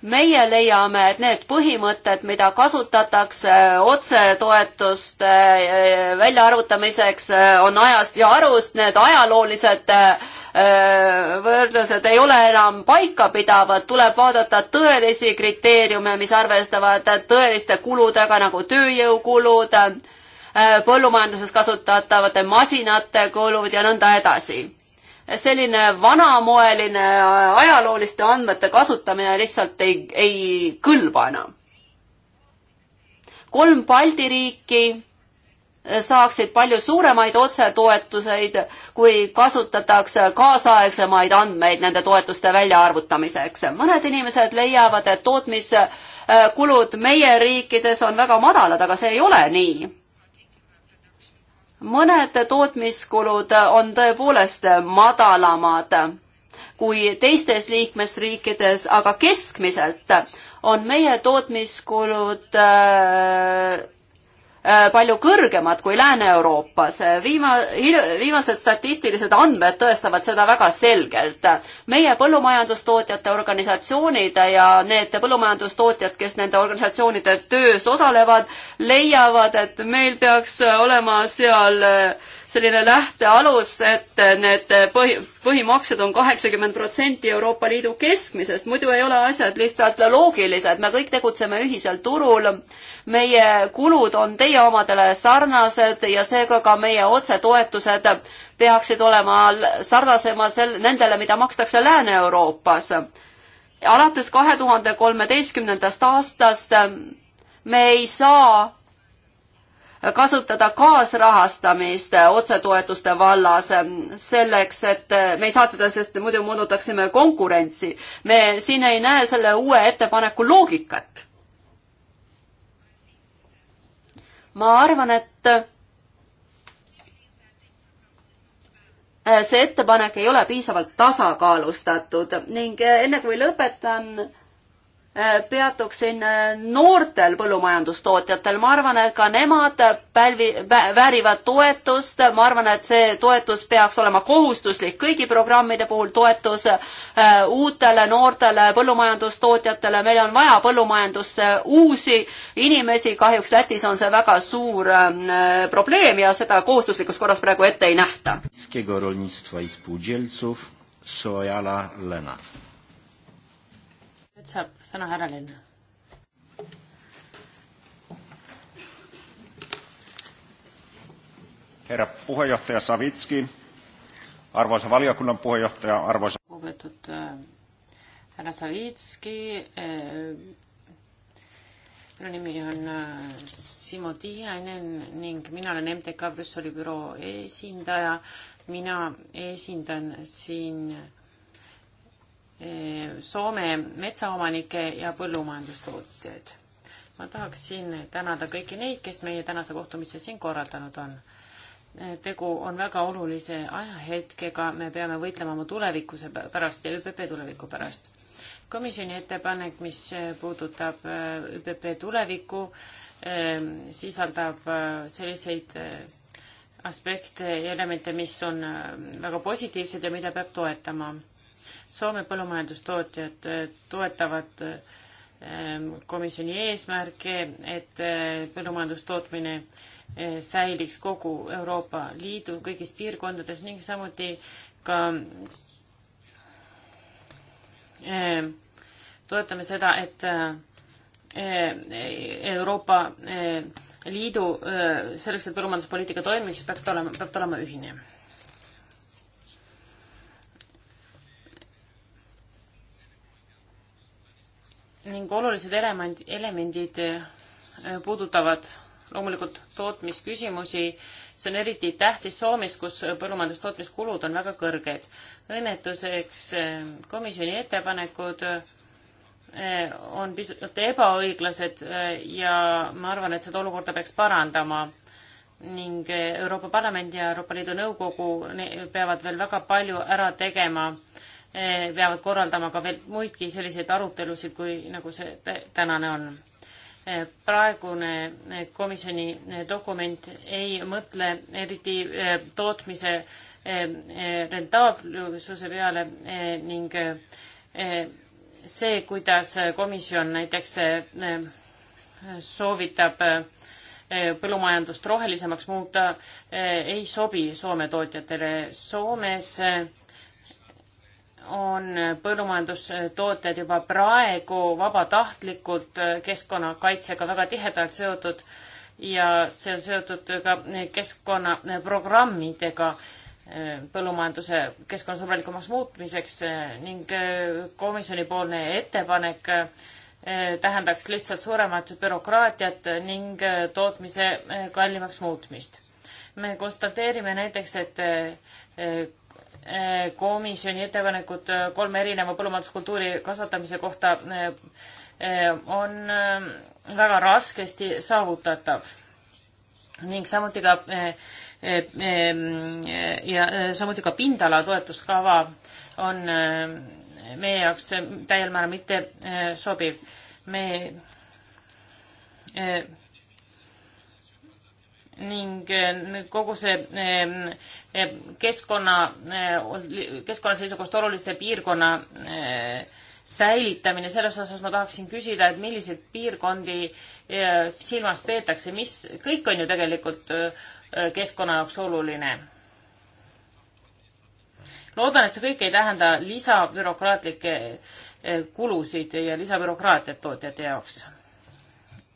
meie leiame, et need põhimõtted, mida kasutatakse otsetoetuste eh, väljaarvutamiseks, eh, on ajast ja arust, need ajaloolised eh, võrdlused ei ole enam paikapidavad, tuleb vaadata tõelisi kriteeriume, mis arvestavad tõeliste kuludega nagu tööjõukulud, põllumajanduses kasutatavate masinate kulud ja nõnda edasi selline vanamoeline äh, ajalooliste andmete kasutamine lihtsalt ei, ei kõlba enam. kolm Balti riiki äh, saaksid palju suuremaid otsetoetuseid, kui kasutatakse kaasaegsemaid andmeid nende toetuste väljaarvutamiseks. mõned inimesed leiavad, et tootmiskulud meie riikides on väga madalad, aga see ei ole nii mõned tootmiskulud on tõepoolest madalamad kui teistes liikmesriikides, aga keskmiselt on meie tootmiskulud äh, Äh, palju kõrgemad kui Lääne-Euroopas. viima-, viimased statistilised andmed tõestavad seda väga selgelt. meie põllumajandustootjate organisatsioonid ja need põllumajandustootjad, kes nende organisatsioonide töös osalevad, leiavad, et meil peaks olema seal äh, selline lähtealus, et need põhi, põhimaksed on kaheksakümmend protsenti Euroopa Liidu keskmisest, muidu ei ole asjad lihtsalt loogilised, me kõik tegutseme ühisel turul, meie kulud on teie omadele sarnased ja seega ka meie otsetoetused peaksid olema sarnasemad sel-, nendele, mida makstakse Lääne-Euroopas. alates kahe tuhande kolmeteistkümnendast aastast me ei saa kasutada kaasrahastamist otsetoetuste vallas selleks, et eh, me ei saa seda, sest muidu moonutaksime konkurentsi. me siin ei näe selle uue ettepaneku loogikat. ma arvan, et eh, see ettepanek ei ole piisavalt tasakaalustatud ning eh, enne kui lõpetan, Äh, peatuksin äh, noortel põllumajandustootjatel, ma arvan, et ka nemad pälvi, väärivad toetust, ma arvan, et see toetus peaks olema kohustuslik kõigi programmide puhul, toetus äh, uutele noortele põllumajandustootjatele, meil on vaja põllumajandusse uusi inimesi, kahjuks Lätis on see väga suur ähm, probleem ja seda kohustuslikus korras praegu ette ei nähta. Soojala Lennart nüüd saab sõna härra Lenn. herra puheenjohtaja Savitski, arvoisa valiokunnan puheenjohtaja, arvoisa... Lugupeetud äh, härra Savitski, äh, minu nimi on äh, Simo Tihanen ning mina olen MTK Brüsseli büroo esindaja. mina esindan siin Soome metsaomanikke ja põllumajandustootjaid. ma tahaksin tänada kõiki neid, kes meie tänase kohtumise siin korraldanud on. tegu on väga olulise ajahetkega, me peame võitlema oma tulevikuse pärast ja ÜPP tuleviku pärast. komisjoni ettepanek, mis puudutab äh, ÜPP tulevikku, ähm, sisaldab äh, selliseid äh, aspekte ja elemente, mis on väga positiivsed ja mida peab toetama Soome põllumajandustootjad eh, toetavad ehm, komisjoni eesmärke, et eh, põllumajandustootmine eh, säiliks kogu Euroopa Liidu kõigis piirkondades ning samuti ka ehm, toetame seda, et Euroopa Liidu, selleks, et põllumajanduspoliitika toimiks, peaks ta olema, peab ta olema ühine ning olulised element, elemendid äh, puudutavad loomulikult tootmisküsimusi, see on eriti tähtis Soomes, kus põllumajandustootmiskulud on väga kõrged. õnnetuseks äh, komisjoni ettepanekud äh, on pisut ebaõiglased ja ma arvan, et seda olukorda peaks parandama ning Euroopa Parlament ja Euroopa Liidu Nõukogu peavad veel väga palju ära tegema Eh, peavad korraldama ka veel muidki selliseid arutelusid, kui nagu see tänane on. Eh, praegune eh, komisjoni dokument ei mõtle eriti tootmise rentaablsuse peale ning see, kuidas komisjon näiteks soovitab põllumajandust rohelisemaks muuta, ei sobi Soome tootjatele. Soomes on põllumajandustooted juba praegu vabatahtlikult äh, keskkonnakaitsega väga tihedalt seotud ja see on seotud ka keskkonnaprogrammidega äh, põllumajanduse keskkonnasõbralikumaks muutmiseks äh, ning komisjonipoolne ettepanek tähendaks lihtsalt suuremat bürokraatiat ning tootmise kallimaks muutmist. me konstateerime näiteks, et Eh, komisjoni ettepanekud eh, kolme erineva põllumajanduskultuuri kasvatamise kohta eh, on väga raskesti saavutatav ning samuti ka ja samuti ka pindala toetuskava on meie jaoks täiel määral mitte sobiv. me ning eh, kogu see eh, eh, keskkonna, keskkonna seisukohast oluliste piirkonna säilitamine, selles osas ma tahaksin küsida, et milliseid piirkondi silmas peetakse, mis, kõik on ju tegelikult keskkonna jaoks oluline. loodan, et see kõik ei tähenda lisabürokraatlikke kulusid ja lisabürokraatiat tootjate jaoks.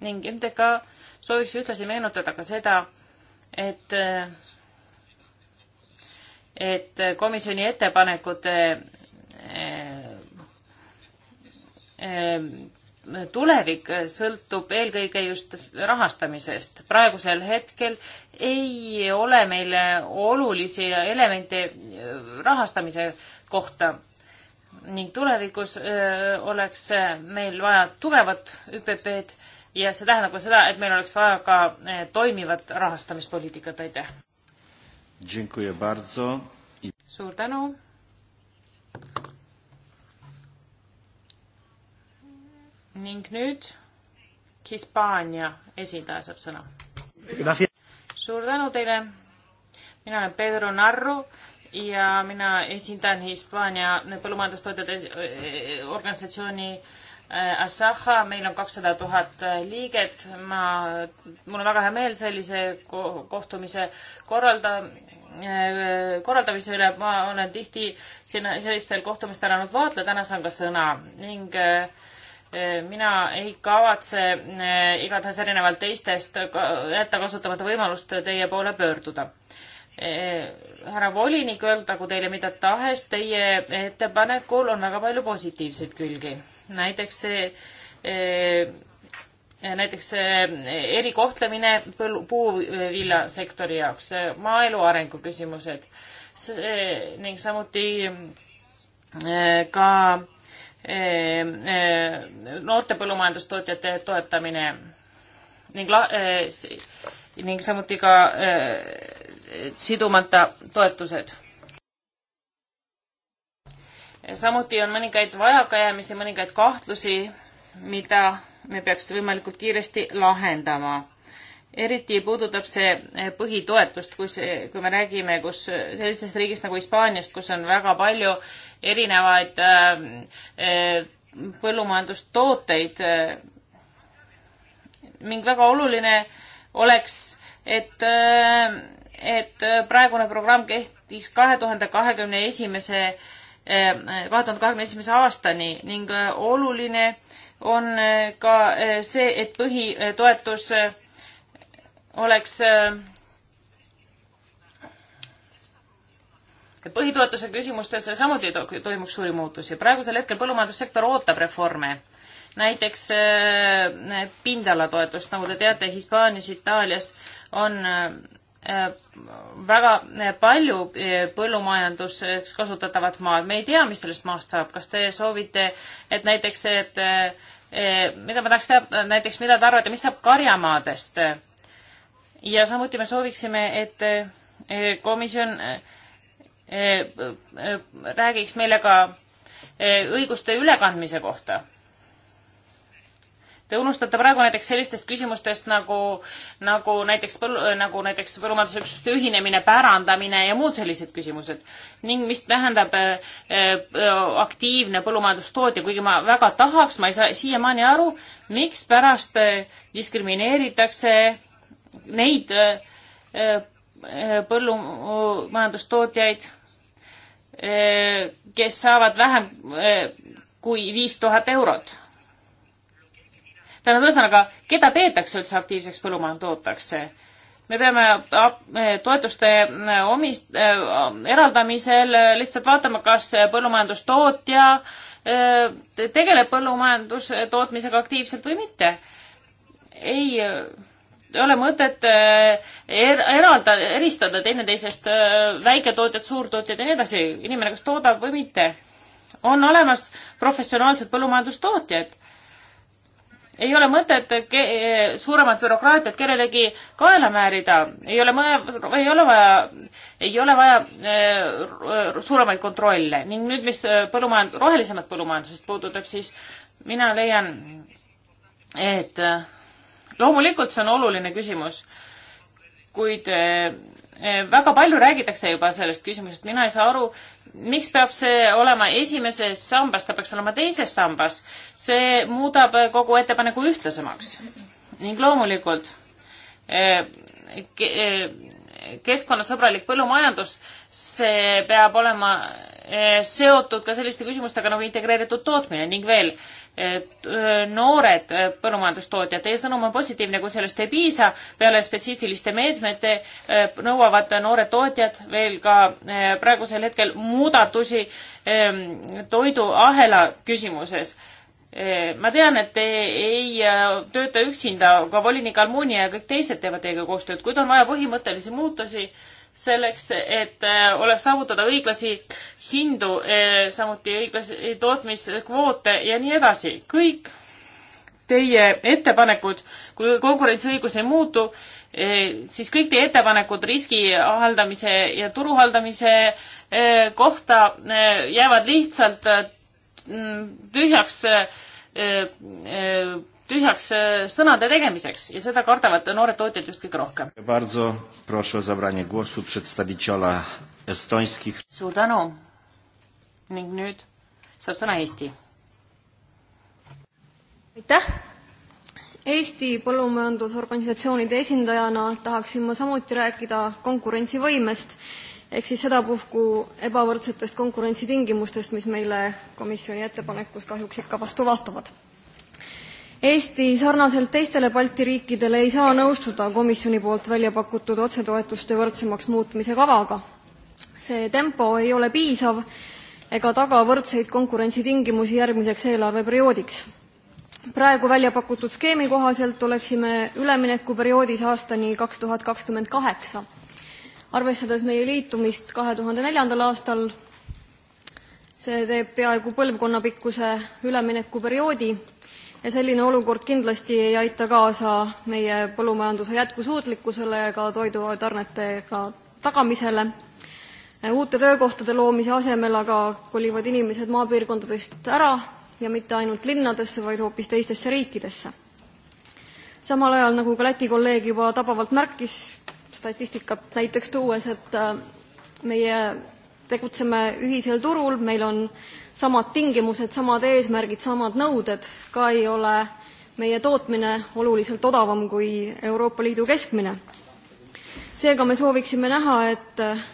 ning MTK sooviks ühtlasi meenutada ka seda, et, et komisjoni ettepanekute eh, eh, tulevik sõltub eelkõige just rahastamisest. praegusel hetkel ei ole meil olulisi elemente rahastamise kohta ning tulevikus eh, oleks meil vaja tugevat ÜPP-d ja see tähendab ka seda, et meil oleks vaja ka eh, toimivat rahastamispoliitikat, aitäh! suur tänu! ning nüüd Hispaania esindaja saab sõna. suur tänu teile! mina olen Pedro Narro ja mina esindan Hispaania põllumajandustootjate eh, eh, organisatsiooni äh, Äh, Asaha, meil on kakssada tuhat äh, liiget, ma, mul on väga hea meel sellise ko kohtumise korralda-, äh, korraldamise üle, ma olen tihti sinna, sellistel kohtumistel olnud vaatleja, täna saan ka sõna ning mina ei kavatse igatahes erinevalt teistest jätta kasutamata võimalust teie poole pöörduda härra volinik, öeldagu teile mida tahes, teie ettepanekul on väga palju positiivseid külgi näiteks see eh, näiteks eh, erikohtlemine puuviljasektori jaoks, maaelu arengu küsimused see, ning samuti eh, ka noorte põllumajandustootjate toetamine ning la-, ning samuti ka sidumata toetused samuti on mõningaid vajakajäämisi, mõningaid kahtlusi, mida me peaks võimalikult kiiresti lahendama. eriti puudutab see põhitoetust, kui see, kui me räägime, kus sellisest riigist nagu Hispaaniast, kus on väga palju erinevaid äh, äh põllumajandustooteid äh, ning väga oluline oleks, et äh, et praegune programm kehtiks kahe tuhande kahekümne esimese kahe tuhande kahekümne esimese aastani ning äh, oluline on äh, ka äh, see, et põhitoetus oleks põhitoetuse küsimustes samuti toimuks suuri muutusi. praegusel hetkel põllumajandussektor ootab reforme. näiteks pindalatoetust, nagu te teate, Hispaanias, Itaalias on Äh, väga äh, palju äh, põllumajanduseks kasutatavat maad, me ei tea, mis sellest maast saab, kas te soovite, et näiteks, et mida ma tahaks teada, näiteks mida te arvate, mis saab karjamaadest? ja samuti me sooviksime, et komisjon räägiks meile ka õiguste ülekandmise kohta Te unustate praegu näiteks sellistest küsimustest nagu, nagu näiteks põllu, nagu näiteks põllumajandusüksuste ühinemine, pärandamine ja muud sellised küsimused. ning mis tähendab äh, äh, aktiivne põllumajandustootja, kuigi ma väga tahaks, ma ei saa siiamaani aru, mikspärast äh, diskrimineeritakse neid äh, äh, põllumajandustootjaid äh,, kes saavad vähem äh, kui viis tuhat eurot tähendab, ühesõnaga, keda peetakse üldse aktiivseks põllumajandustootjaks? me peame äh, toetuste äh, omist- äh,, eraldamisel äh, lihtsalt vaatama, kas põllumajandustootja äh, tegeleb põllumajandustootmisega aktiivselt või mitte. ei ole mõtet er, eralda, eristada teineteisest väiketootjad, suurtootjad ja nii edasi, inimene kas toodab või mitte. on olemas professionaalsed põllumajandustootjad ei ole mõtet suuremat bürokraatiat kellelegi kaela määrida, ei ole mõe-, ei ole vaja, ei ole vaja äh, suuremaid kontrolle ning nüüd, mis äh, põllumajand-, rohelisemat põllumajandusest puudutab, siis mina leian, et äh, loomulikult see on oluline küsimus, kuid äh, Eh, väga palju räägitakse juba sellest küsimusest, mina ei saa aru, miks peab see olema esimeses sambas, ta peaks olema teises sambas. see muudab kogu ettepaneku ühtlasemaks. ning loomulikult eh, eh, keskkonnasõbralik põllumajandus, see peab olema eh, seotud ka selliste küsimustega nagu integreeritud tootmine ning veel noored põllumajandustootjad, teie sõnum on positiivne, kui sellest ei piisa, peale spetsiifiliste meetmete nõuavad noored tootjad veel ka praegusel hetkel muudatusi toiduahela küsimuses Eh, ma tean, et te ei äh, tööta üksinda, ka volinik Almunia ja kõik teised teevad teiega koostööd, kuid on vaja põhimõttelisi muutusi selleks, et äh, oleks saavutada õiglasi hindu, äh, samuti õiglasi tootmiskvoote ja nii edasi. kõik teie ettepanekud, kui konkurentsiõigus ei muutu, siis kõik teie ettepanekud riski haldamise ja turu haldamise kohta jäävad lihtsalt tühjaks tühjaks sõnade tegemiseks ja seda kardavad noored tootjad just kõige rohkem. suur tänu ning nüüd saab sõna Eesti. aitäh! Eesti põllumajandusorganisatsioonide esindajana tahaksin ma samuti rääkida konkurentsivõimest ehk siis sedapuhku ebavõrdsetest konkurentsitingimustest, mis meile komisjoni ettepanekus kahjuks ikka vastu vaatavad. Eesti sarnaselt teistele Balti riikidele ei saa nõustuda komisjoni poolt välja pakutud otsetoetuste võrdsemaks muutmise kavaga. see tempo ei ole piisav ega taga võrdseid konkurentsitingimusi järgmiseks eelarveperioodiks. praegu välja pakutud skeemi kohaselt oleksime üleminekuperioodis aastani kaks tuhat kakskümmend kaheksa arvestades meie liitumist kahe tuhande neljandal aastal, see teeb peaaegu põlvkonnapikkuse üleminekuperioodi ja selline olukord kindlasti ei aita kaasa meie põllumajanduse jätkusuutlikkusele ega toidutarnetega tagamisele. uute töökohtade loomise asemel aga kolivad inimesed maapiirkondadest ära ja mitte ainult linnadesse, vaid hoopis teistesse riikidesse. samal ajal, nagu ka Läti kolleeg juba tabavalt märkis, statistikat näiteks tuues, et äh, meie tegutseme ühisel turul, meil on samad tingimused, samad eesmärgid, samad nõuded, ka ei ole meie tootmine oluliselt odavam kui Euroopa Liidu keskmine. seega me sooviksime näha, et äh,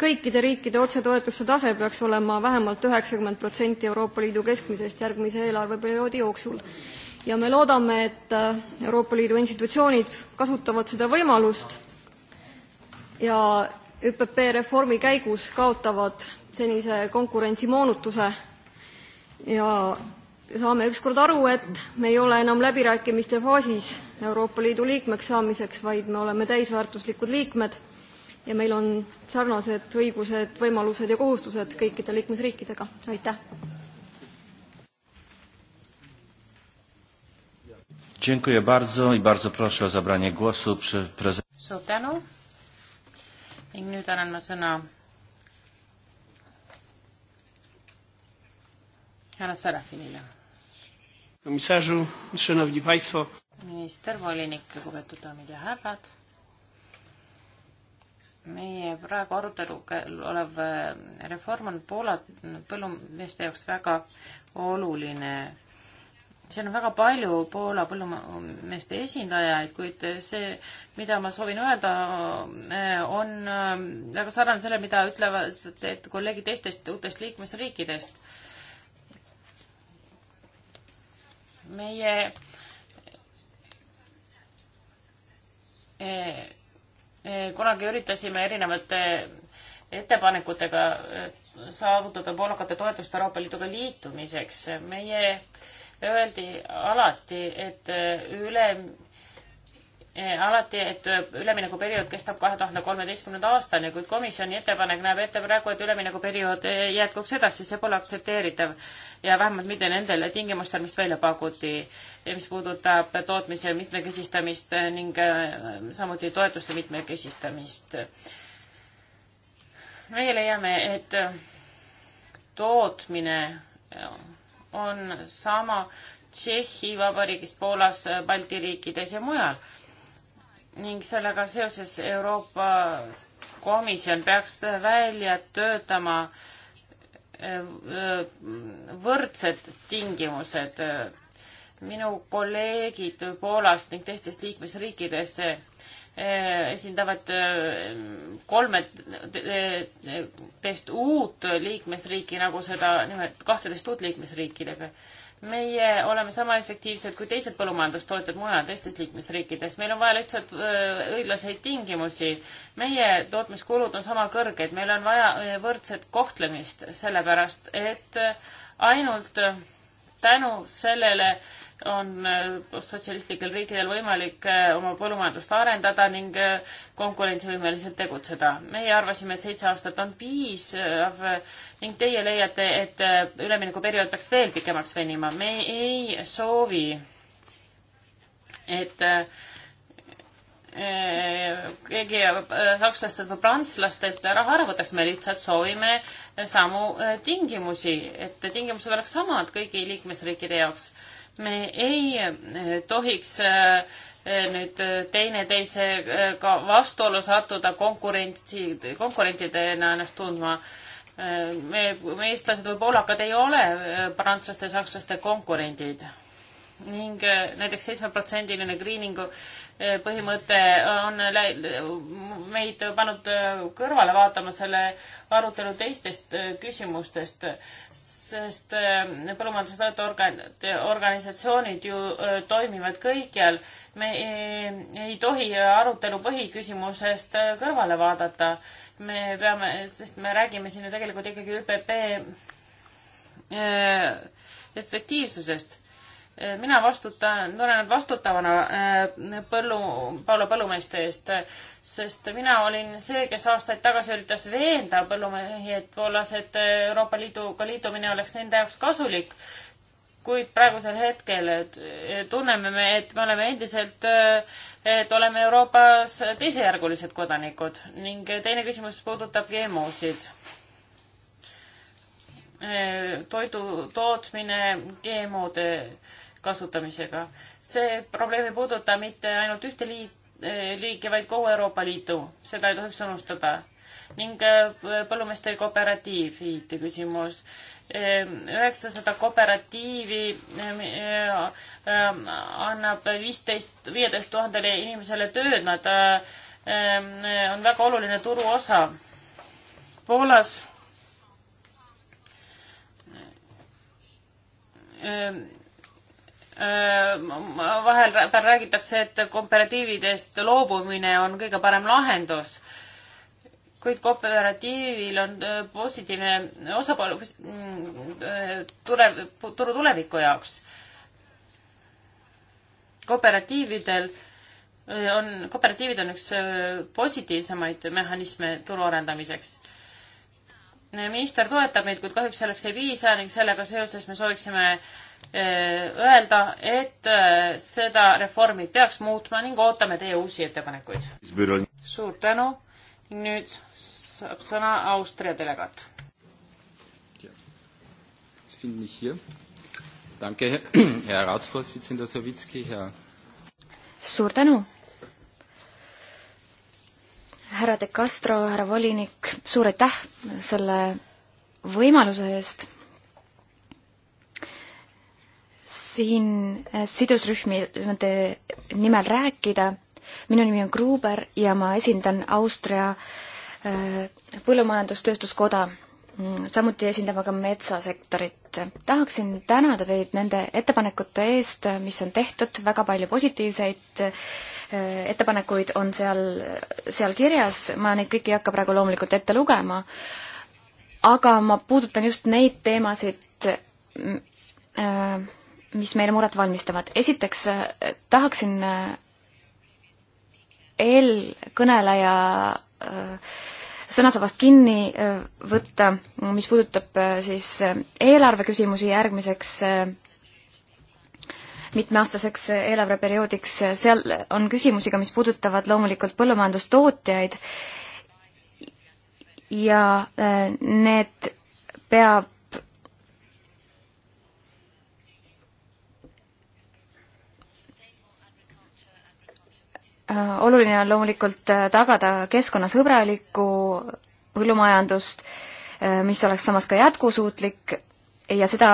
kõikide riikide otsetoetuse tase peaks olema vähemalt üheksakümmend protsenti Euroopa Liidu keskmisest järgmise eelarveperioodi jooksul. ja me loodame, et äh, Euroopa Liidu institutsioonid kasutavad seda võimalust ja ÜPP reformi käigus kaotavad senise konkurentsimoonutuse ja saame ükskord aru, et me ei ole enam läbirääkimiste faasis Euroopa Liidu liikmeks saamiseks, vaid me oleme täisväärtuslikud liikmed ja meil on sarnased õigused, võimalused ja kohustused kõikide liikmesriikidega. aitäh! Dziękuję bardzo i bardzo proszę o zabranie głosu przy prezencie ning nüüd annan ma sõna härra Sarafinile. minister, volinik, lugupeetud daamid ja härrad. meie praegu arutelul olev äh, reform on Poola põllumeeste jaoks väga oluline seal on väga palju Poola põllumeeste esindajaid, kuid see, mida ma soovin öelda, eh, on eh, väga sarnane sellele, mida ütlevad kolleegid teistest uutest liikmesriikidest. meie eh, kunagi üritasime erinevate ettepanekutega saavutada poolakate toetust Euroopa Liiduga liitumiseks. meie äh, öeldi alati, et äh, üle äh, alati, et äh, üleminekuperiood kestab kahe tuhande kolmeteistkümnenda aastani, kuid komisjoni ettepanek näeb ette praegu, et üleminekuperiood jätkuks edasi, see pole aktsepteeritav ja vähemalt mitte nendel tingimustel, mis välja pakuti, mis puudutab tootmise mitmekesistamist ning samuti toetuste mitmekesistamist. meie leiame, et tootmine on sama Tšehhi Vabariigist, Poolas, Balti riikides ja mujal. ning sellega seoses Euroopa Komisjon peaks välja töötama eh, eh, võrdsed tingimused. minu kolleegid Poolast ning teistest liikmesriikidest Eh, esindavad eh, kolmeteist eh, uut liikmesriiki, nagu seda nimelt kahteteist uut liikmesriikidega. meie oleme sama efektiivsed kui teised põllumajandustootjad mujal teistes liikmesriikides, meil on vaja lihtsalt õiglaseid tingimusi. meie tootmiskulud on sama kõrged, meil on vaja võrdset kohtlemist, sellepärast et ainult tänu sellele on äh, sotsialistlikel riikidel võimalik äh, oma põllumajandust arendada ning äh, konkurentsivõimeliselt tegutseda. meie arvasime, et seitse aastat on piisav ning teie leiate, et üleminekuperiood peaks veel pikemaks venima. me ei soovi, et äh, Eh, keegi eh, sakslastelt või prantslastelt raha ära võtaks, me lihtsalt soovime samu eh, tingimusi, et tingimused oleks samad kõigi liikmesriikide jaoks. me ei tohiks nüüd teineteisega vastuolu sattuda konkurentsi, konkurentidena ennast tundma. me, me eestlased või poolakad ei ole prantslaste, sakslaste konkurendid ning äh, näiteks seitsmeprotsendiline greening'u äh, põhimõte on meid pannud äh, kõrvale vaatama selle arutelu teistest küsimustest, sest põllumajandustoodete organ-, organisatsioonid ju toimivad kõikjal. me ei tohi arutelu põhiküsimusest kõrvale vaadata. me peame, sest me räägime siin ju tegelikult ikkagi ÜPP efektiivsusest mina vastutan, tunnen vastutavana äh, põllu, Paolo põllumeeste eest, sest mina olin see, kes aastaid tagasi üritas veenda põllumehi, et poolas, et äh, Euroopa Liiduga liitumine oleks nende jaoks kasulik. kuid praegusel hetkel äh, tunneme me, et me oleme endiselt, et oleme Euroopas teisejärgulised kodanikud ning teine küsimus puudutab GMO-sid toidu tootmine GMO-de kasutamisega. see probleem ei puuduta mitte ainult ühte liit, eh, liiki, vaid kogu Euroopa Liitu, seda ei tohiks unustada. ning eh, põllumeeste kooperatiivide küsimus. Eh, üheksasada kooperatiivi annab viisteist, viieteist tuhandele inimesele tööd, nad on väga oluline turuosa. Poolas Äh, vahel räägitakse, et kooperatiividest loobumine on kõige parem lahendus, kuid kooperatiivil on äh, positiivne osapool mm, äh, tule, turu tuleviku jaoks. kooperatiividel on, kooperatiivid on üks positiivsemaid mehhanisme turu arendamiseks minister toetab meid, kuid kahjuks selleks ei piisa ning sellega seoses me sooviksime Äh, öelda, et äh, seda reformi peaks muutma ning ootame teie uusi ettepanekuid. suur tänu. nüüd saab sõna Austria delegaat. suur tänu. härra De Castro, härra volinik, suur aitäh selle võimaluse eest siin äh, sidusrühmade nimel rääkida. minu nimi on Gruber ja ma esindan Austria äh, põllumajandustööstuskoda. Mm, samuti esindan ma ka metsasektorit. tahaksin tänada teid nende ettepanekute eest, mis on tehtud, väga palju positiivseid äh, ettepanekuid on seal, seal kirjas, ma neid kõiki ei hakka praegu loomulikult ette lugema, aga ma puudutan just neid teemasid, mm, mis meile muret valmistavad. esiteks äh, tahaksin äh, eelkõneleja äh, sõnasabast kinni võtta, mis puudutab siis eelarve küsimusi järgmiseks mitmeaastaseks eelarveperioodiks, seal on küsimusi ka, mis puudutavad loomulikult põllumajandustootjaid ja need peab Äh, oluline on loomulikult äh, tagada keskkonnasõbralikku põllumajandust, äh, mis oleks samas ka jätkusuutlik ja seda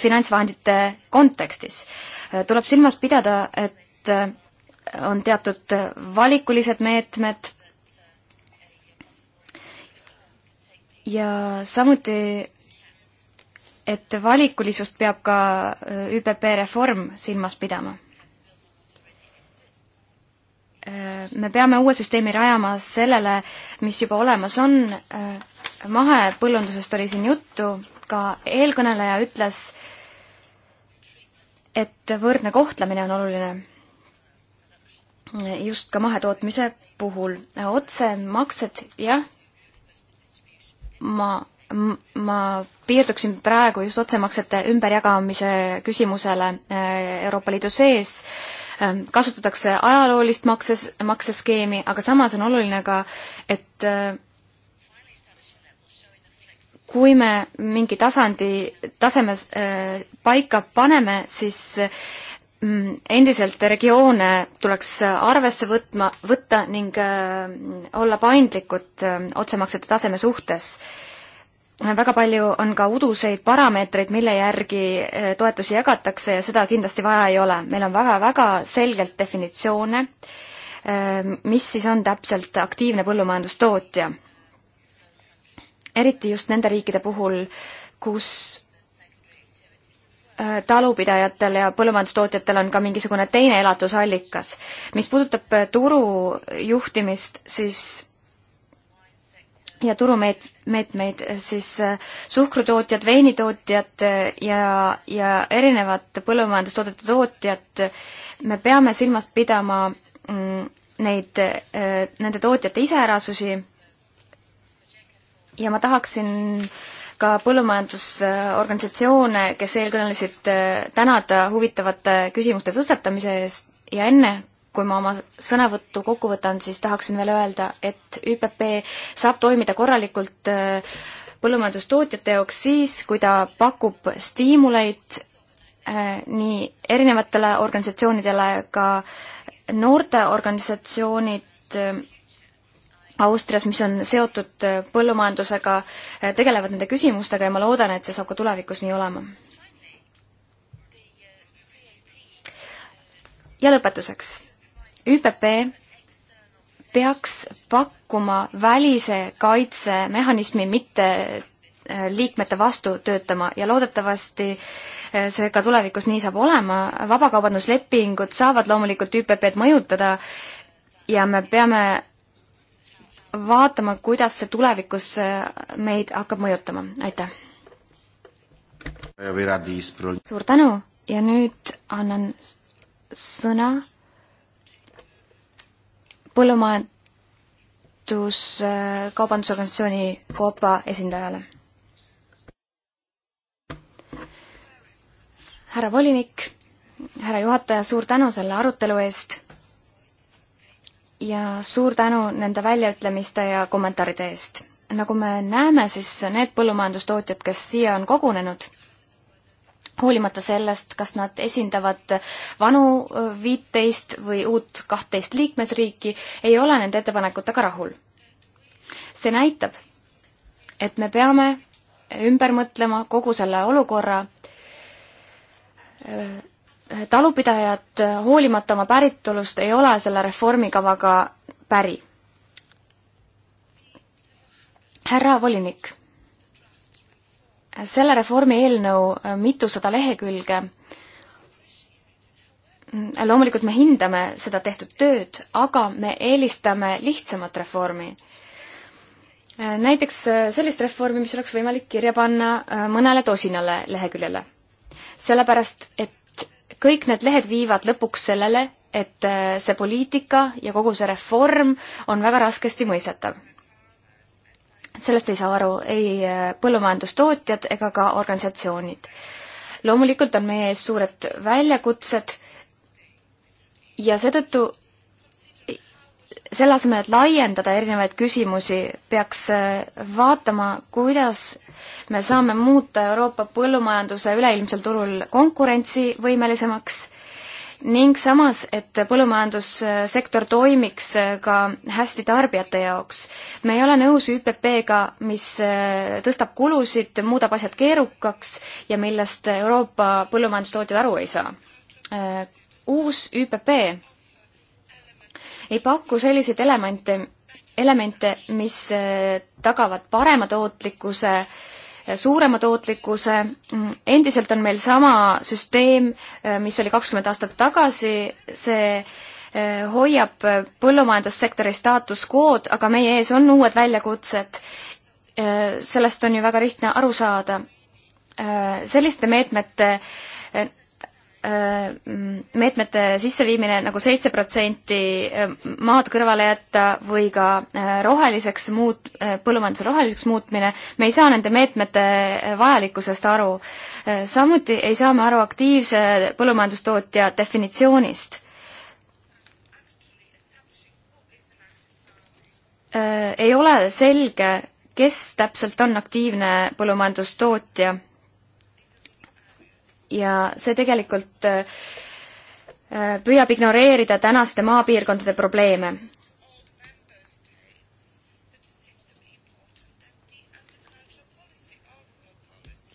finantsvahendite kontekstis. tuleb silmas pidada, et on teatud valikulised meetmed ja samuti, et valikulisust peab ka ÜPP reform silmas pidama Äh, me peame uue süsteemi rajama sellele, mis juba olemas on. Äh, mahepõllundusest oli siin juttu, ka eelkõneleja ütles, et võrdne kohtlemine on oluline. just ka mahetootmise puhul. otsemaksed, jah, ma ma piirduksin praegu just otsemaksete ümberjagamise küsimusele äh, Euroopa Liidu sees. Ähm, kasutatakse ajaloolist makses, makseskeemi, aga samas on oluline ka, et äh, kui me mingi tasandi, taseme äh, paika paneme, siis mm, endiselt regioone tuleks arvesse võtma, võtta ning äh, olla paindlikud otsemaksete taseme suhtes Eh, väga palju on ka uduseid parameetreid, mille järgi eh, toetusi jagatakse ja seda kindlasti vaja ei ole. meil on väga-väga selgelt definitsioone, eh, mis siis on täpselt aktiivne põllumajandustootja. eriti just nende riikide puhul, kus talupidajatel ja põllumajandustootjatel on ka mingisugune teine elatusallikas. mis puudutab turu juhtimist, siis ja turumeetmeid siis äh, suhkrutootjad, veinitootjad äh, ja, ja erinevad põllumajandustoodete tootjad, me peame silmas pidama mm, neid, äh, nende tootjate iseärasusi ja ma tahaksin ka põllumajandusorganisatsioone, kes eelkõnelesid, tänada huvitavate küsimuste tõstatamise eest ja enne, kui ma oma sõnavõttu kokku võtan, siis tahaksin veel öelda, et ÜPP saab toimida korralikult äh, põllumajandustootjate jaoks siis, kui ta pakub stiimuleid äh, nii erinevatele organisatsioonidele, ka noorteorganisatsioonid äh, Austrias, mis on seotud põllumajandusega, tegelevad nende küsimustega ja ma loodan, et see saab ka tulevikus nii olema. ja lõpetuseks ÜPP peaks pakkuma välise kaitsemehhanismi, mitte äh, liikmete vastu töötama ja loodetavasti äh, see ka tulevikus nii saab olema. vabakaubanduslepingud saavad loomulikult ÜPP-d mõjutada ja me peame vaatama, kuidas see tulevikus äh, meid hakkab mõjutama. aitäh! suur tänu ja nüüd annan sõna põllumajanduskaubandusorganisatsiooni Coopa esindajale. härra volinik, härra juhataja, suur tänu selle arutelu eest ja suur tänu nende väljaütlemiste ja kommentaaride eest. nagu me näeme, siis need põllumajandustootjad, kes siia on kogunenud, hoolimata sellest, kas nad esindavad vanu viiteist või uut kahtteist liikmesriiki, ei ole nende ettepanekutega rahul. see näitab, et me peame ümber mõtlema kogu selle olukorra. talupidajad, hoolimata oma päritolust, ei ole selle reformikavaga päri. härra volinik selle reformi eelnõu äh, mitusada lehekülge. loomulikult me hindame seda tehtud tööd, aga me eelistame lihtsamat reformi äh, näiteks äh, sellist reformi, mis oleks võimalik kirja panna mõnele tosinale leheküljele. sellepärast, et kõik need lehed viivad lõpuks sellele, et see poliitika ja kogu see reform on väga raskesti mõistetav sellest ei saa aru ei äh, põllumajandustootjad ega ka organisatsioonid. loomulikult on meie ees suured väljakutsed ja seetõttu selle asemel, et laiendada erinevaid küsimusi, peaks äh, vaatama, kuidas me saame muuta Euroopa põllumajanduse üleilmsel turul konkurentsivõimelisemaks ning samas, et põllumajandussektor toimiks äh, ka hästi tarbijate jaoks. me ei ole nõus ÜPP-ga, mis äh, tõstab kulusid, muudab asjad keerukaks ja millest Euroopa põllumajandustootjad aru ei saa. Äh, uus ÜPP ei paku selliseid elemente, elemente, mis tagavad parema tootlikkuse äh, suurema tootlikkuse, mm, endiselt on meil sama süsteem, äh, mis oli kakskümmend aastat tagasi, see äh, hoiab äh, põllumajandussektori staatus quo'd, aga meie ees on uued väljakutsed. sellest on ju väga lihtne aru saada. selliste meetmete Äh, meetmete sisseviimine nagu seitse protsenti äh, maad kõrvale jätta või ka äh, roheliseks muut-, põllumajanduse roheliseks muutmine, me ei saa nende meetmete vajalikkusest aru. samuti ei saa me aru aktiivse põllumajandustootja definitsioonist. ei ole selge, kes täpselt on aktiivne põllumajandustootja ja see tegelikult äh, püüab ignoreerida tänaste maapiirkondade probleeme.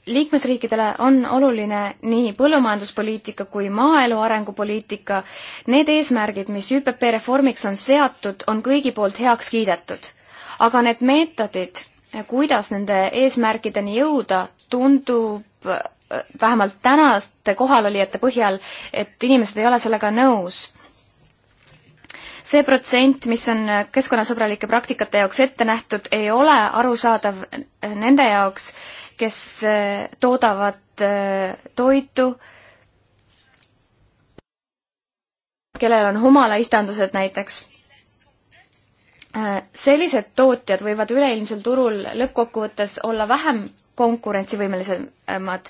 liikmesriikidele on oluline nii põllumajanduspoliitika kui maaelu arengupoliitika. Need eesmärgid, mis ÜPP reformiks on seatud, on kõigi poolt heaks kiidetud. aga need meetodid, kuidas nende eesmärkideni jõuda, tundub vähemalt tänaste kohalolijate põhjal, et inimesed ei ole sellega nõus. see protsent, mis on keskkonnasõbralike praktikate jaoks ette nähtud, ei ole arusaadav nende jaoks, kes eh, toodavad eh, toitu, kellel on humalaiistandused näiteks Äh, sellised tootjad võivad üleilmsel turul lõppkokkuvõttes olla vähem konkurentsivõimelisemad,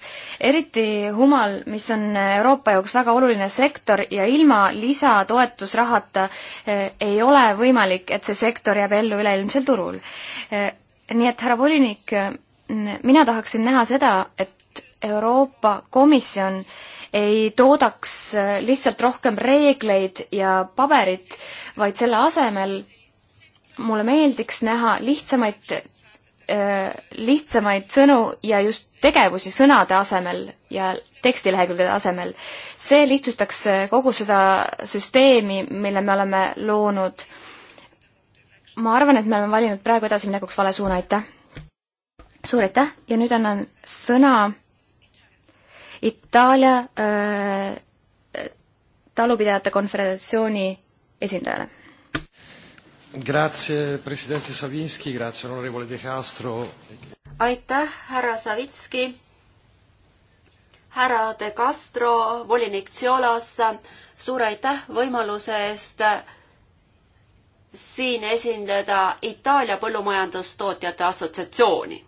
eriti Humal, mis on Euroopa jaoks väga oluline sektor ja ilma lisatoetusrahata äh, ei ole võimalik, et see sektor jääb ellu üleilmsel turul. Äh, nii et härra volinik, mina tahaksin näha seda, et Euroopa Komisjon ei toodaks lihtsalt rohkem reegleid ja paberit, vaid selle asemel mulle meeldiks näha lihtsamaid, lihtsamaid sõnu ja just tegevusi sõnade asemel ja tekstilehekülgede asemel. see lihtsustaks kogu seda süsteemi, mille me oleme loonud. ma arvan, et me oleme valinud praegu edasiminekuks vale suuna, aitäh! suur aitäh ja nüüd annan sõna Itaalia äh, talupidajate konföderatsiooni esindajale Grazie, president Savinski, grazie, honorable De Castro. aitäh, härra Savitski, härra De Castro, volinik Tsiolas, suur aitäh võimaluse eest siin esindada Itaalia Põllumajandustootjate Assotsiatsiooni.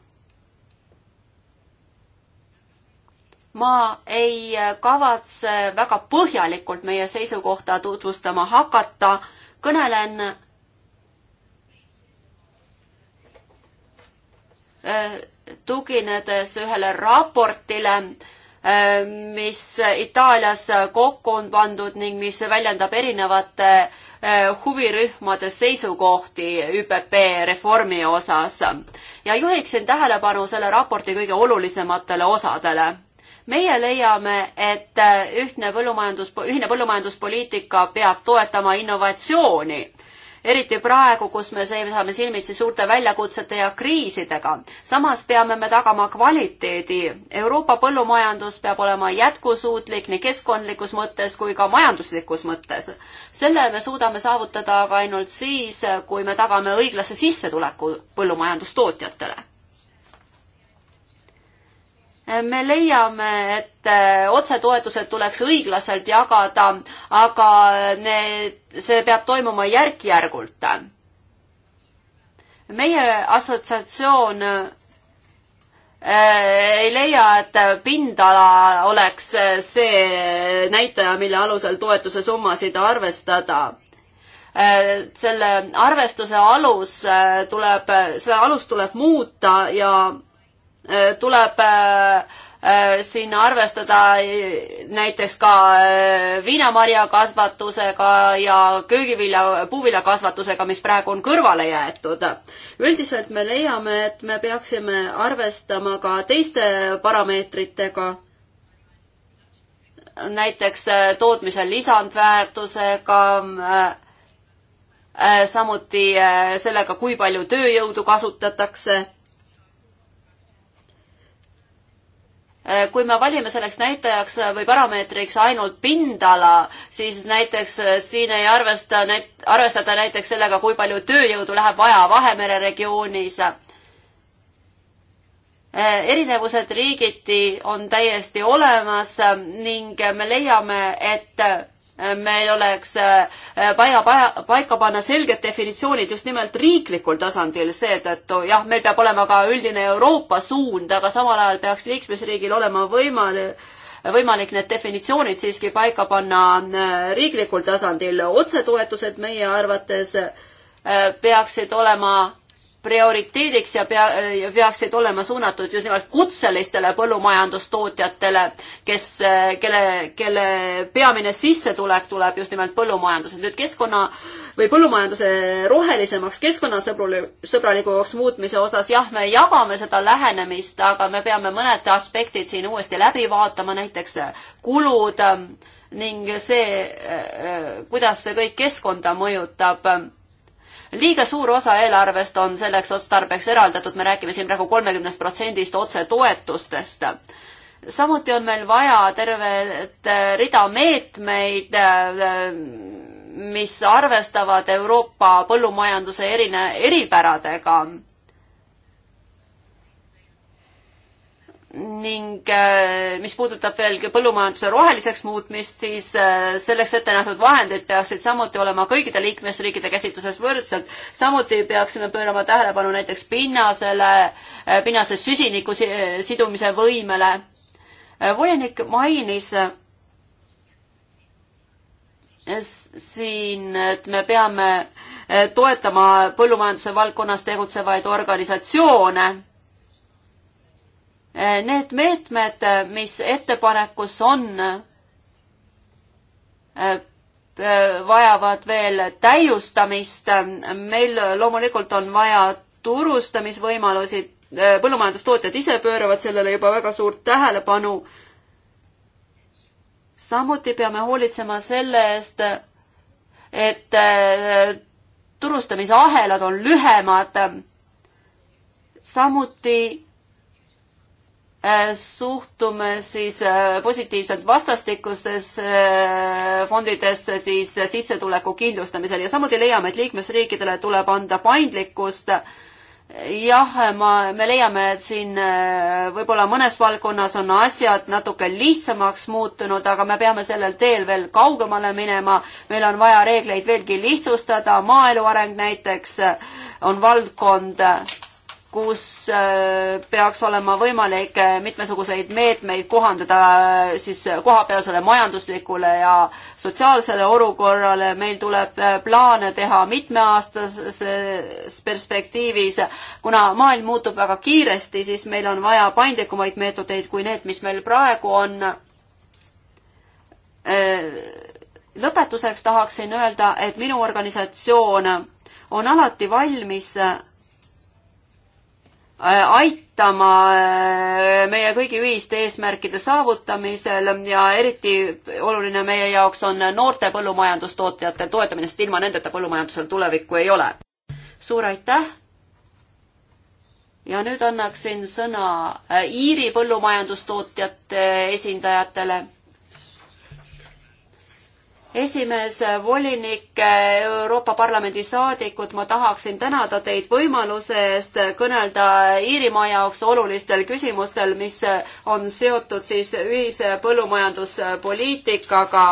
ma ei kavatse väga põhjalikult meie seisukohta tutvustama hakata, kõnelen Äh, tuginedes ühele raportile, äh, mis Itaalias kokku on pandud ning mis väljendab erinevate äh, huvirühmade seisukohti ÜPP reformi osas. ja juhiksin tähelepanu selle raporti kõige olulisematele osadele meie leiame, et ühtne põllumajandus, ühine põllumajanduspoliitika peab toetama innovatsiooni eriti praegu, kus me seisame silmitsi suurte väljakutsete ja kriisidega. samas peame me tagama kvaliteedi. Euroopa põllumajandus peab olema jätkusuutlik nii keskkondlikus mõttes kui ka majanduslikus mõttes. selle me suudame saavutada aga ainult siis, kui me tagame õiglase sissetuleku põllumajandustootjatele me leiame, et äh, otsetoetused tuleks õiglaselt jagada, aga need, see peab toimuma järk-järgult. meie assotsiatsioon äh, ei leia, et pindala oleks äh, see näitaja, mille alusel toetuse summasid arvestada. selle arvestuse alus tuleb, seda alust tuleb muuta ja Äh, tuleb äh, äh, siin arvestada näiteks ka viinamarjakasvatusega ja köögivilja, puuviljakasvatusega, mis praegu on kõrvale jäetud. üldiselt me leiame, et me peaksime arvestama ka teiste parameetritega näiteks tootmise lisandväärtusega, samuti sellega, kui palju tööjõudu kasutatakse. Äh, kui me valime selleks näitajaks äh, või parameetriks ainult pindala, siis näiteks äh, siin ei arvesta, arvestada näiteks sellega, kui palju tööjõudu läheb vaja Vahemere regioonis. erinevused riigiti on täiesti olemas ning me leiame, et meil oleks vaja äh, paika panna selged definitsioonid just nimelt riiklikul tasandil, seetõttu jah, meil peab olema ka üldine Euroopa suund, aga samal ajal peaks liikmesriigil olema võimalik võimalik need definitsioonid siiski paika panna äh, riiklikul tasandil. otsetoetused meie arvates äh, peaksid olema prioriteediks ja pea, peaksid olema suunatud just nimelt kutselistele põllumajandustootjatele, kes, kelle, kelle peamine sissetulek tuleb just nimelt põllumajandusest. nüüd keskkonna või põllumajanduse rohelisemaks keskkonnasõbralikuks muutmise osas, jah, me jagame seda lähenemist, aga me peame mõned aspektid siin uuesti läbi vaatama, näiteks kulud ning see, kuidas see kõik keskkonda mõjutab liiga suur osa eelarvest on selleks otstarbeks eraldatud, me räägime siin praegu kolmekümnest protsendist otsetoetustest samuti on meil vaja tervet äh, rida meetmeid, äh, mis arvestavad Euroopa põllumajanduse erine, eripäradega. ning äh, mis puudutab veel põllumajanduse roheliseks muutmist, siis äh, selleks ette nähtud vahendid peaksid samuti olema kõikide liikmesriikide käsitluses võrdselt. samuti peaksime pöörama tähelepanu näiteks pinnasele, äh, pinnase süsiniku sidumise võimele. volinik mainis siin, et me peame toetama põllumajanduse valdkonnas tegutsevaid organisatsioone Need meetmed, mis ettepanekus on, vajavad veel täiustamist. meil loomulikult on vaja turustamisvõimalusi, põllumajandustootjad ise pööravad sellele juba väga suurt tähelepanu. samuti peame hoolitsema selle eest, et äh, turustamisahelad on lühemad. samuti Äh, suhtume siis äh, positiivselt vastastikusesse äh, fondidesse siis sissetuleku kindlustamisel ja samuti leiame, et liikmesriikidele tuleb anda paindlikkust. jah, ma, me leiame, et siin võib-olla mõnes valdkonnas on asjad natuke lihtsamaks muutunud, aga me peame sellel teel veel kaugemale minema. meil on vaja reegleid veelgi lihtsustada, maaelu areng näiteks on valdkond kus äh, peaks olema võimalik äh, mitmesuguseid meetmeid kohandada äh, siis kohapealsele majanduslikule ja sotsiaalsele olukorrale. meil tuleb plaane teha mitmeaastases perspektiivis. kuna maailm muutub väga kiiresti, siis meil on vaja paindlikumaid meetodeid kui need, mis meil praegu on. lõpetuseks tahaksin öelda, et minu organisatsioon on alati valmis Äh, aitama äh, meie kõigi ühiste eesmärkide saavutamisel ja eriti oluline meie jaoks on noorte põllumajandustootjate toetamine, sest ilma nendeta põllumajandusel tulevikku ei ole. suur aitäh! ja nüüd annaksin sõna äh, Iiri põllumajandustootjate esindajatele esimees, volinik, Euroopa Parlamendi saadikud, ma tahaksin tänada teid võimaluse eest kõnelda Iirimaa jaoks olulistel küsimustel, mis on seotud siis ühise põllumajanduspoliitikaga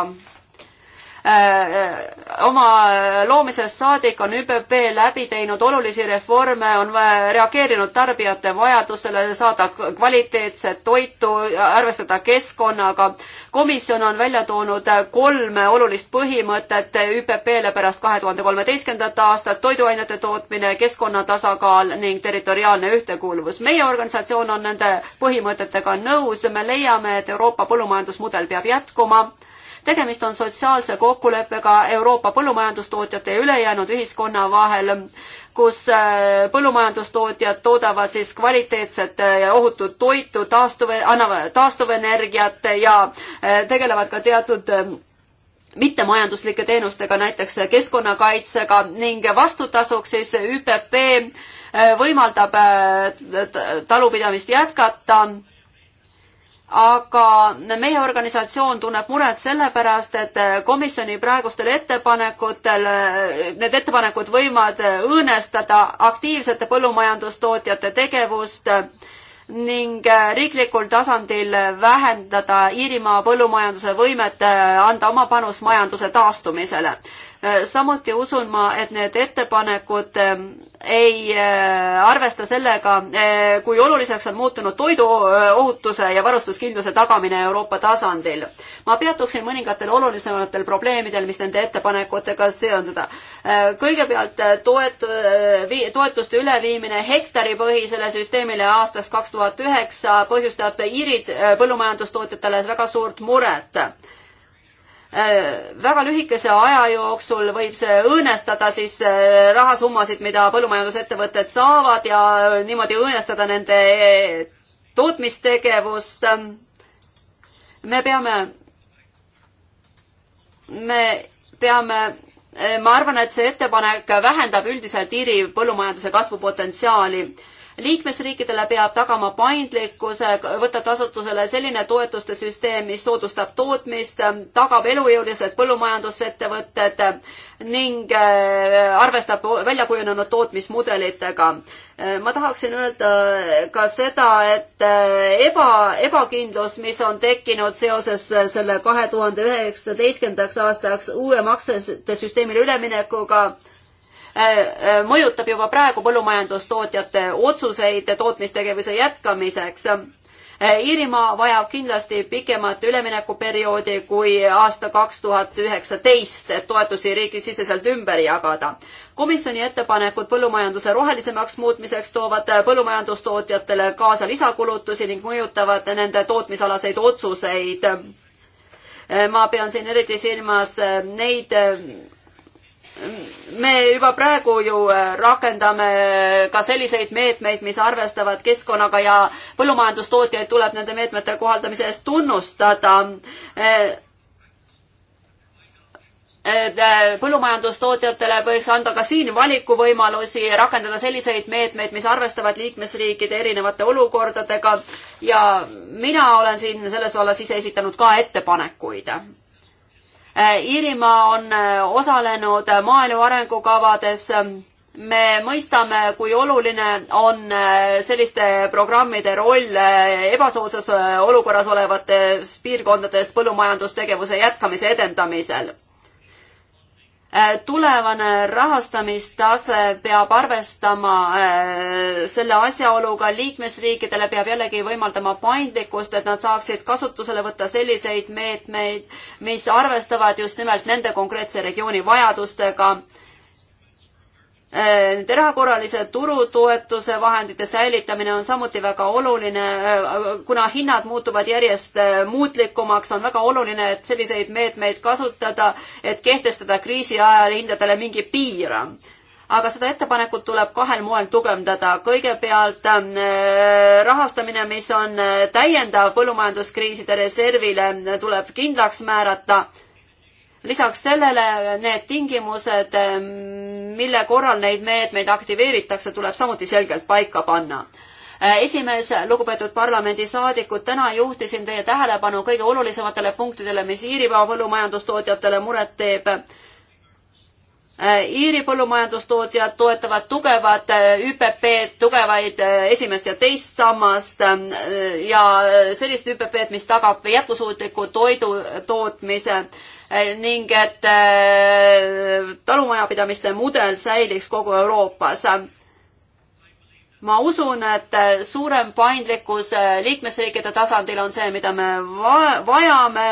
Äh, äh, oma loomisest saadik on ÜBB läbi teinud olulisi reforme, on reageerinud tarbijate vajadustele saada kvaliteetset toitu, arvestada keskkonnaga. komisjon on välja toonud kolm olulist põhimõtet ÜBB-le pärast kahe tuhande kolmeteistkümnendat aastat, toiduainete tootmine, keskkonna tasakaal ning territoriaalne ühtekuuluvus. meie organisatsioon on nende põhimõtetega nõus, me leiame, et Euroopa põllumajandusmudel peab jätkuma tegemist on sotsiaalse kokkuleppega Euroopa põllumajandustootjate ja ülejäänud ühiskonna vahel, kus äh, põllumajandustootjad toodavad siis kvaliteetset äh, ja ohutut toitu, taastuv, annavad taastuvenergiat ja äh, tegelevad ka teatud mittemajanduslike teenustega, näiteks keskkonnakaitsega ning vastutasuks siis ÜPP võimaldab talupidamist jätkata aga meie organisatsioon tunneb muret sellepärast, et komisjoni praegustel ettepanekutel, need ettepanekud võivad õõnestada aktiivsete põllumajandustootjate tegevust ning riiklikul tasandil vähendada Iirimaa põllumajanduse võimet anda oma panus majanduse taastumisele. Eh, samuti usun ma, et need ettepanekud eh, ei eh, arvesta sellega, kui oluliseks on muutunud toiduohutuse ja varustuskindluse tagamine Euroopa tasandil. ma peatuksin mõningatel olulisematel probleemidel, mis nende ettepanekutega seonduda. kõigepealt toet-, toetuste üleviimine hektaripõhisele süsteemile aastaks kaks tuhat üheksa põhjustab Iiri põllumajandustootjatele väga suurt muret Äh, väga lühikese aja jooksul võib see õõnestada siis äh, rahasummasid, mida põllumajandusettevõtted saavad ja äh, niimoodi õõnestada nende tootmistegevust. me peame, me peame, ma arvan, et see ettepanek vähendab üldiselt Iiri põllumajanduse kasvupotentsiaali liikmesriikidele peab tagama paindlikkuse, võtta kasutusele selline toetuste süsteem, mis soodustab tootmist, tagab elujõulised põllumajandusettevõtted ning äh, arvestab väljakujunenud tootmismudelitega. Äh, ma tahaksin öelda ka seda, et äh, eba, ebakindlus, mis on tekkinud seoses selle kahe tuhande üheksateistkümnendaks aastaks uue maksete süsteemile üleminekuga, Äh, äh, mõjutab juba praegu põllumajandustootjate otsuseid tootmistegevuse jätkamiseks. Äh, Iirimaa vajab kindlasti pikemat üleminekuperioodi kui aasta kaks tuhat üheksateist, et toetusi riigisiseselt ümber jagada. komisjoni ettepanekud põllumajanduse rohelisemaks muutmiseks toovad põllumajandustootjatele kaasa lisakulutusi ning mõjutavad nende tootmisalaseid otsuseid. ma pean siin eriti silmas neid me juba praegu ju äh, rakendame ka selliseid meetmeid, mis arvestavad keskkonnaga ja põllumajandustootjaid tuleb nende meetmete kohaldamise eest tunnustada äh, äh, põllumajandustootjatele võiks anda ka siin valikuvõimalusi rakendada selliseid meetmeid, mis arvestavad liikmesriikide erinevate olukordadega ja mina olen siin selles vallas ise esitanud ka ettepanekuid Äh, Iirimaa on äh, osalenud äh, maaelu arengukavades. me mõistame, kui oluline on selliste programmide roll ebasoodsas olukorras olevates piirkondades põllumajandustegevuse jätkamise edendamisel Äh, tulevane rahastamistase peab arvestama äh, selle asjaoluga, liikmesriikidele peab jällegi võimaldama paindlikkust, et nad saaksid kasutusele võtta selliseid meetmeid, mis arvestavad just nimelt nende konkreetse regiooni vajadustega Äh, nüüd erakorralise turutoetuse vahendite säilitamine on samuti väga oluline, äh, kuna hinnad muutuvad järjest äh, muutlikumaks, on väga oluline, et selliseid meetmeid kasutada, et kehtestada kriisi ajal hindadele mingi piir. aga seda ettepanekut tuleb kahel moel tugevdada. kõigepealt rahastamine, mis on täiendav põllumajanduskriiside reservile, tuleb kindlaks määrata lisaks sellele need tingimused, mille korral neid meetmeid aktiveeritakse, tuleb samuti selgelt paika panna äh, esimees, lugupeetud parlamendisaadikud, täna juhtisin teie tähelepanu kõige olulisematele punktidele, mis Iirimaa põllumajandustootjatele muret teeb. Äh, Iiri põllumajandustootjad toetavad tugevat äh, ÜPP-d, tugevaid esimest ja teist sammast ja sellist ÜPP-d, mis tagab jätkusuutliku toidu tootmise Eh, ning et eh, talumajapidamiste mudel säiliks kogu Euroopas ma usun, et eh, suurem paindlikkus liikmesriikide tasandil on see, mida me vajame.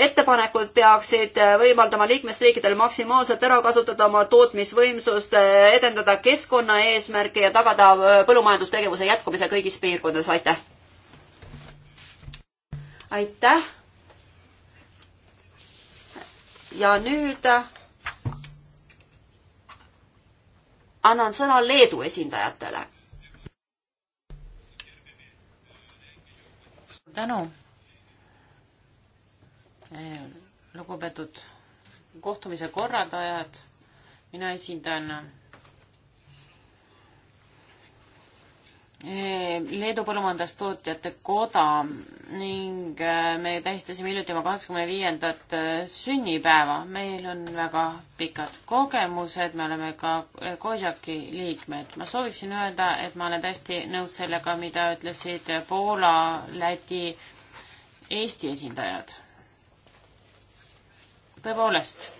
ettepanekud peaksid võimaldama liikmesriikidel maksimaalselt ära kasutada oma tootmisvõimsust, edendada keskkonnaeesmärke ja tagada põllumajandustegevuse jätkumise kõigis piirkondades, aitäh! aitäh! ja nüüd äh, annan sõna Leedu esindajatele. tänu, äh, lugupeetud kohtumise korraldajad, mina esindan Leedu Põllumajandustootjate Koda ning äh, me tähistasime hiljuti oma kaheksakümne viiendat äh, sünnipäeva. meil on väga pikad kogemused, me oleme ka äh, Kozjaki liikmed. ma sooviksin öelda, et ma olen täiesti nõus sellega, mida ütlesid Poola, Läti, Eesti esindajad. tõepoolest,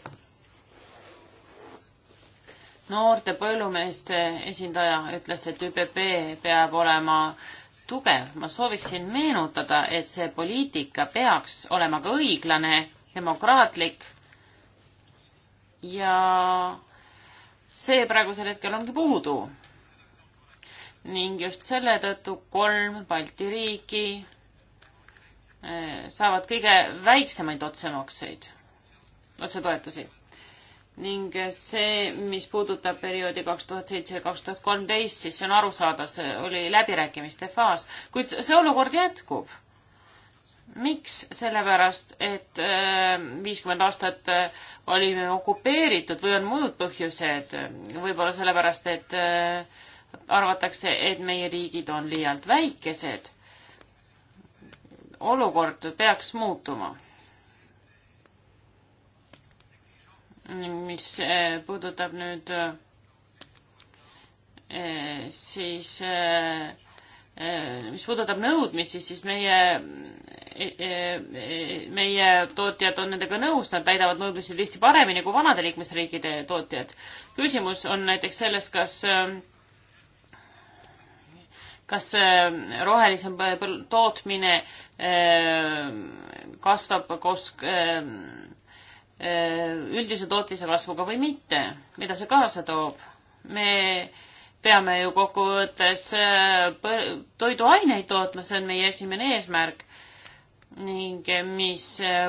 noorte põllumeeste esindaja ütles, et ÜPP peab olema tugev. ma sooviksin meenutada, et see poliitika peaks olema ka õiglane, demokraatlik ja see praegusel hetkel ongi puudu. ning just selle tõttu kolm Balti riiki eh, saavad kõige väiksemaid otsemakseid, otsetoetusi ning see, mis puudutab perioodi kaks tuhat seitse ja kaks tuhat kolmteist, siis see on arusaadav, see oli läbirääkimiste faas, kuid see olukord jätkub. miks? sellepärast, et äh, viiskümmend aastat äh, olime okupeeritud või on muud põhjused, võib-olla sellepärast, et äh, arvatakse, et meie riigid on liialt väikesed. olukord peaks muutuma mis äh, puudutab nüüd äh, siis, äh, mis puudutab nõudmisi, siis meie, meie tootjad on nendega nõus, nad täidavad nõudmisi tihti paremini kui vanade liikmesriikide tootjad. küsimus on näiteks selles, kas kas rohelisem tootmine kasvab koos Äh, üldise tootmise kasvuga või mitte, mida see kaasa toob. me peame ju kokkuvõttes äh, toiduaineid tootma, see on meie esimene eesmärk ning mis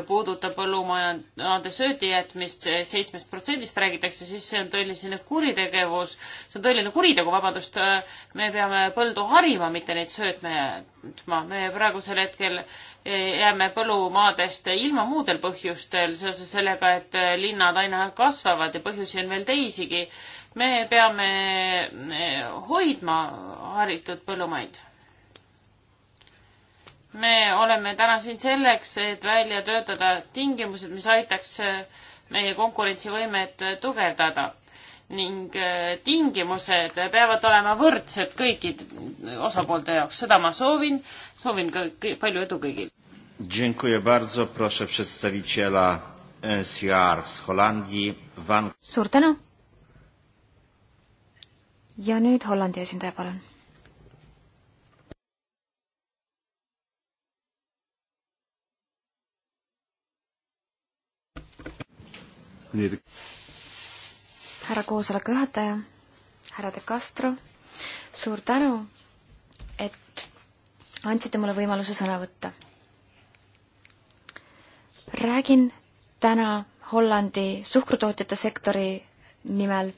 puudutab põllumajanduse söödijätmist, seitsmest protsendist räägitakse, siis see on tõeline kuritegevus, see on tõeline kuritegu, vabandust, me peame põldu harima, mitte neid söötma jätma. me praegusel hetkel eh, jääme põllumaadest ilma muudel põhjustel, seoses sellega, et linnad aina kasvavad ja põhjusi on veel teisigi. me peame eh, hoidma haritud põllumaid me oleme täna siin selleks, et välja töötada tingimused, mis aitaks äh, meie konkurentsivõimet äh, tugevdada ning äh, tingimused peavad olema võrdsed kõigi osapoolte jaoks, seda ma soovin, soovin ka palju edu kõigile. Dziękuję bardzo, proszę przedstawiciela NCR e, z Holandii, Van. suur tänu. ja nüüd Hollandi esindaja, palun härra koosoleku juhataja, härra De Castro, suur tänu, et andsite mulle võimaluse sõna võtta. räägin täna Hollandi suhkrutootjate sektori nimel,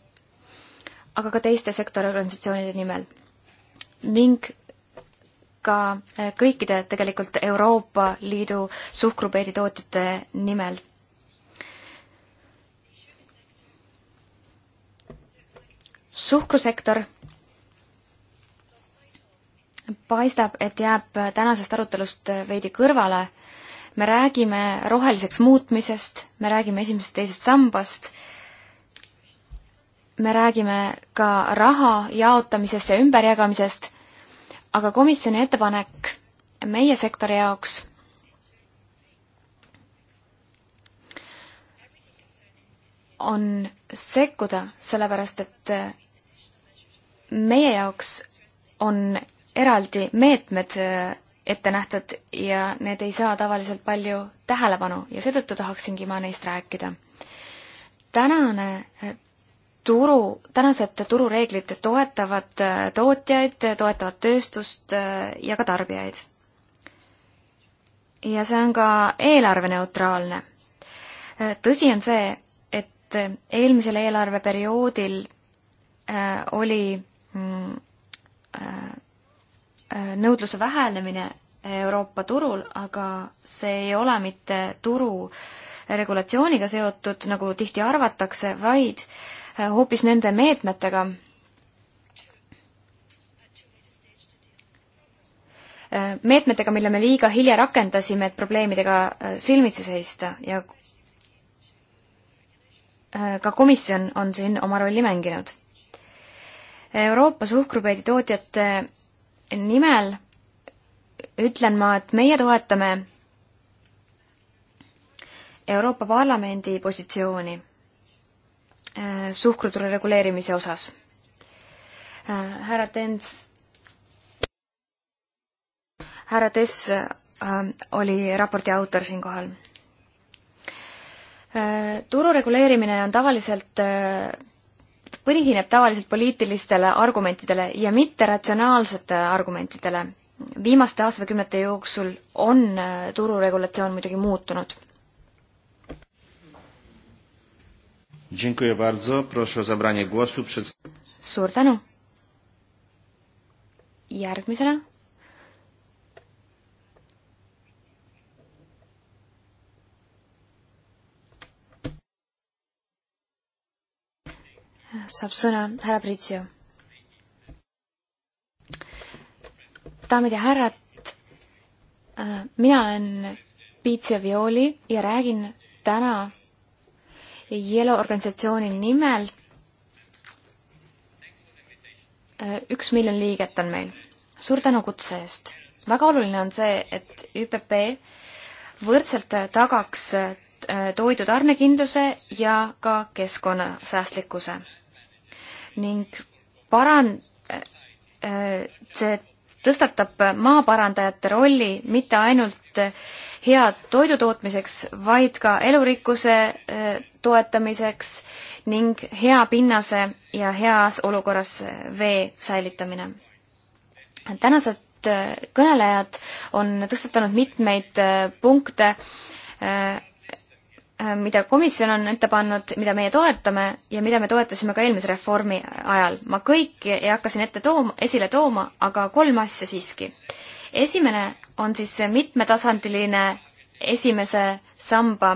aga ka teiste sektoriorganisatsioonide nimel ning ka eh, kõikide tegelikult Euroopa Liidu suhkrupeeditootjate nimel suhkrusektor paistab, et jääb tänasest arutelust veidi kõrvale. me räägime roheliseks muutmisest, me räägime esimesest-teisest sambast, me räägime ka raha jaotamisest ja ümberjagamisest, aga komisjoni ettepanek meie sektori jaoks on sekkuda, sellepärast et äh, meie jaoks on eraldi meetmed äh, ette nähtud ja need ei saa tavaliselt palju tähelepanu ja seetõttu tahaksingi ma neist rääkida. tänane äh, turu, tänased turureeglid toetavad tootjaid, toetavad tööstust ja ka tarbijaid. ja see on ka eelarveneutraalne. tõsi on see, et eelmisel eelarveperioodil äh, oli mm, äh, äh, nõudluse vähenemine Euroopa turul, aga see ei ole mitte turu regulatsiooniga seotud, nagu tihti arvatakse, vaid äh, hoopis nende meetmetega, äh, meetmetega, mille me liiga hilja rakendasime, et probleemidega silmitsi seista ja Äh, ka komisjon on siin oma rolli mänginud. Euroopa suhkrupeedi tootjate nimel ütlen ma, et meie toetame Euroopa Parlamendi positsiooni äh, suhkruturu reguleerimise osas. Äh, härra Tents, härra Tess oli raporti autor siinkohal Äh, turu reguleerimine on tavaliselt, põhineb äh, tavaliselt poliitilistele argumentidele ja mitte ratsionaalsetele argumentidele. viimaste aastakümnete jooksul on äh, tururegulatsioon muidugi muutunud. suur tänu! järgmisena saab sõna härra Pritsio. daamid ja härrad, äh, mina olen Piitsio Violi ja räägin täna Yellow organisatsiooni nimel. Äh, üks miljon liiget on meil. suur tänu kutse eest. väga oluline on see, et ÜPP võrdselt tagaks äh, toidu tarnekindluse ja ka keskkonnasäästlikkuse ning paran-, see tõstatab maaparandajate rolli mitte ainult hea toidu tootmiseks, vaid ka elurikkuse eh, toetamiseks ning hea pinnase ja heas olukorras vee säilitamine. tänased eh, kõnelejad on tõstatanud mitmeid eh, punkte Äh, mida komisjon on ette pannud, mida meie toetame ja mida me toetasime ka eelmise reformi ajal. ma kõiki ei hakka siin ette tooma, esile tooma, aga kolm asja siiski. esimene on siis mitmetasandiline esimese samba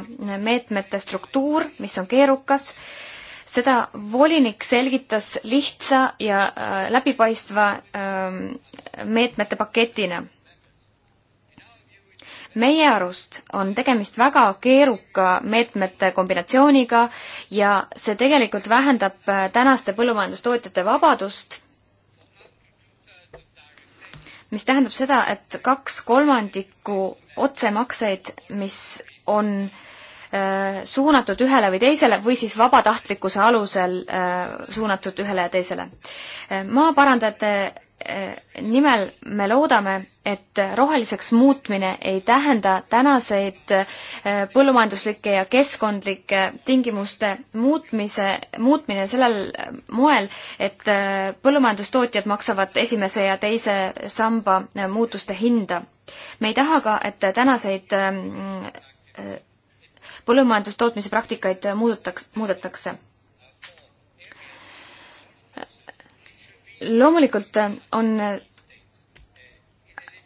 meetmete struktuur, mis on keerukas. seda volinik selgitas lihtsa ja äh, läbipaistva ähm, meetmete paketina meie arust on tegemist väga keeruka meetmete kombinatsiooniga ja see tegelikult vähendab äh, tänaste põllumajandustootjate vabadust, mis tähendab seda, et kaks kolmandikku otsemakseid, mis on äh, suunatud ühele või teisele või siis vabatahtlikkuse alusel äh, suunatud ühele ja teisele. maaparandajate Äh, nimel me loodame, et roheliseks muutmine ei tähenda tänaseid äh, põllumajanduslike ja keskkondlike tingimuste muutmise, muutmine sellel moel, et äh, põllumajandustootjad maksavad esimese ja teise samba muutuste hinda. me ei taha ka, et tänaseid ähm, põllumajandustootmise praktikaid muudetaks, muudetakse loomulikult on,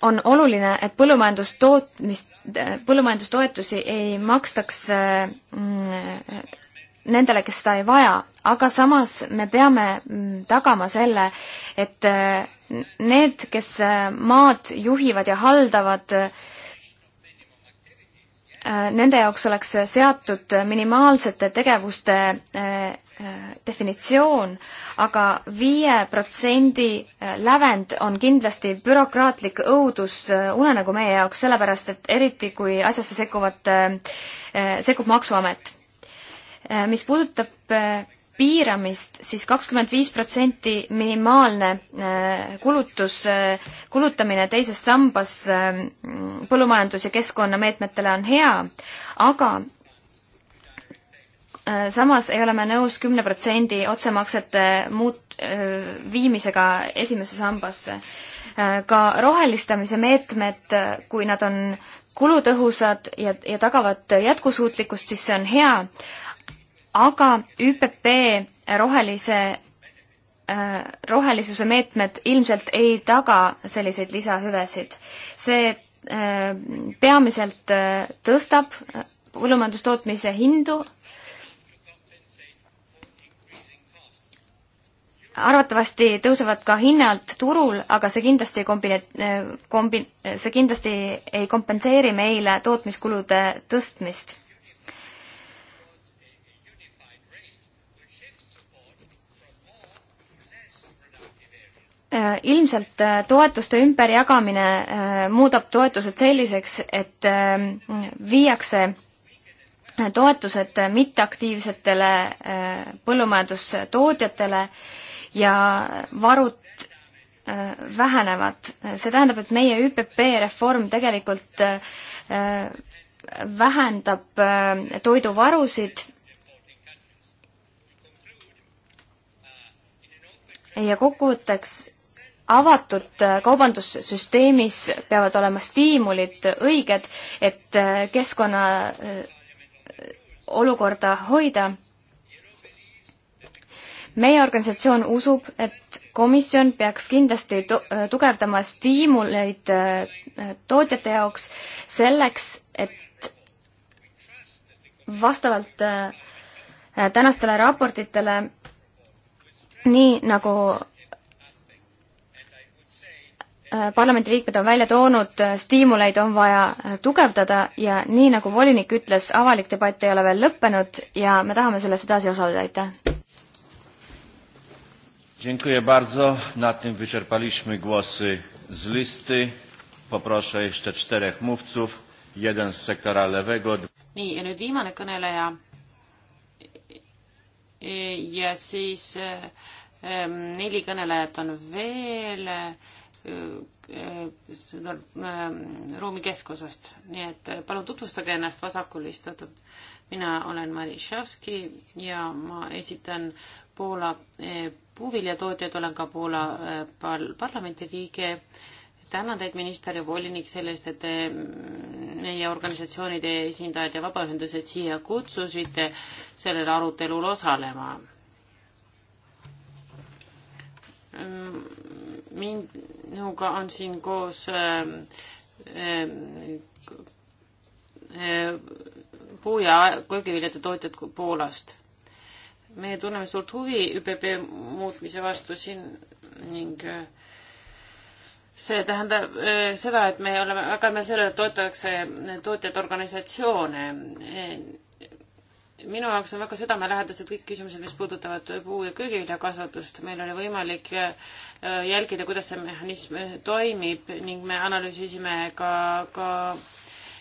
on oluline, et põllumajandustootmist, põllumajandustoetusi ei makstaks mm, nendele, kes seda ei vaja, aga samas me peame mm, tagama selle, et mm, need, kes maad juhivad ja haldavad, Äh, nende jaoks oleks seatud minimaalsete tegevuste äh, äh, definitsioon aga, aga viie protsendi lävend on kindlasti bürokraatlik õudus unenägu meie jaoks, sellepärast et eriti, kui asjasse sekkuvad, sekkub Maksuamet. mis puudutab piiramist siis, siis kakskümmend viis protsenti minimaalne äh, kulutus, äh, kulutamine teises sambas äh, põllumajandus- ja keskkonnameetmetele on hea, aga samas ei ole me nõus kümne protsendi otsemaksete muut-, viimisega esimesse sambasse. ka rohelistamise meetmed, kui nad on kulutõhusad ja, ja tagavad jätkusuutlikkust, siis see on hea, aga ÜPP rohelise äh, rohelisuse meetmed ilmselt ei taga selliseid lisahüvesid. see äh, peamiselt äh, tõstab põllumajandustootmise hindu, arvatavasti tõusevad ka hinnad turul, aga see kindlasti kombi-, kombi-, see kindlasti ei kompenseeri meile tootmiskulude tõstmist Äh, ilmselt äh, toetuste ümberjagamine äh, muudab toetused selliseks, et ähm, viiakse toetused mitteaktiivsetele põllumajandustootjatele ja varud vähenevad. see tähendab, et meie ÜPP reform tegelikult vähendab toiduvarusid ja kokkuvõtteks avatud äh, kaubandussüsteemis peavad olema stiimulid õiged, et äh, keskkonna äh, olukorda hoida. meie organisatsioon usub, et komisjon peaks kindlasti tugevdama stiimuleid tootjate jaoks selleks, et vastavalt tänastele raportitele, nii nagu Äh, parlamendiliikmed on välja toonud, äh, stiimuleid on vaja äh, tugevdada ja nii, nagu volinik ütles, avalik debatt ei ole veel lõppenud ja me tahame selles edasi osaleda, aitäh! Dziękuję bardzo. Na tym wyczerpaliśmy głosy z listy. Poproszę jeszcze czterech mówców. Jeden z sektora lewego. Nii, ja nüüd viimane kõneleja. Ja siis ähm, neli kõnelejat on veel seda äh, äh, ruumi keskosast, nii et äh, palun tutvustage ennast vasakul istutud. mina olen Marišavski ja ma esitan Poola puuviljatootjad, olen ka Poola par-, parlamendi liige. tänan teid, minister ja volinik, selle eest, et te mm, meie organisatsioonide esindajad ja vabaühendused siia kutsusite sellel arutelul osalema minuga on siin koos ähm, ähm, äh, puu- ja köögiviljade tootjad Poolast. meie tunneme suurt huvi ÜPP muutmise vastu siin ning äh, see tähendab äh, seda, et me oleme väga hea meel selle, et toetatakse tootjate organisatsioone minu jaoks on väga südamelähedased kõik küsimused, mis puudutavad puu- ja köögiviljakasvatust. meil oli võimalik äh, jälgida, kuidas see mehhanism äh, toimib ning me analüüsisime ka, ka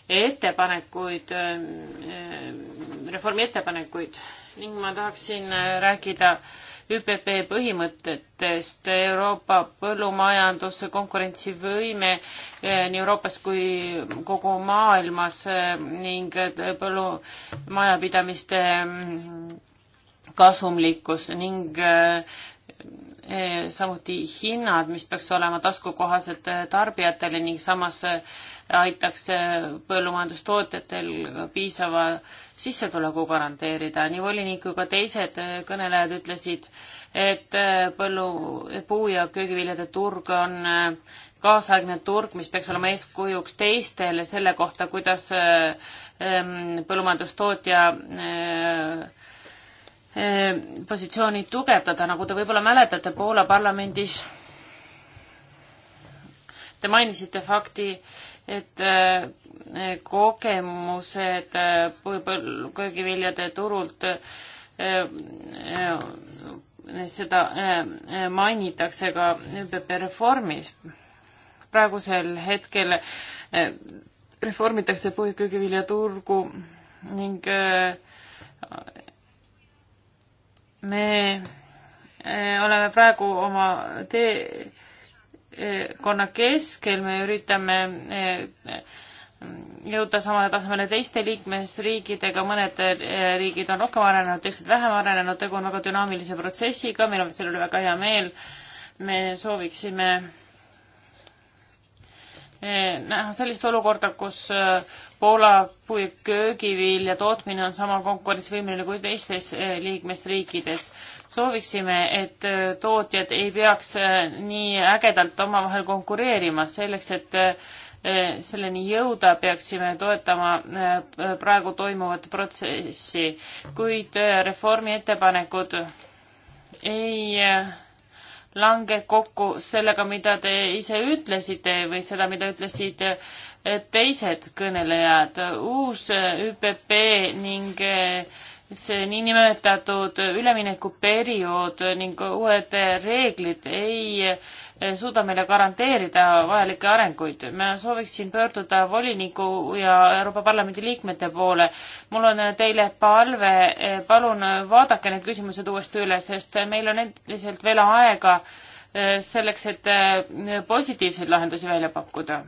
ettepanekuid, äh, reformi ettepanekuid ning ma tahaksin rääkida äh, ÜPP põhimõtetest, Euroopa põllumajanduse konkurentsivõime eh, nii Euroopas kui kogu maailmas eh, ning eh, põllumajapidamiste mm, kasumlikkus ning samuti hinnad, mis peaks olema taskukohased tarbijatele ning samas aitaks äh, põllumajandustootjatel piisava sissetuleku garanteerida. nii volinik kui ka teised äh, kõnelejad ütlesid, et äh, põllu, puu- ja köögiviljade turg on kaasaegne turg, mis peaks olema eeskujuks teistele selle kohta, kuidas ähm, põllumajandustootja positsiooni tugevdada, nagu te võib-olla mäletate, Poola parlamendis te mainisite fakti, et äh, kogemused äh, köögiviljade turult äh, seda mainitakse ka ÜPP reformis. praegusel hetkel reformitakse köögiviljaturgu ning me oleme praegu oma tee konna keskel me üritame eh, jõuda samale tasemele teiste liikmesriikidega, mõned eh, riigid on rohkem arenenud, teised vähem arenenud, tegu on väga dünaamilise protsessiga, meil on selle üle väga hea meel. me sooviksime näha sellist olukorda, kus äh, Poola köögivilja tootmine on sama konkurentsivõimeline kui teistes äh, liikmesriikides. sooviksime, et äh, tootjad ei peaks nii ägedalt omavahel konkureerima, selleks et selleni jõuda, peaksime toetama praegu toimuvat protsessi, kuid reformi ettepanekud ei lange kokku sellega, mida te ise ütlesite või seda, mida ütlesid eh, teised kõnelejad. uus eh, ÜPP ning eh, see niinimetatud üleminekuperiood ning uued reeglid ei Eh, suuda meile garanteerida vajalikke arenguid. ma sooviksin pöörduda voliniku ja Euroopa Parlamendi liikmete poole. mul on teile palve, eh, palun vaadake need küsimused uuesti üle, sest meil on endiselt veel aega eh, selleks, et positiivseid lahendusi välja pakkuda.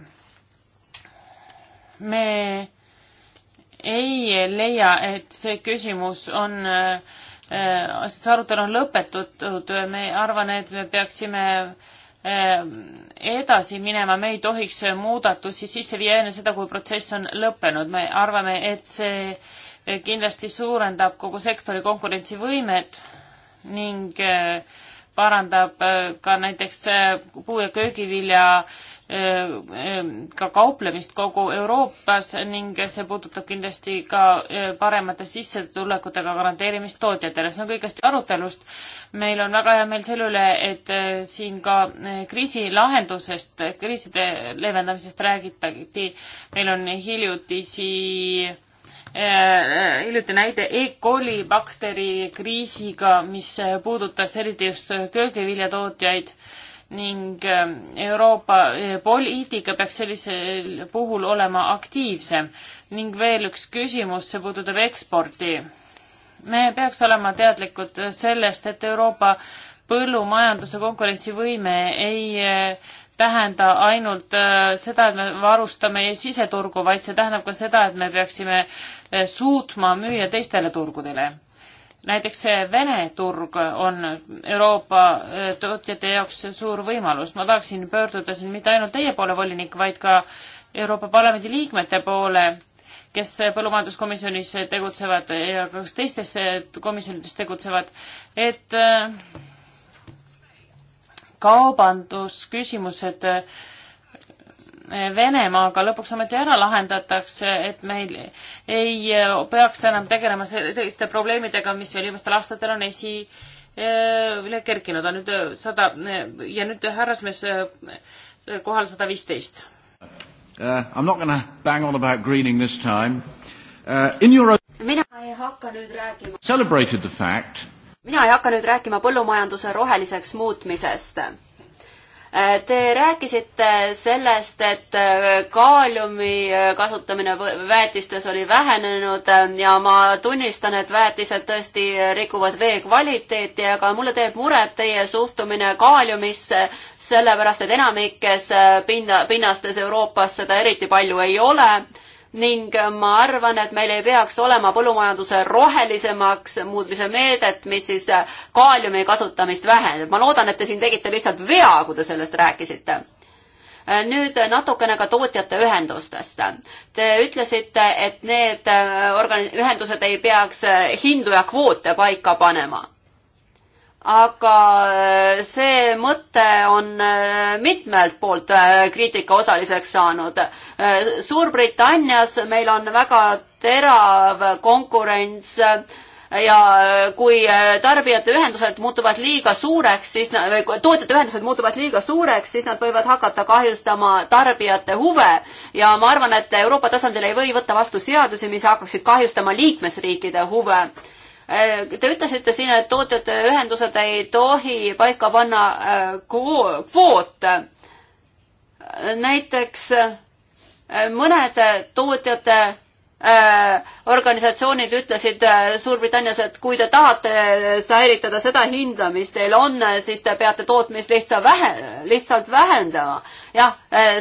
me ei leia, et see küsimus on see arutelu on lõpetatud, me arvame, et me peaksime äh, Ehm, edasi minema, me ei tohiks äh, muudatusi sisse viia enne seda, kui protsess on lõppenud. me arvame, et see äh, kindlasti suurendab kogu sektori konkurentsivõimet ning äh, parandab ka näiteks puu- ja köögivilja ka kauplemist kogu Euroopas ning see puudutab kindlasti ka eh, paremate sissetulekutega garanteerimist tootjatele. see on kõigest arutelust. meil on väga hea meel selle üle, et eh, siin ka eh, kriisi lahendusest, kriiside leevendamisest räägitati. meil on hiljutisi hiljuti näide E. coli bakteri kriisiga, mis puudutas eriti just köögiviljatootjaid ning ähm, Euroopa äh, poliitika peaks sellisel puhul olema aktiivsem. ning veel üks küsimus, see puudutab eksporti. me peaks olema teadlikud sellest, et Euroopa põllumajanduse konkurentsivõime ei äh, tähenda ainult äh, seda, et me varustame siseturgu, vaid see tähendab ka seda, et me peaksime suutma müüa teistele turgudele näiteks see Vene turg on Euroopa eh, tootjate jaoks suur võimalus. ma tahaksin pöörduda siin mitte ainult teie poole, volinik, vaid ka Euroopa Parlamendi liikmete poole, kes põllumajanduskomisjonis tegutsevad ja ka teistes eh, komisjonides tegutsevad, et eh, kaubandusküsimused äh, Eh, Venemaaga lõpuks ometi ära lahendatakse, et meil ei peaks enam tegelema selliste probleemidega, mis veel viimastel aastatel on esi üle eh, kerkinud, on nüüd eh, sada ja nüüd härrasmees kohal sada viisteist. Uh, I'm not going to bang on about greening this time. Uh, in your mina ei hakka nüüd rääkima. Celebrated the fact. mina ei hakka nüüd rääkima põllumajanduse roheliseks muutmisest Äh, te rääkisite sellest, et äh, kaaliumi äh, kasutamine väetistes oli vähenenud ja ma tunnistan, et väetised tõesti rikuvad vee kvaliteeti, aga mulle teeb muret teie suhtumine kaaliumisse, sellepärast et enamikes pinna, pinnastes Euroopas seda eriti palju ei ole ning ma arvan, et meil ei peaks olema põllumajanduse rohelisemaks muutmise meedet, mis siis kaaliumi kasutamist vähendab. ma loodan, et te siin tegite lihtsalt vea, kui te sellest rääkisite nüüd natukene ka tootjate ühendustest. Te ütlesite, et need äh, organi-, ühendused ei peaks äh, hindu ja kvoote paika panema aga äh, see mõte on äh, mitmelt poolt äh, kriitika osaliseks saanud. Suurbritannias meil on väga terav konkurents ja kui tarbijate ühendused muutuvad liiga suureks, siis, või tootjate ühendused muutuvad liiga suureks, siis nad võivad hakata kahjustama tarbijate huve ja ma arvan, et Euroopa tasandil ei või võtta vastu seadusi, mis hakkaksid kahjustama liikmesriikide huve Äh, te ütlesite siin, et tootjate ühendused ei tohi paika panna äh, kvoote. näiteks äh, mõned tootjate Äh, organisatsioonid ütlesid äh, Suurbritannias, et kui te tahate säilitada seda hinda, mis teil on, äh, siis te peate tootmist lihtsa vähe, lihtsalt vähendama. jah,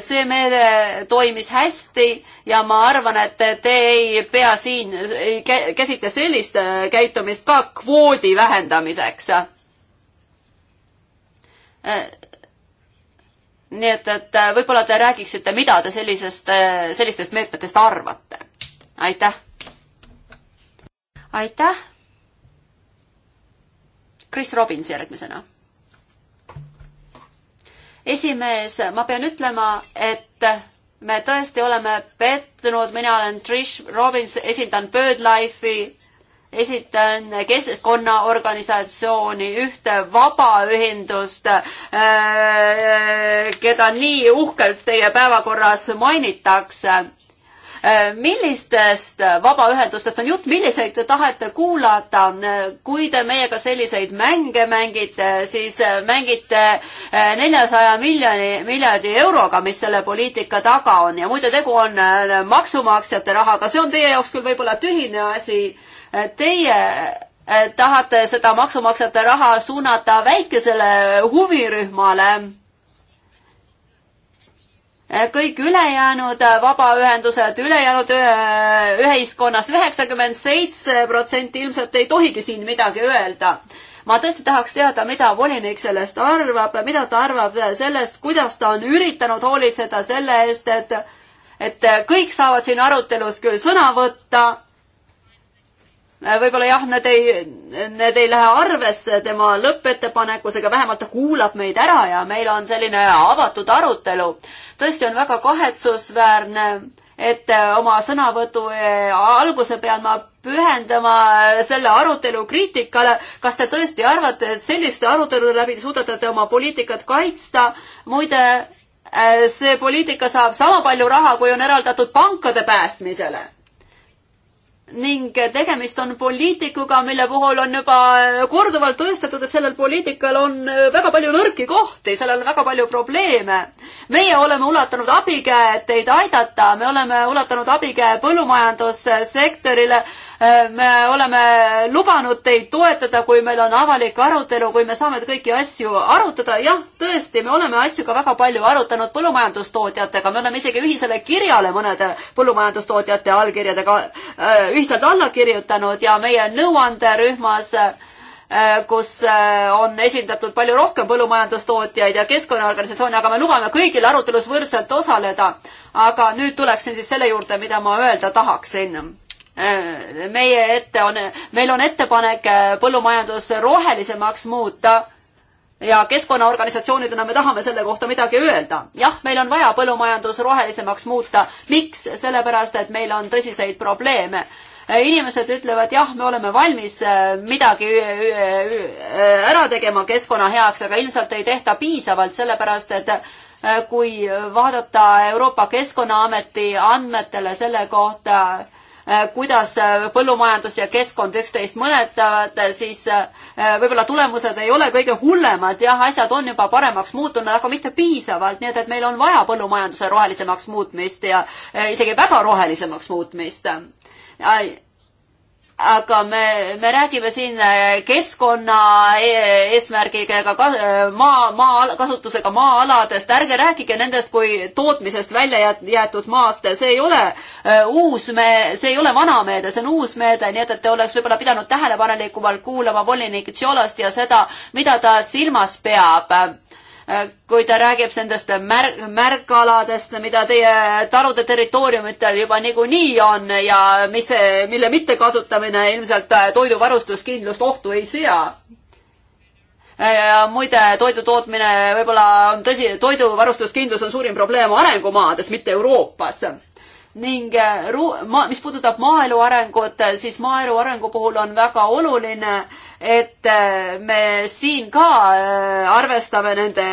see meede toimis hästi ja ma arvan, et te ei pea siin, ei käsita sellist käitumist ka kvoodi vähendamiseks nii et, et võib-olla te räägiksite, mida te sellisest, sellistest meetmetest arvate? aitäh! aitäh! Chris Robbins järgmisena. esimees, ma pean ütlema, et me tõesti oleme pettunud, mina olen Trish Robbins, esindan BirdLife'i, esitan keskkonnaorganisatsiooni, ühte vabaühendust, äh, keda nii uhkelt teie päevakorras mainitakse Äh, millistest äh, vabaühendustest on jutt, milliseid te tahate kuulata, äh, kui te meiega selliseid mänge mängite, siis mängite neljasaja miljoni, miljardi euroga, mis selle poliitika taga on ja muide, tegu on maksumaksjate rahaga, see on teie jaoks küll võib-olla tühine asi, teie tahate seda maksumaksjate raha suunata väikesele huvirühmale kõik ülejäänud vabaühendused ülejäänud äh, ühiskonnast, üheksakümmend seitse protsenti ilmselt ei tohigi siin midagi öelda. ma tõesti tahaks teada, mida volinik sellest arvab, mida ta arvab sellest, kuidas ta on üritanud hoolitseda selle eest, et et kõik saavad siin arutelus küll sõna võtta, Äh, võib-olla jah, need ei, need ei lähe arvesse tema lõppettepanekus, aga vähemalt ta kuulab meid ära ja meil on selline avatud arutelu. tõesti on väga kahetsusväärne, et äh, oma sõnavõtu äh, alguse pean ma pühendama selle arutelu kriitikale. kas te tõesti arvate, et selliste arutelude läbi suudate te oma poliitikat kaitsta? muide, see poliitika saab sama palju raha, kui on eraldatud pankade päästmisele ning tegemist on poliitikuga, mille puhul on juba korduvalt tõestatud, et sellel poliitikal on väga palju nõrki kohti, sellel on väga palju probleeme. meie oleme ulatanud abikäe, et teid aidata, me oleme ulatanud abikäe põllumajandussektorile, me oleme lubanud teid toetada, kui meil on avalik arutelu, kui me saame kõiki asju arutada, jah, tõesti, me oleme asju ka väga palju arutanud põllumajandustootjatega, me oleme isegi ühisele kirjale mõnede põllumajandustootjate allkirjadega äh, ühiselt alla kirjutanud ja meie nõuanderühmas äh, kus äh, on esindatud palju rohkem põllumajandustootjaid ja keskkonnaorganisatsioone, aga me lubame kõigil arutelus võrdselt osaleda. aga nüüd tuleksin siis selle juurde, mida ma öelda tahaksin. Äh, meie ette on, meil on ettepanek põllumajandus rohelisemaks muuta ja keskkonnaorganisatsioonidena me tahame selle kohta midagi öelda. jah, meil on vaja põllumajandus rohelisemaks muuta. miks? sellepärast, et meil on tõsiseid probleeme äh, inimesed ütlevad, jah, me oleme valmis äh, midagi äh, ära tegema keskkonna heaks, aga ilmselt ei tehta piisavalt, sellepärast et kui vaadata Euroopa Keskkonnaameti andmetele selle kohta, Äh, kuidas äh, põllumajandus ja keskkond üksteist mõnetavad, äh, siis võib-olla tulemused ei ole kõige hullemad, jah, asjad on juba paremaks muutunud, aga mitte piisavalt, nii et, et meil on vaja põllumajanduse rohelisemaks muutmist ja isegi väga rohelisemaks muutmist aga me, me räägime siin äh, keskkonna äh, eesmärgiga ega ka, äh, maa, maa kasutusega maa-aladest, ärge rääkige nendest kui tootmisest välja jäetud maast, see ei ole uus me-, see ei ole vana meede, see on uus meede, nii et, et te oleks võib-olla pidanud tähelepanelikumalt kuulama volinik Tšolost ja seda, mida ta silmas peab Äh, kui ta räägib nendest märg, märgaladest, mida teie talude territooriumitel juba niikuinii on ja mis, mille mittekasutamine ilmselt äh, toiduvarustuskindlust ohtu ei sea äh, ja muide, toidu tootmine võib-olla on tõsi, toiduvarustuskindlus on suurim probleem arengumaades, mitte Euroopas ning äh, ruu-, ma-, mis puudutab maaelu arengut, äh, siis maaelu arengu puhul on väga oluline, et äh, me siin ka arvestame nende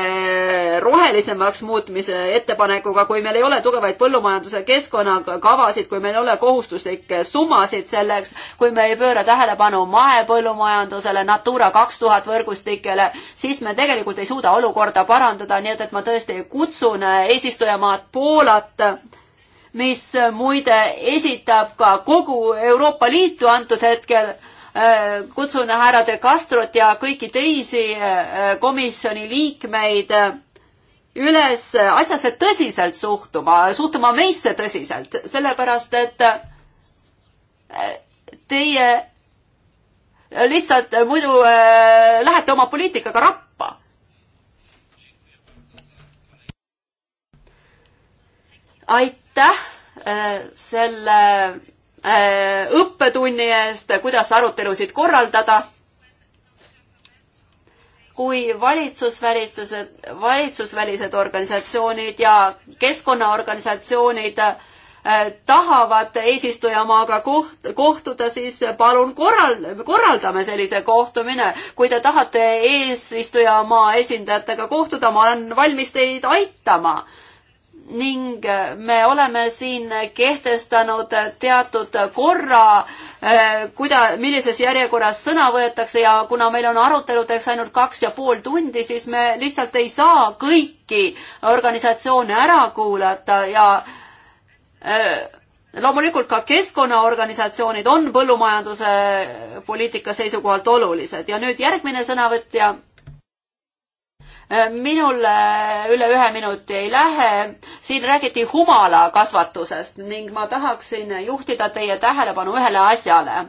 rohelisemaks muutmise ettepanekuga, kui meil ei ole tugevaid põllumajanduse keskkonnakavasid, kui meil ei ole kohustuslikke summasid selleks, kui me ei pööra tähelepanu mahepõllumajandusele, Natura kaks tuhat võrgustikele, siis me tegelikult ei suuda olukorda parandada, nii et, et ma tõesti kutsun eesistujamaad Poolat mis äh, muide esitab ka kogu Euroopa Liitu antud hetkel. Äh, kutsun härra De Castrot ja kõiki teisi äh, komisjoni liikmeid üles asjasse tõsiselt suhtuma, suhtuma meisse tõsiselt, sellepärast et teie lihtsalt muidu lähete oma poliitikaga rappa aitäh aitäh äh, selle äh, õppetunni eest, kuidas arutelusid korraldada kui valitsusvälised, valitsusvälised organisatsioonid ja keskkonnaorganisatsioonid äh, tahavad eesistujamaaga koht, kohtuda, siis palun korral-, korraldame sellise kohtumine. kui te tahate eesistujamaa esindajatega kohtuda, ma olen valmis teid aitama ning eh, me oleme siin kehtestanud teatud korra, eh, kuida-, millises järjekorras sõna võetakse ja kuna meil on aruteludeks ainult kaks ja pool tundi, siis me lihtsalt ei saa kõiki organisatsioone ära kuulata ja eh, loomulikult ka keskkonnaorganisatsioonid on põllumajanduse poliitika seisukohalt olulised ja nüüd järgmine sõnavõtja Äh, minul äh, üle ühe minuti ei lähe. siin räägiti humala kasvatusest ning ma tahaksin juhtida teie tähelepanu ühele asjale.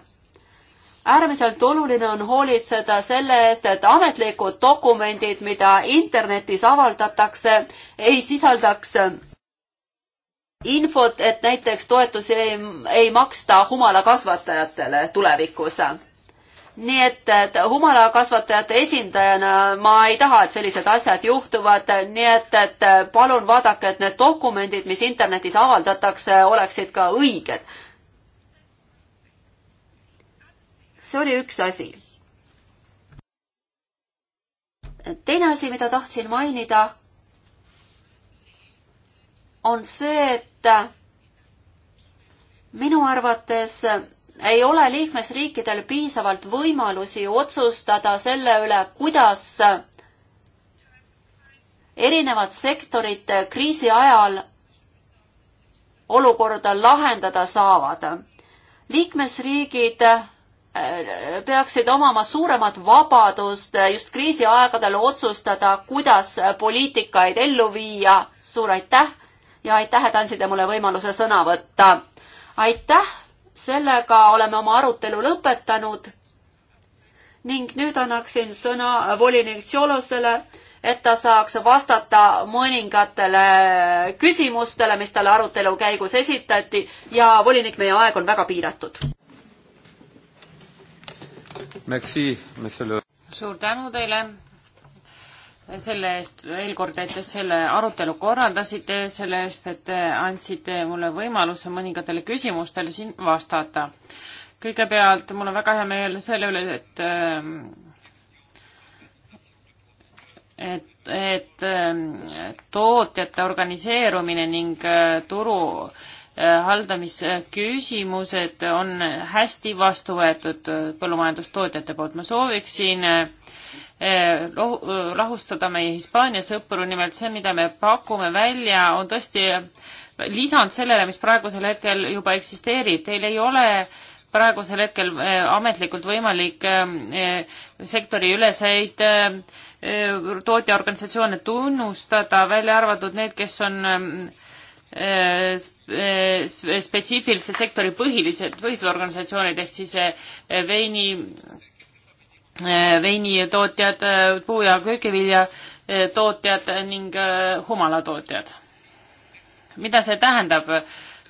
äärmiselt oluline on hoolitseda selle eest, et ametlikud dokumendid, mida internetis avaldatakse, ei sisaldaks infot, et näiteks toetusi ei, ei maksta humala kasvatajatele tulevikus nii et, et humalakasvatajate esindajana ma ei taha, et sellised asjad juhtuvad, nii et, et palun vaadake, et need dokumendid, mis internetis avaldatakse, oleksid ka õiged. see oli üks asi. teine asi, mida tahtsin mainida, on see, et minu arvates ei ole liikmesriikidel piisavalt võimalusi otsustada selle üle, kuidas erinevad sektorid kriisi ajal olukorda lahendada saavad. liikmesriigid äh, peaksid omama suuremat vabadust just kriisiaegadel otsustada, kuidas poliitikaid ellu viia. suur aitäh ja aitäh, et andsite mulle võimaluse sõna võtta. aitäh sellega oleme oma arutelu lõpetanud ning nüüd annaksin sõna volinik Tšolosele, et ta saaks vastata mõningatele küsimustele, mis talle arutelu käigus esitati ja volinik, meie aeg on väga piiratud. suur tänu teile selle eest veel kord, et te selle arutelu korraldasite, selle eest, et te andsite mulle võimaluse mõningatele küsimustele siin vastata. kõigepealt mul on väga hea meel selle üle, et ähm, et, et ähm, tootjate organiseerumine ning äh, turu äh, haldamisküsimused on hästi vastu võetud äh, põllumajandustootjate poolt. ma sooviksin äh, lahustada eh, eh, meie Hispaania sõpru, nimelt see, mida me pakume välja, on tõesti lisand sellele, mis praegusel hetkel juba eksisteerib. Teil ei ole praegusel hetkel eh, ametlikult võimalik sektoriüleseid tootjaorganisatsioone tunnustada, välja arvatud need, kes on spetsiifilise sektori põhilised, põhilised organisatsioonid ehk siis veini Eh, veinitootjad, eh, puu- ja köögiviljatootjad eh, ning humalatootjad. mida see tähendab?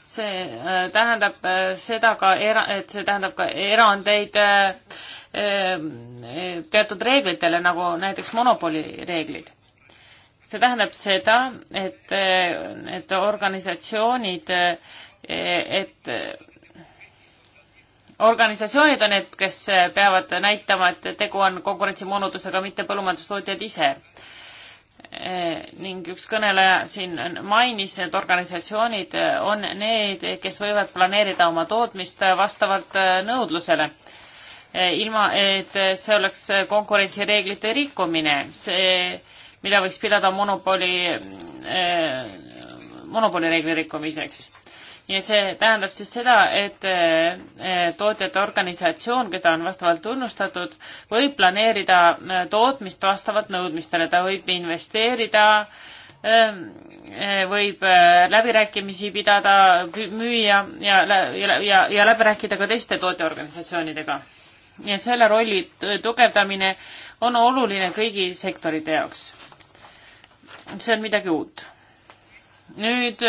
see tähendab seda ka era-, et see tähendab ka erandeid teatud reeglitele, nagu näiteks monopolireeglid. see tähendab seda, et, et organisatsioonid, et organisatsioonid on need, kes peavad näitama, et tegu on konkurentsimoonutusega, mitte põllumajandustootjad ise. ning üks kõneleja siin mainis, et organisatsioonid on need, kes võivad planeerida oma tootmist vastavalt nõudlusele ilma, et see oleks konkurentsireeglite rikkumine, see, mida võiks pidada monopoli, eh, monopoli reegli rikkumiseks ja see tähendab siis seda, et eh, eh, tootjate organisatsioon, keda on vastavalt tunnustatud, võib planeerida eh, tootmist vastavalt nõudmistele, ta võib investeerida, võib läbirääkimisi pidada, müüa ja, ja, ja, ja läbi rääkida ka teiste tootjaorganisatsioonidega. nii et selle rolli tugevdamine on oluline kõigi sektorite jaoks. see on midagi uut. nüüd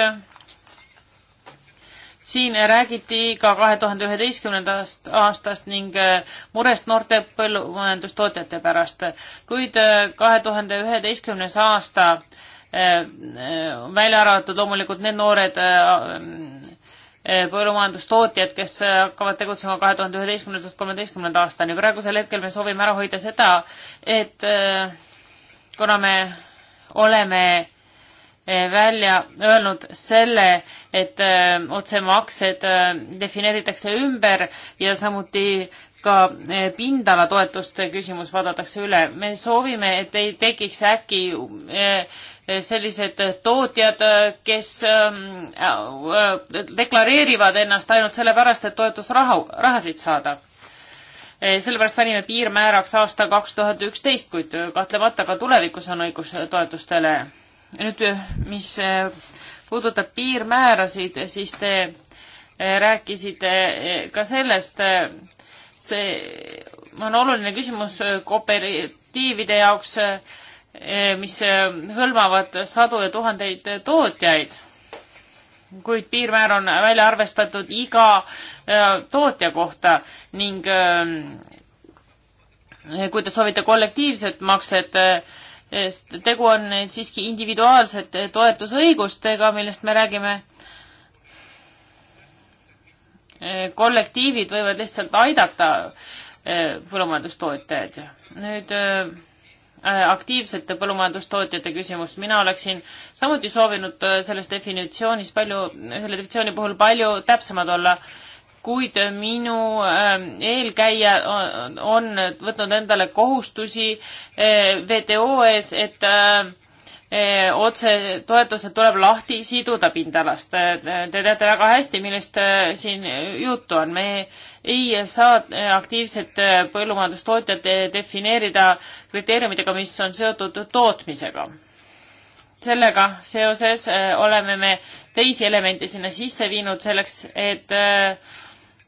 siin räägiti ka kahe tuhande üheteistkümnendast aastast ning äh, murest noorte põllumajandustootjate pärast, kuid äh, kahe tuhande üheteistkümnes aasta äh, välja arvatud loomulikult need noored põllumajandustootjad, kes hakkavad tegutsema kahe tuhande üheteistkümnendast kolmeteistkümnenda aastani. praegusel hetkel me soovime ära hoida seda, et kuna me oleme Eh, välja öelnud selle, et eh, otsemaksed eh, defineeritakse ümber ja samuti ka pindalatoetuste küsimus vaadatakse üle. me soovime, et ei tekiks äkki sellised tootjad, kes deklareerivad ennast ainult sellepärast, et toetusraha, rahasid saada sellepärast panime piirmääraks aasta kaks tuhat üksteist, kuid kahtlemata ka tulevikus on õigus toetustele nüüd, eh, mis eh, puudutab piirmäärasid, eh, siis te rääkisite ka sellest, see on oluline küsimus kooperatiivide jaoks, mis hõlmavad sadu ja tuhandeid tootjaid. kuid piirmäär on välja arvestatud iga tootja kohta ning kui te soovite kollektiivset makset, sest tegu on siiski individuaalsete toetusõigustega, millest me räägime. kollektiivid võivad lihtsalt aidata e, põllumajandustootjaid. nüüd e, aktiivsete põllumajandustootjate küsimus, mina oleksin samuti soovinud e, selles definitsioonis palju, selle definitsiooni puhul palju täpsemad olla kuid minu ähm, eelkäija on võtnud endale kohustusi äh, WTO ees, et äh, äh, otsetoetused tuleb lahti siduda pindalast. Te teate väga hästi, millest siin juttu on. me ei saa aktiivset põllumajandustootjat defineerida kriteeriumidega, mis on seotud tootmisega. sellega seoses oleme me teisi elemente sinna sisse viinud selleks, et äh,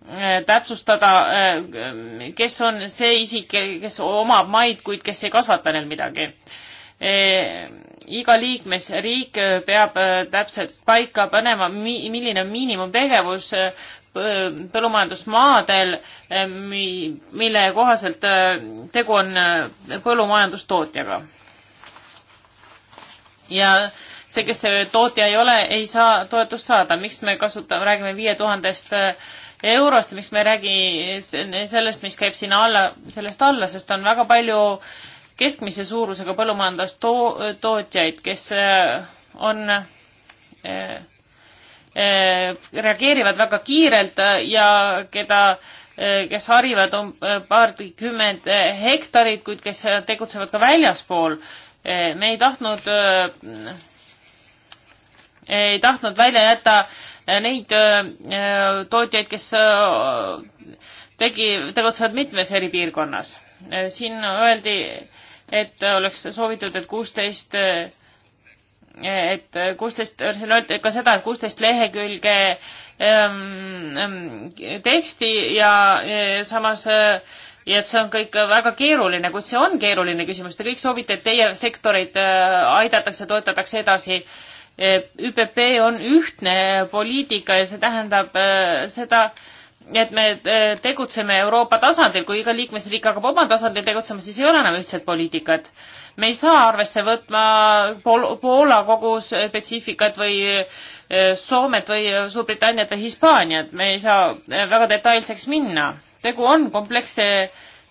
Äh, täpsustada, äh, kes on see isik, kes omab maid, kuid kes ei kasvata neil midagi. Äh, iga liikmesriik peab täpselt paika panema, milline on miinimumtegevus põllumajandusmaadel, mille kohaselt tegu on põllumajandustootjaga. ja see, kes see tootja ei ole, ei saa toetust saada. miks me kasutame, räägime viie tuhandest 000 eurost, miks me ei räägi sellest, mis käib sinna alla, sellest alla, sest on väga palju keskmise suurusega põllumajandustootjaid, kes äh, on äh, äh, reageerivad väga kiirelt ja keda, kes harivad um-, paarkümmend hektarit, kuid kes tegutsevad ka väljaspool. me ei tahtnud, ei tahtnud välja jätta neid äh, äh, tootjaid, kes äh, tegi, tegutsevad mitmes eri piirkonnas. siin öeldi, et oleks soovitud, et kuusteist, et kuusteist, siin öeldi ka seda, et kuusteist lehekülge ähm, ähm, teksti ja samas ja et see on kõik väga keeruline, kuid see on keeruline küsimus, te kõik soovite, et teie sektoreid aidatakse, toetatakse edasi ÜPP on ühtne poliitika ja see tähendab äh, seda, et me äh, tegutseme Euroopa tasandil, kui iga liikmesriik hakkab oma tasandil tegutsema, siis ei ole enam ühtset poliitikat. me ei saa arvesse võtma Pool Poola kogu spetsiifikat või äh, Soomet või Suurbritanniat või Hispaaniat, me ei saa väga detailseks minna. tegu on kompleksse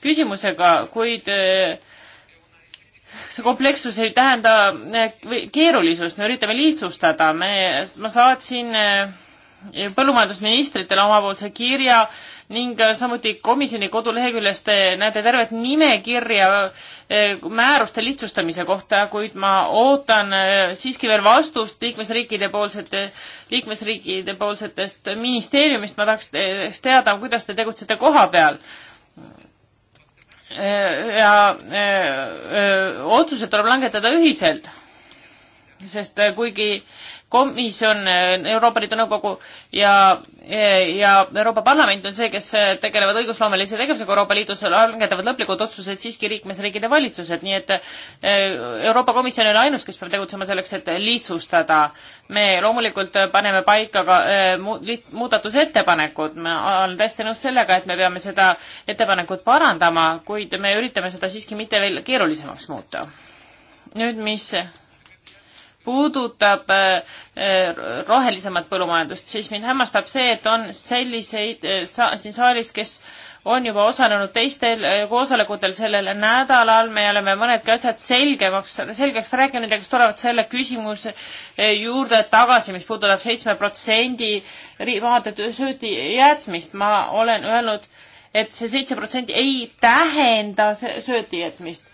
küsimusega, kuid äh, see komplekssus ei tähenda eh, keerulisust, me üritame lihtsustada, me, ma saatsin eh, põllumajandusministritele omapoolse kirja ning eh, samuti komisjoni koduleheküljest näete tervet nimekirja määruste lihtsustamise kohta, kuid ma ootan siiski veel vastust liikmesriikide poolsete, liikmesriikide poolsetest ministeeriumist, ma tahaks teada, kuidas te tegutsete koha peal ja öö, e, e, otsused tuleb langetada ühiselt, sest e, kuigi öö, komisjon, eh, Euroopa Liidu Nõukogu ja, eh, ja Euroopa Parlament on see, kes eh, tegelevad õigusloomelise tegevusega Euroopa Liidus, langetavad lõplikud otsused siiski liikmesriikide valitsused, nii et Euroopa Komisjon ei ole ainus, kes peab tegutsema selleks, et lihtsustada. me loomulikult paneme paika ka muudatusettepanekud, ma olen täiesti nõus sellega, et me peame seda ettepanekut parandama, kuid me üritame seda siiski mitte veel keerulisemaks muuta. nüüd, mis puudutab äh, äh, rohelisemat põllumajandust, siis mind hämmastab see, et on selliseid äh, sa, siin saalis, kes on juba osalenud teistel koosolekutel sellel nädalal, me oleme mõnedki asjad selgemaks, selgeks rääkinud ja kes tulevad selle küsimuse juurde tagasi, mis puudutab seitsme protsendi maade söödi jätmist. ma olen öelnud, et see seitse protsenti ei tähenda sööti jätmist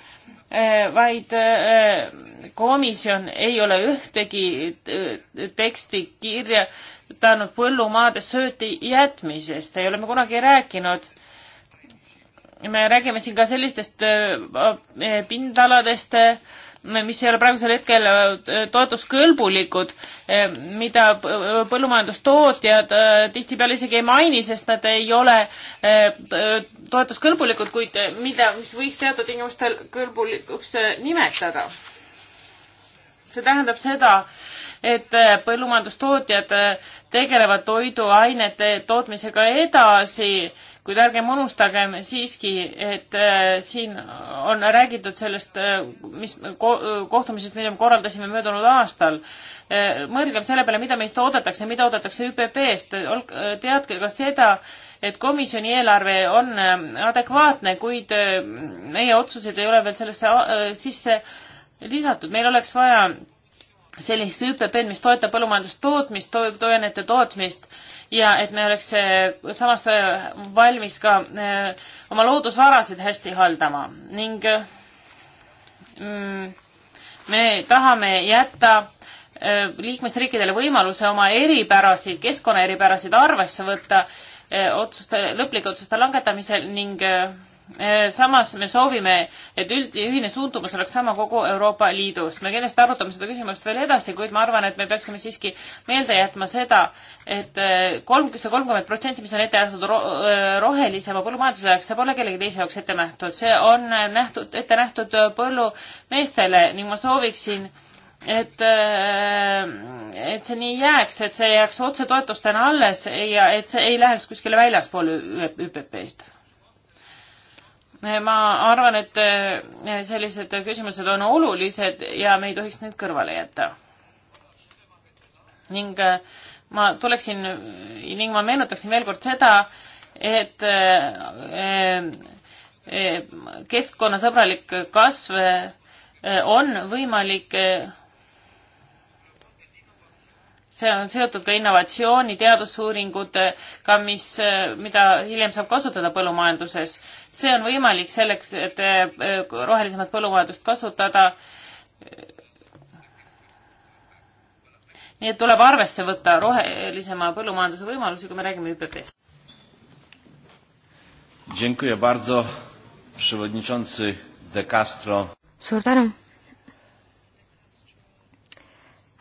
Äh, vaid äh, komisjon ei ole ühtegi äh, teksti kirjutanud põllumaade sööti jätmisest, ei ole me kunagi rääkinud. me räägime siin ka sellistest pindaladest, mis ei ole praegusel hetkel äh, toetuskõlbulikud, äh, mida põllumajandustootjad äh, tihtipeale isegi ei maini, sest nad ei ole toetuskõlbulikud, kuid mida, mis võiks teatud tingimustel kõlbulikuks nimetada. see tähendab seda, et põllumajandustootjad tegelevad toiduainete tootmisega edasi, kuid ärgem unustagem siiski, et äh, siin on räägitud sellest, äh, mis ko, kohtumisest, mida me korraldasime möödunud aastal. Äh, mõelgem selle peale, mida meist oodatakse, mida oodatakse ÜPP-st, teadke ka seda, et komisjoni eelarve on adekvaatne, kuid meie otsused ei ole veel sellesse sisse lisatud, meil oleks vaja sellist ÜPP-d, mis toetab põllumajandustootmist to, toiduainete tootmist ja et me oleks eh, samas eh, valmis ka eh, oma loodusvarasid hästi haldama ning mm, me tahame jätta liikmesriikidele võimaluse oma eripärasid, keskkonna eripärasid arvesse võtta otsuste, lõplike otsuste langetamisel ning Eh, samas me soovime, et üld, ühine suundumus oleks sama kogu Euroopa Liidus. me kindlasti arutame seda küsimust veel edasi, kuid ma arvan, et me peaksime siiski meelde jätma seda, et eh, kolm, see kolmkümmend protsenti, mis on ette nähtud ro eh, rohelisema põllumajanduse jaoks, see pole kellegi teise jaoks ette nähtud, see on nähtud, ette nähtud põllumeestele ning ma sooviksin et, et see nii jääks, et see jääks otsetoetustena alles ja et see ei läheks kuskile väljaspool ÜPP-st ma arvan, et eh, sellised küsimused on olulised ja me ei tohiks neid kõrvale jätta. ning eh, ma tuleksin ning ma meenutaksin veel kord seda, et eh, keskkonnasõbralik kasv on võimalik see on seotud ka innovatsiooni, teadusuuringutega, mis, mida hiljem saab kasutada põllumajanduses. see on võimalik selleks, et eh, rohelisemat põllumajandust kasutada. nii et tuleb arvesse võtta rohelisema põllumajanduse võimalusi, kui me räägime ÜPP-st. suur tänu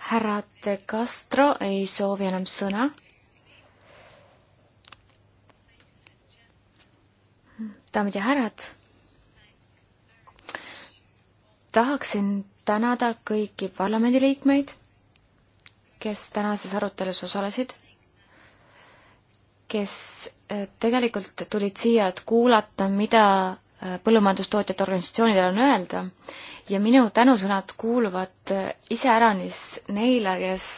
härra De Castro ei soovi enam sõna. daamid ja härrad, tahaksin tänada kõiki parlamendiliikmeid, kes tänases arutelus osalesid, kes eh, tegelikult tulid siia, et kuulata, mida eh, põllumajandustootjate organisatsioonidel on öelda ja minu tänusõnad kuuluvad iseäranis neile, kes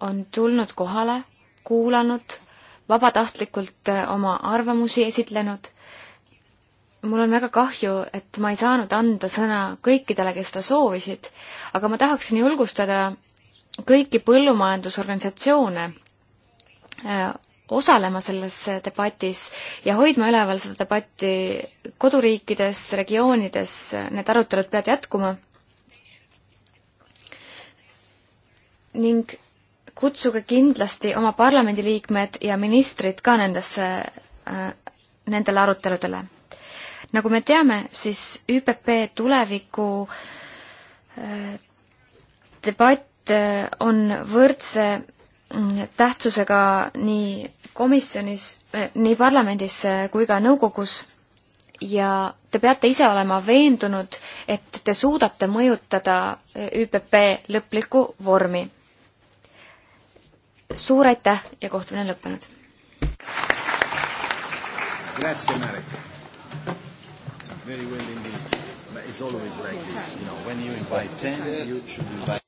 on tulnud kohale, kuulanud, vabatahtlikult eh, oma arvamusi esitlenud. mul on väga kahju, et ma ei saanud anda sõna kõikidele, kes seda soovisid, aga ma tahaksin julgustada kõiki põllumajandusorganisatsioone eh, osalema selles debatis ja hoidma üleval seda debatti koduriikides, regioonides, need arutelud peavad jätkuma. ning kutsuge kindlasti oma parlamendiliikmed ja ministrid ka nendesse, äh, nendele aruteludele. nagu me teame, siis ÜPP tuleviku äh, debatt äh, on võrdse Mm, tähtsusega nii komisjonis, eh, nii parlamendis eh, kui ka nõukogus ja te peate ise olema veendunud, et te suudate mõjutada eh, ÜPP lõplikku vormi. suur aitäh ja kohtumine on lõppenud. Grazie Marek. Very well indeed. But it's always like this, you know, when you invite ten, you should invite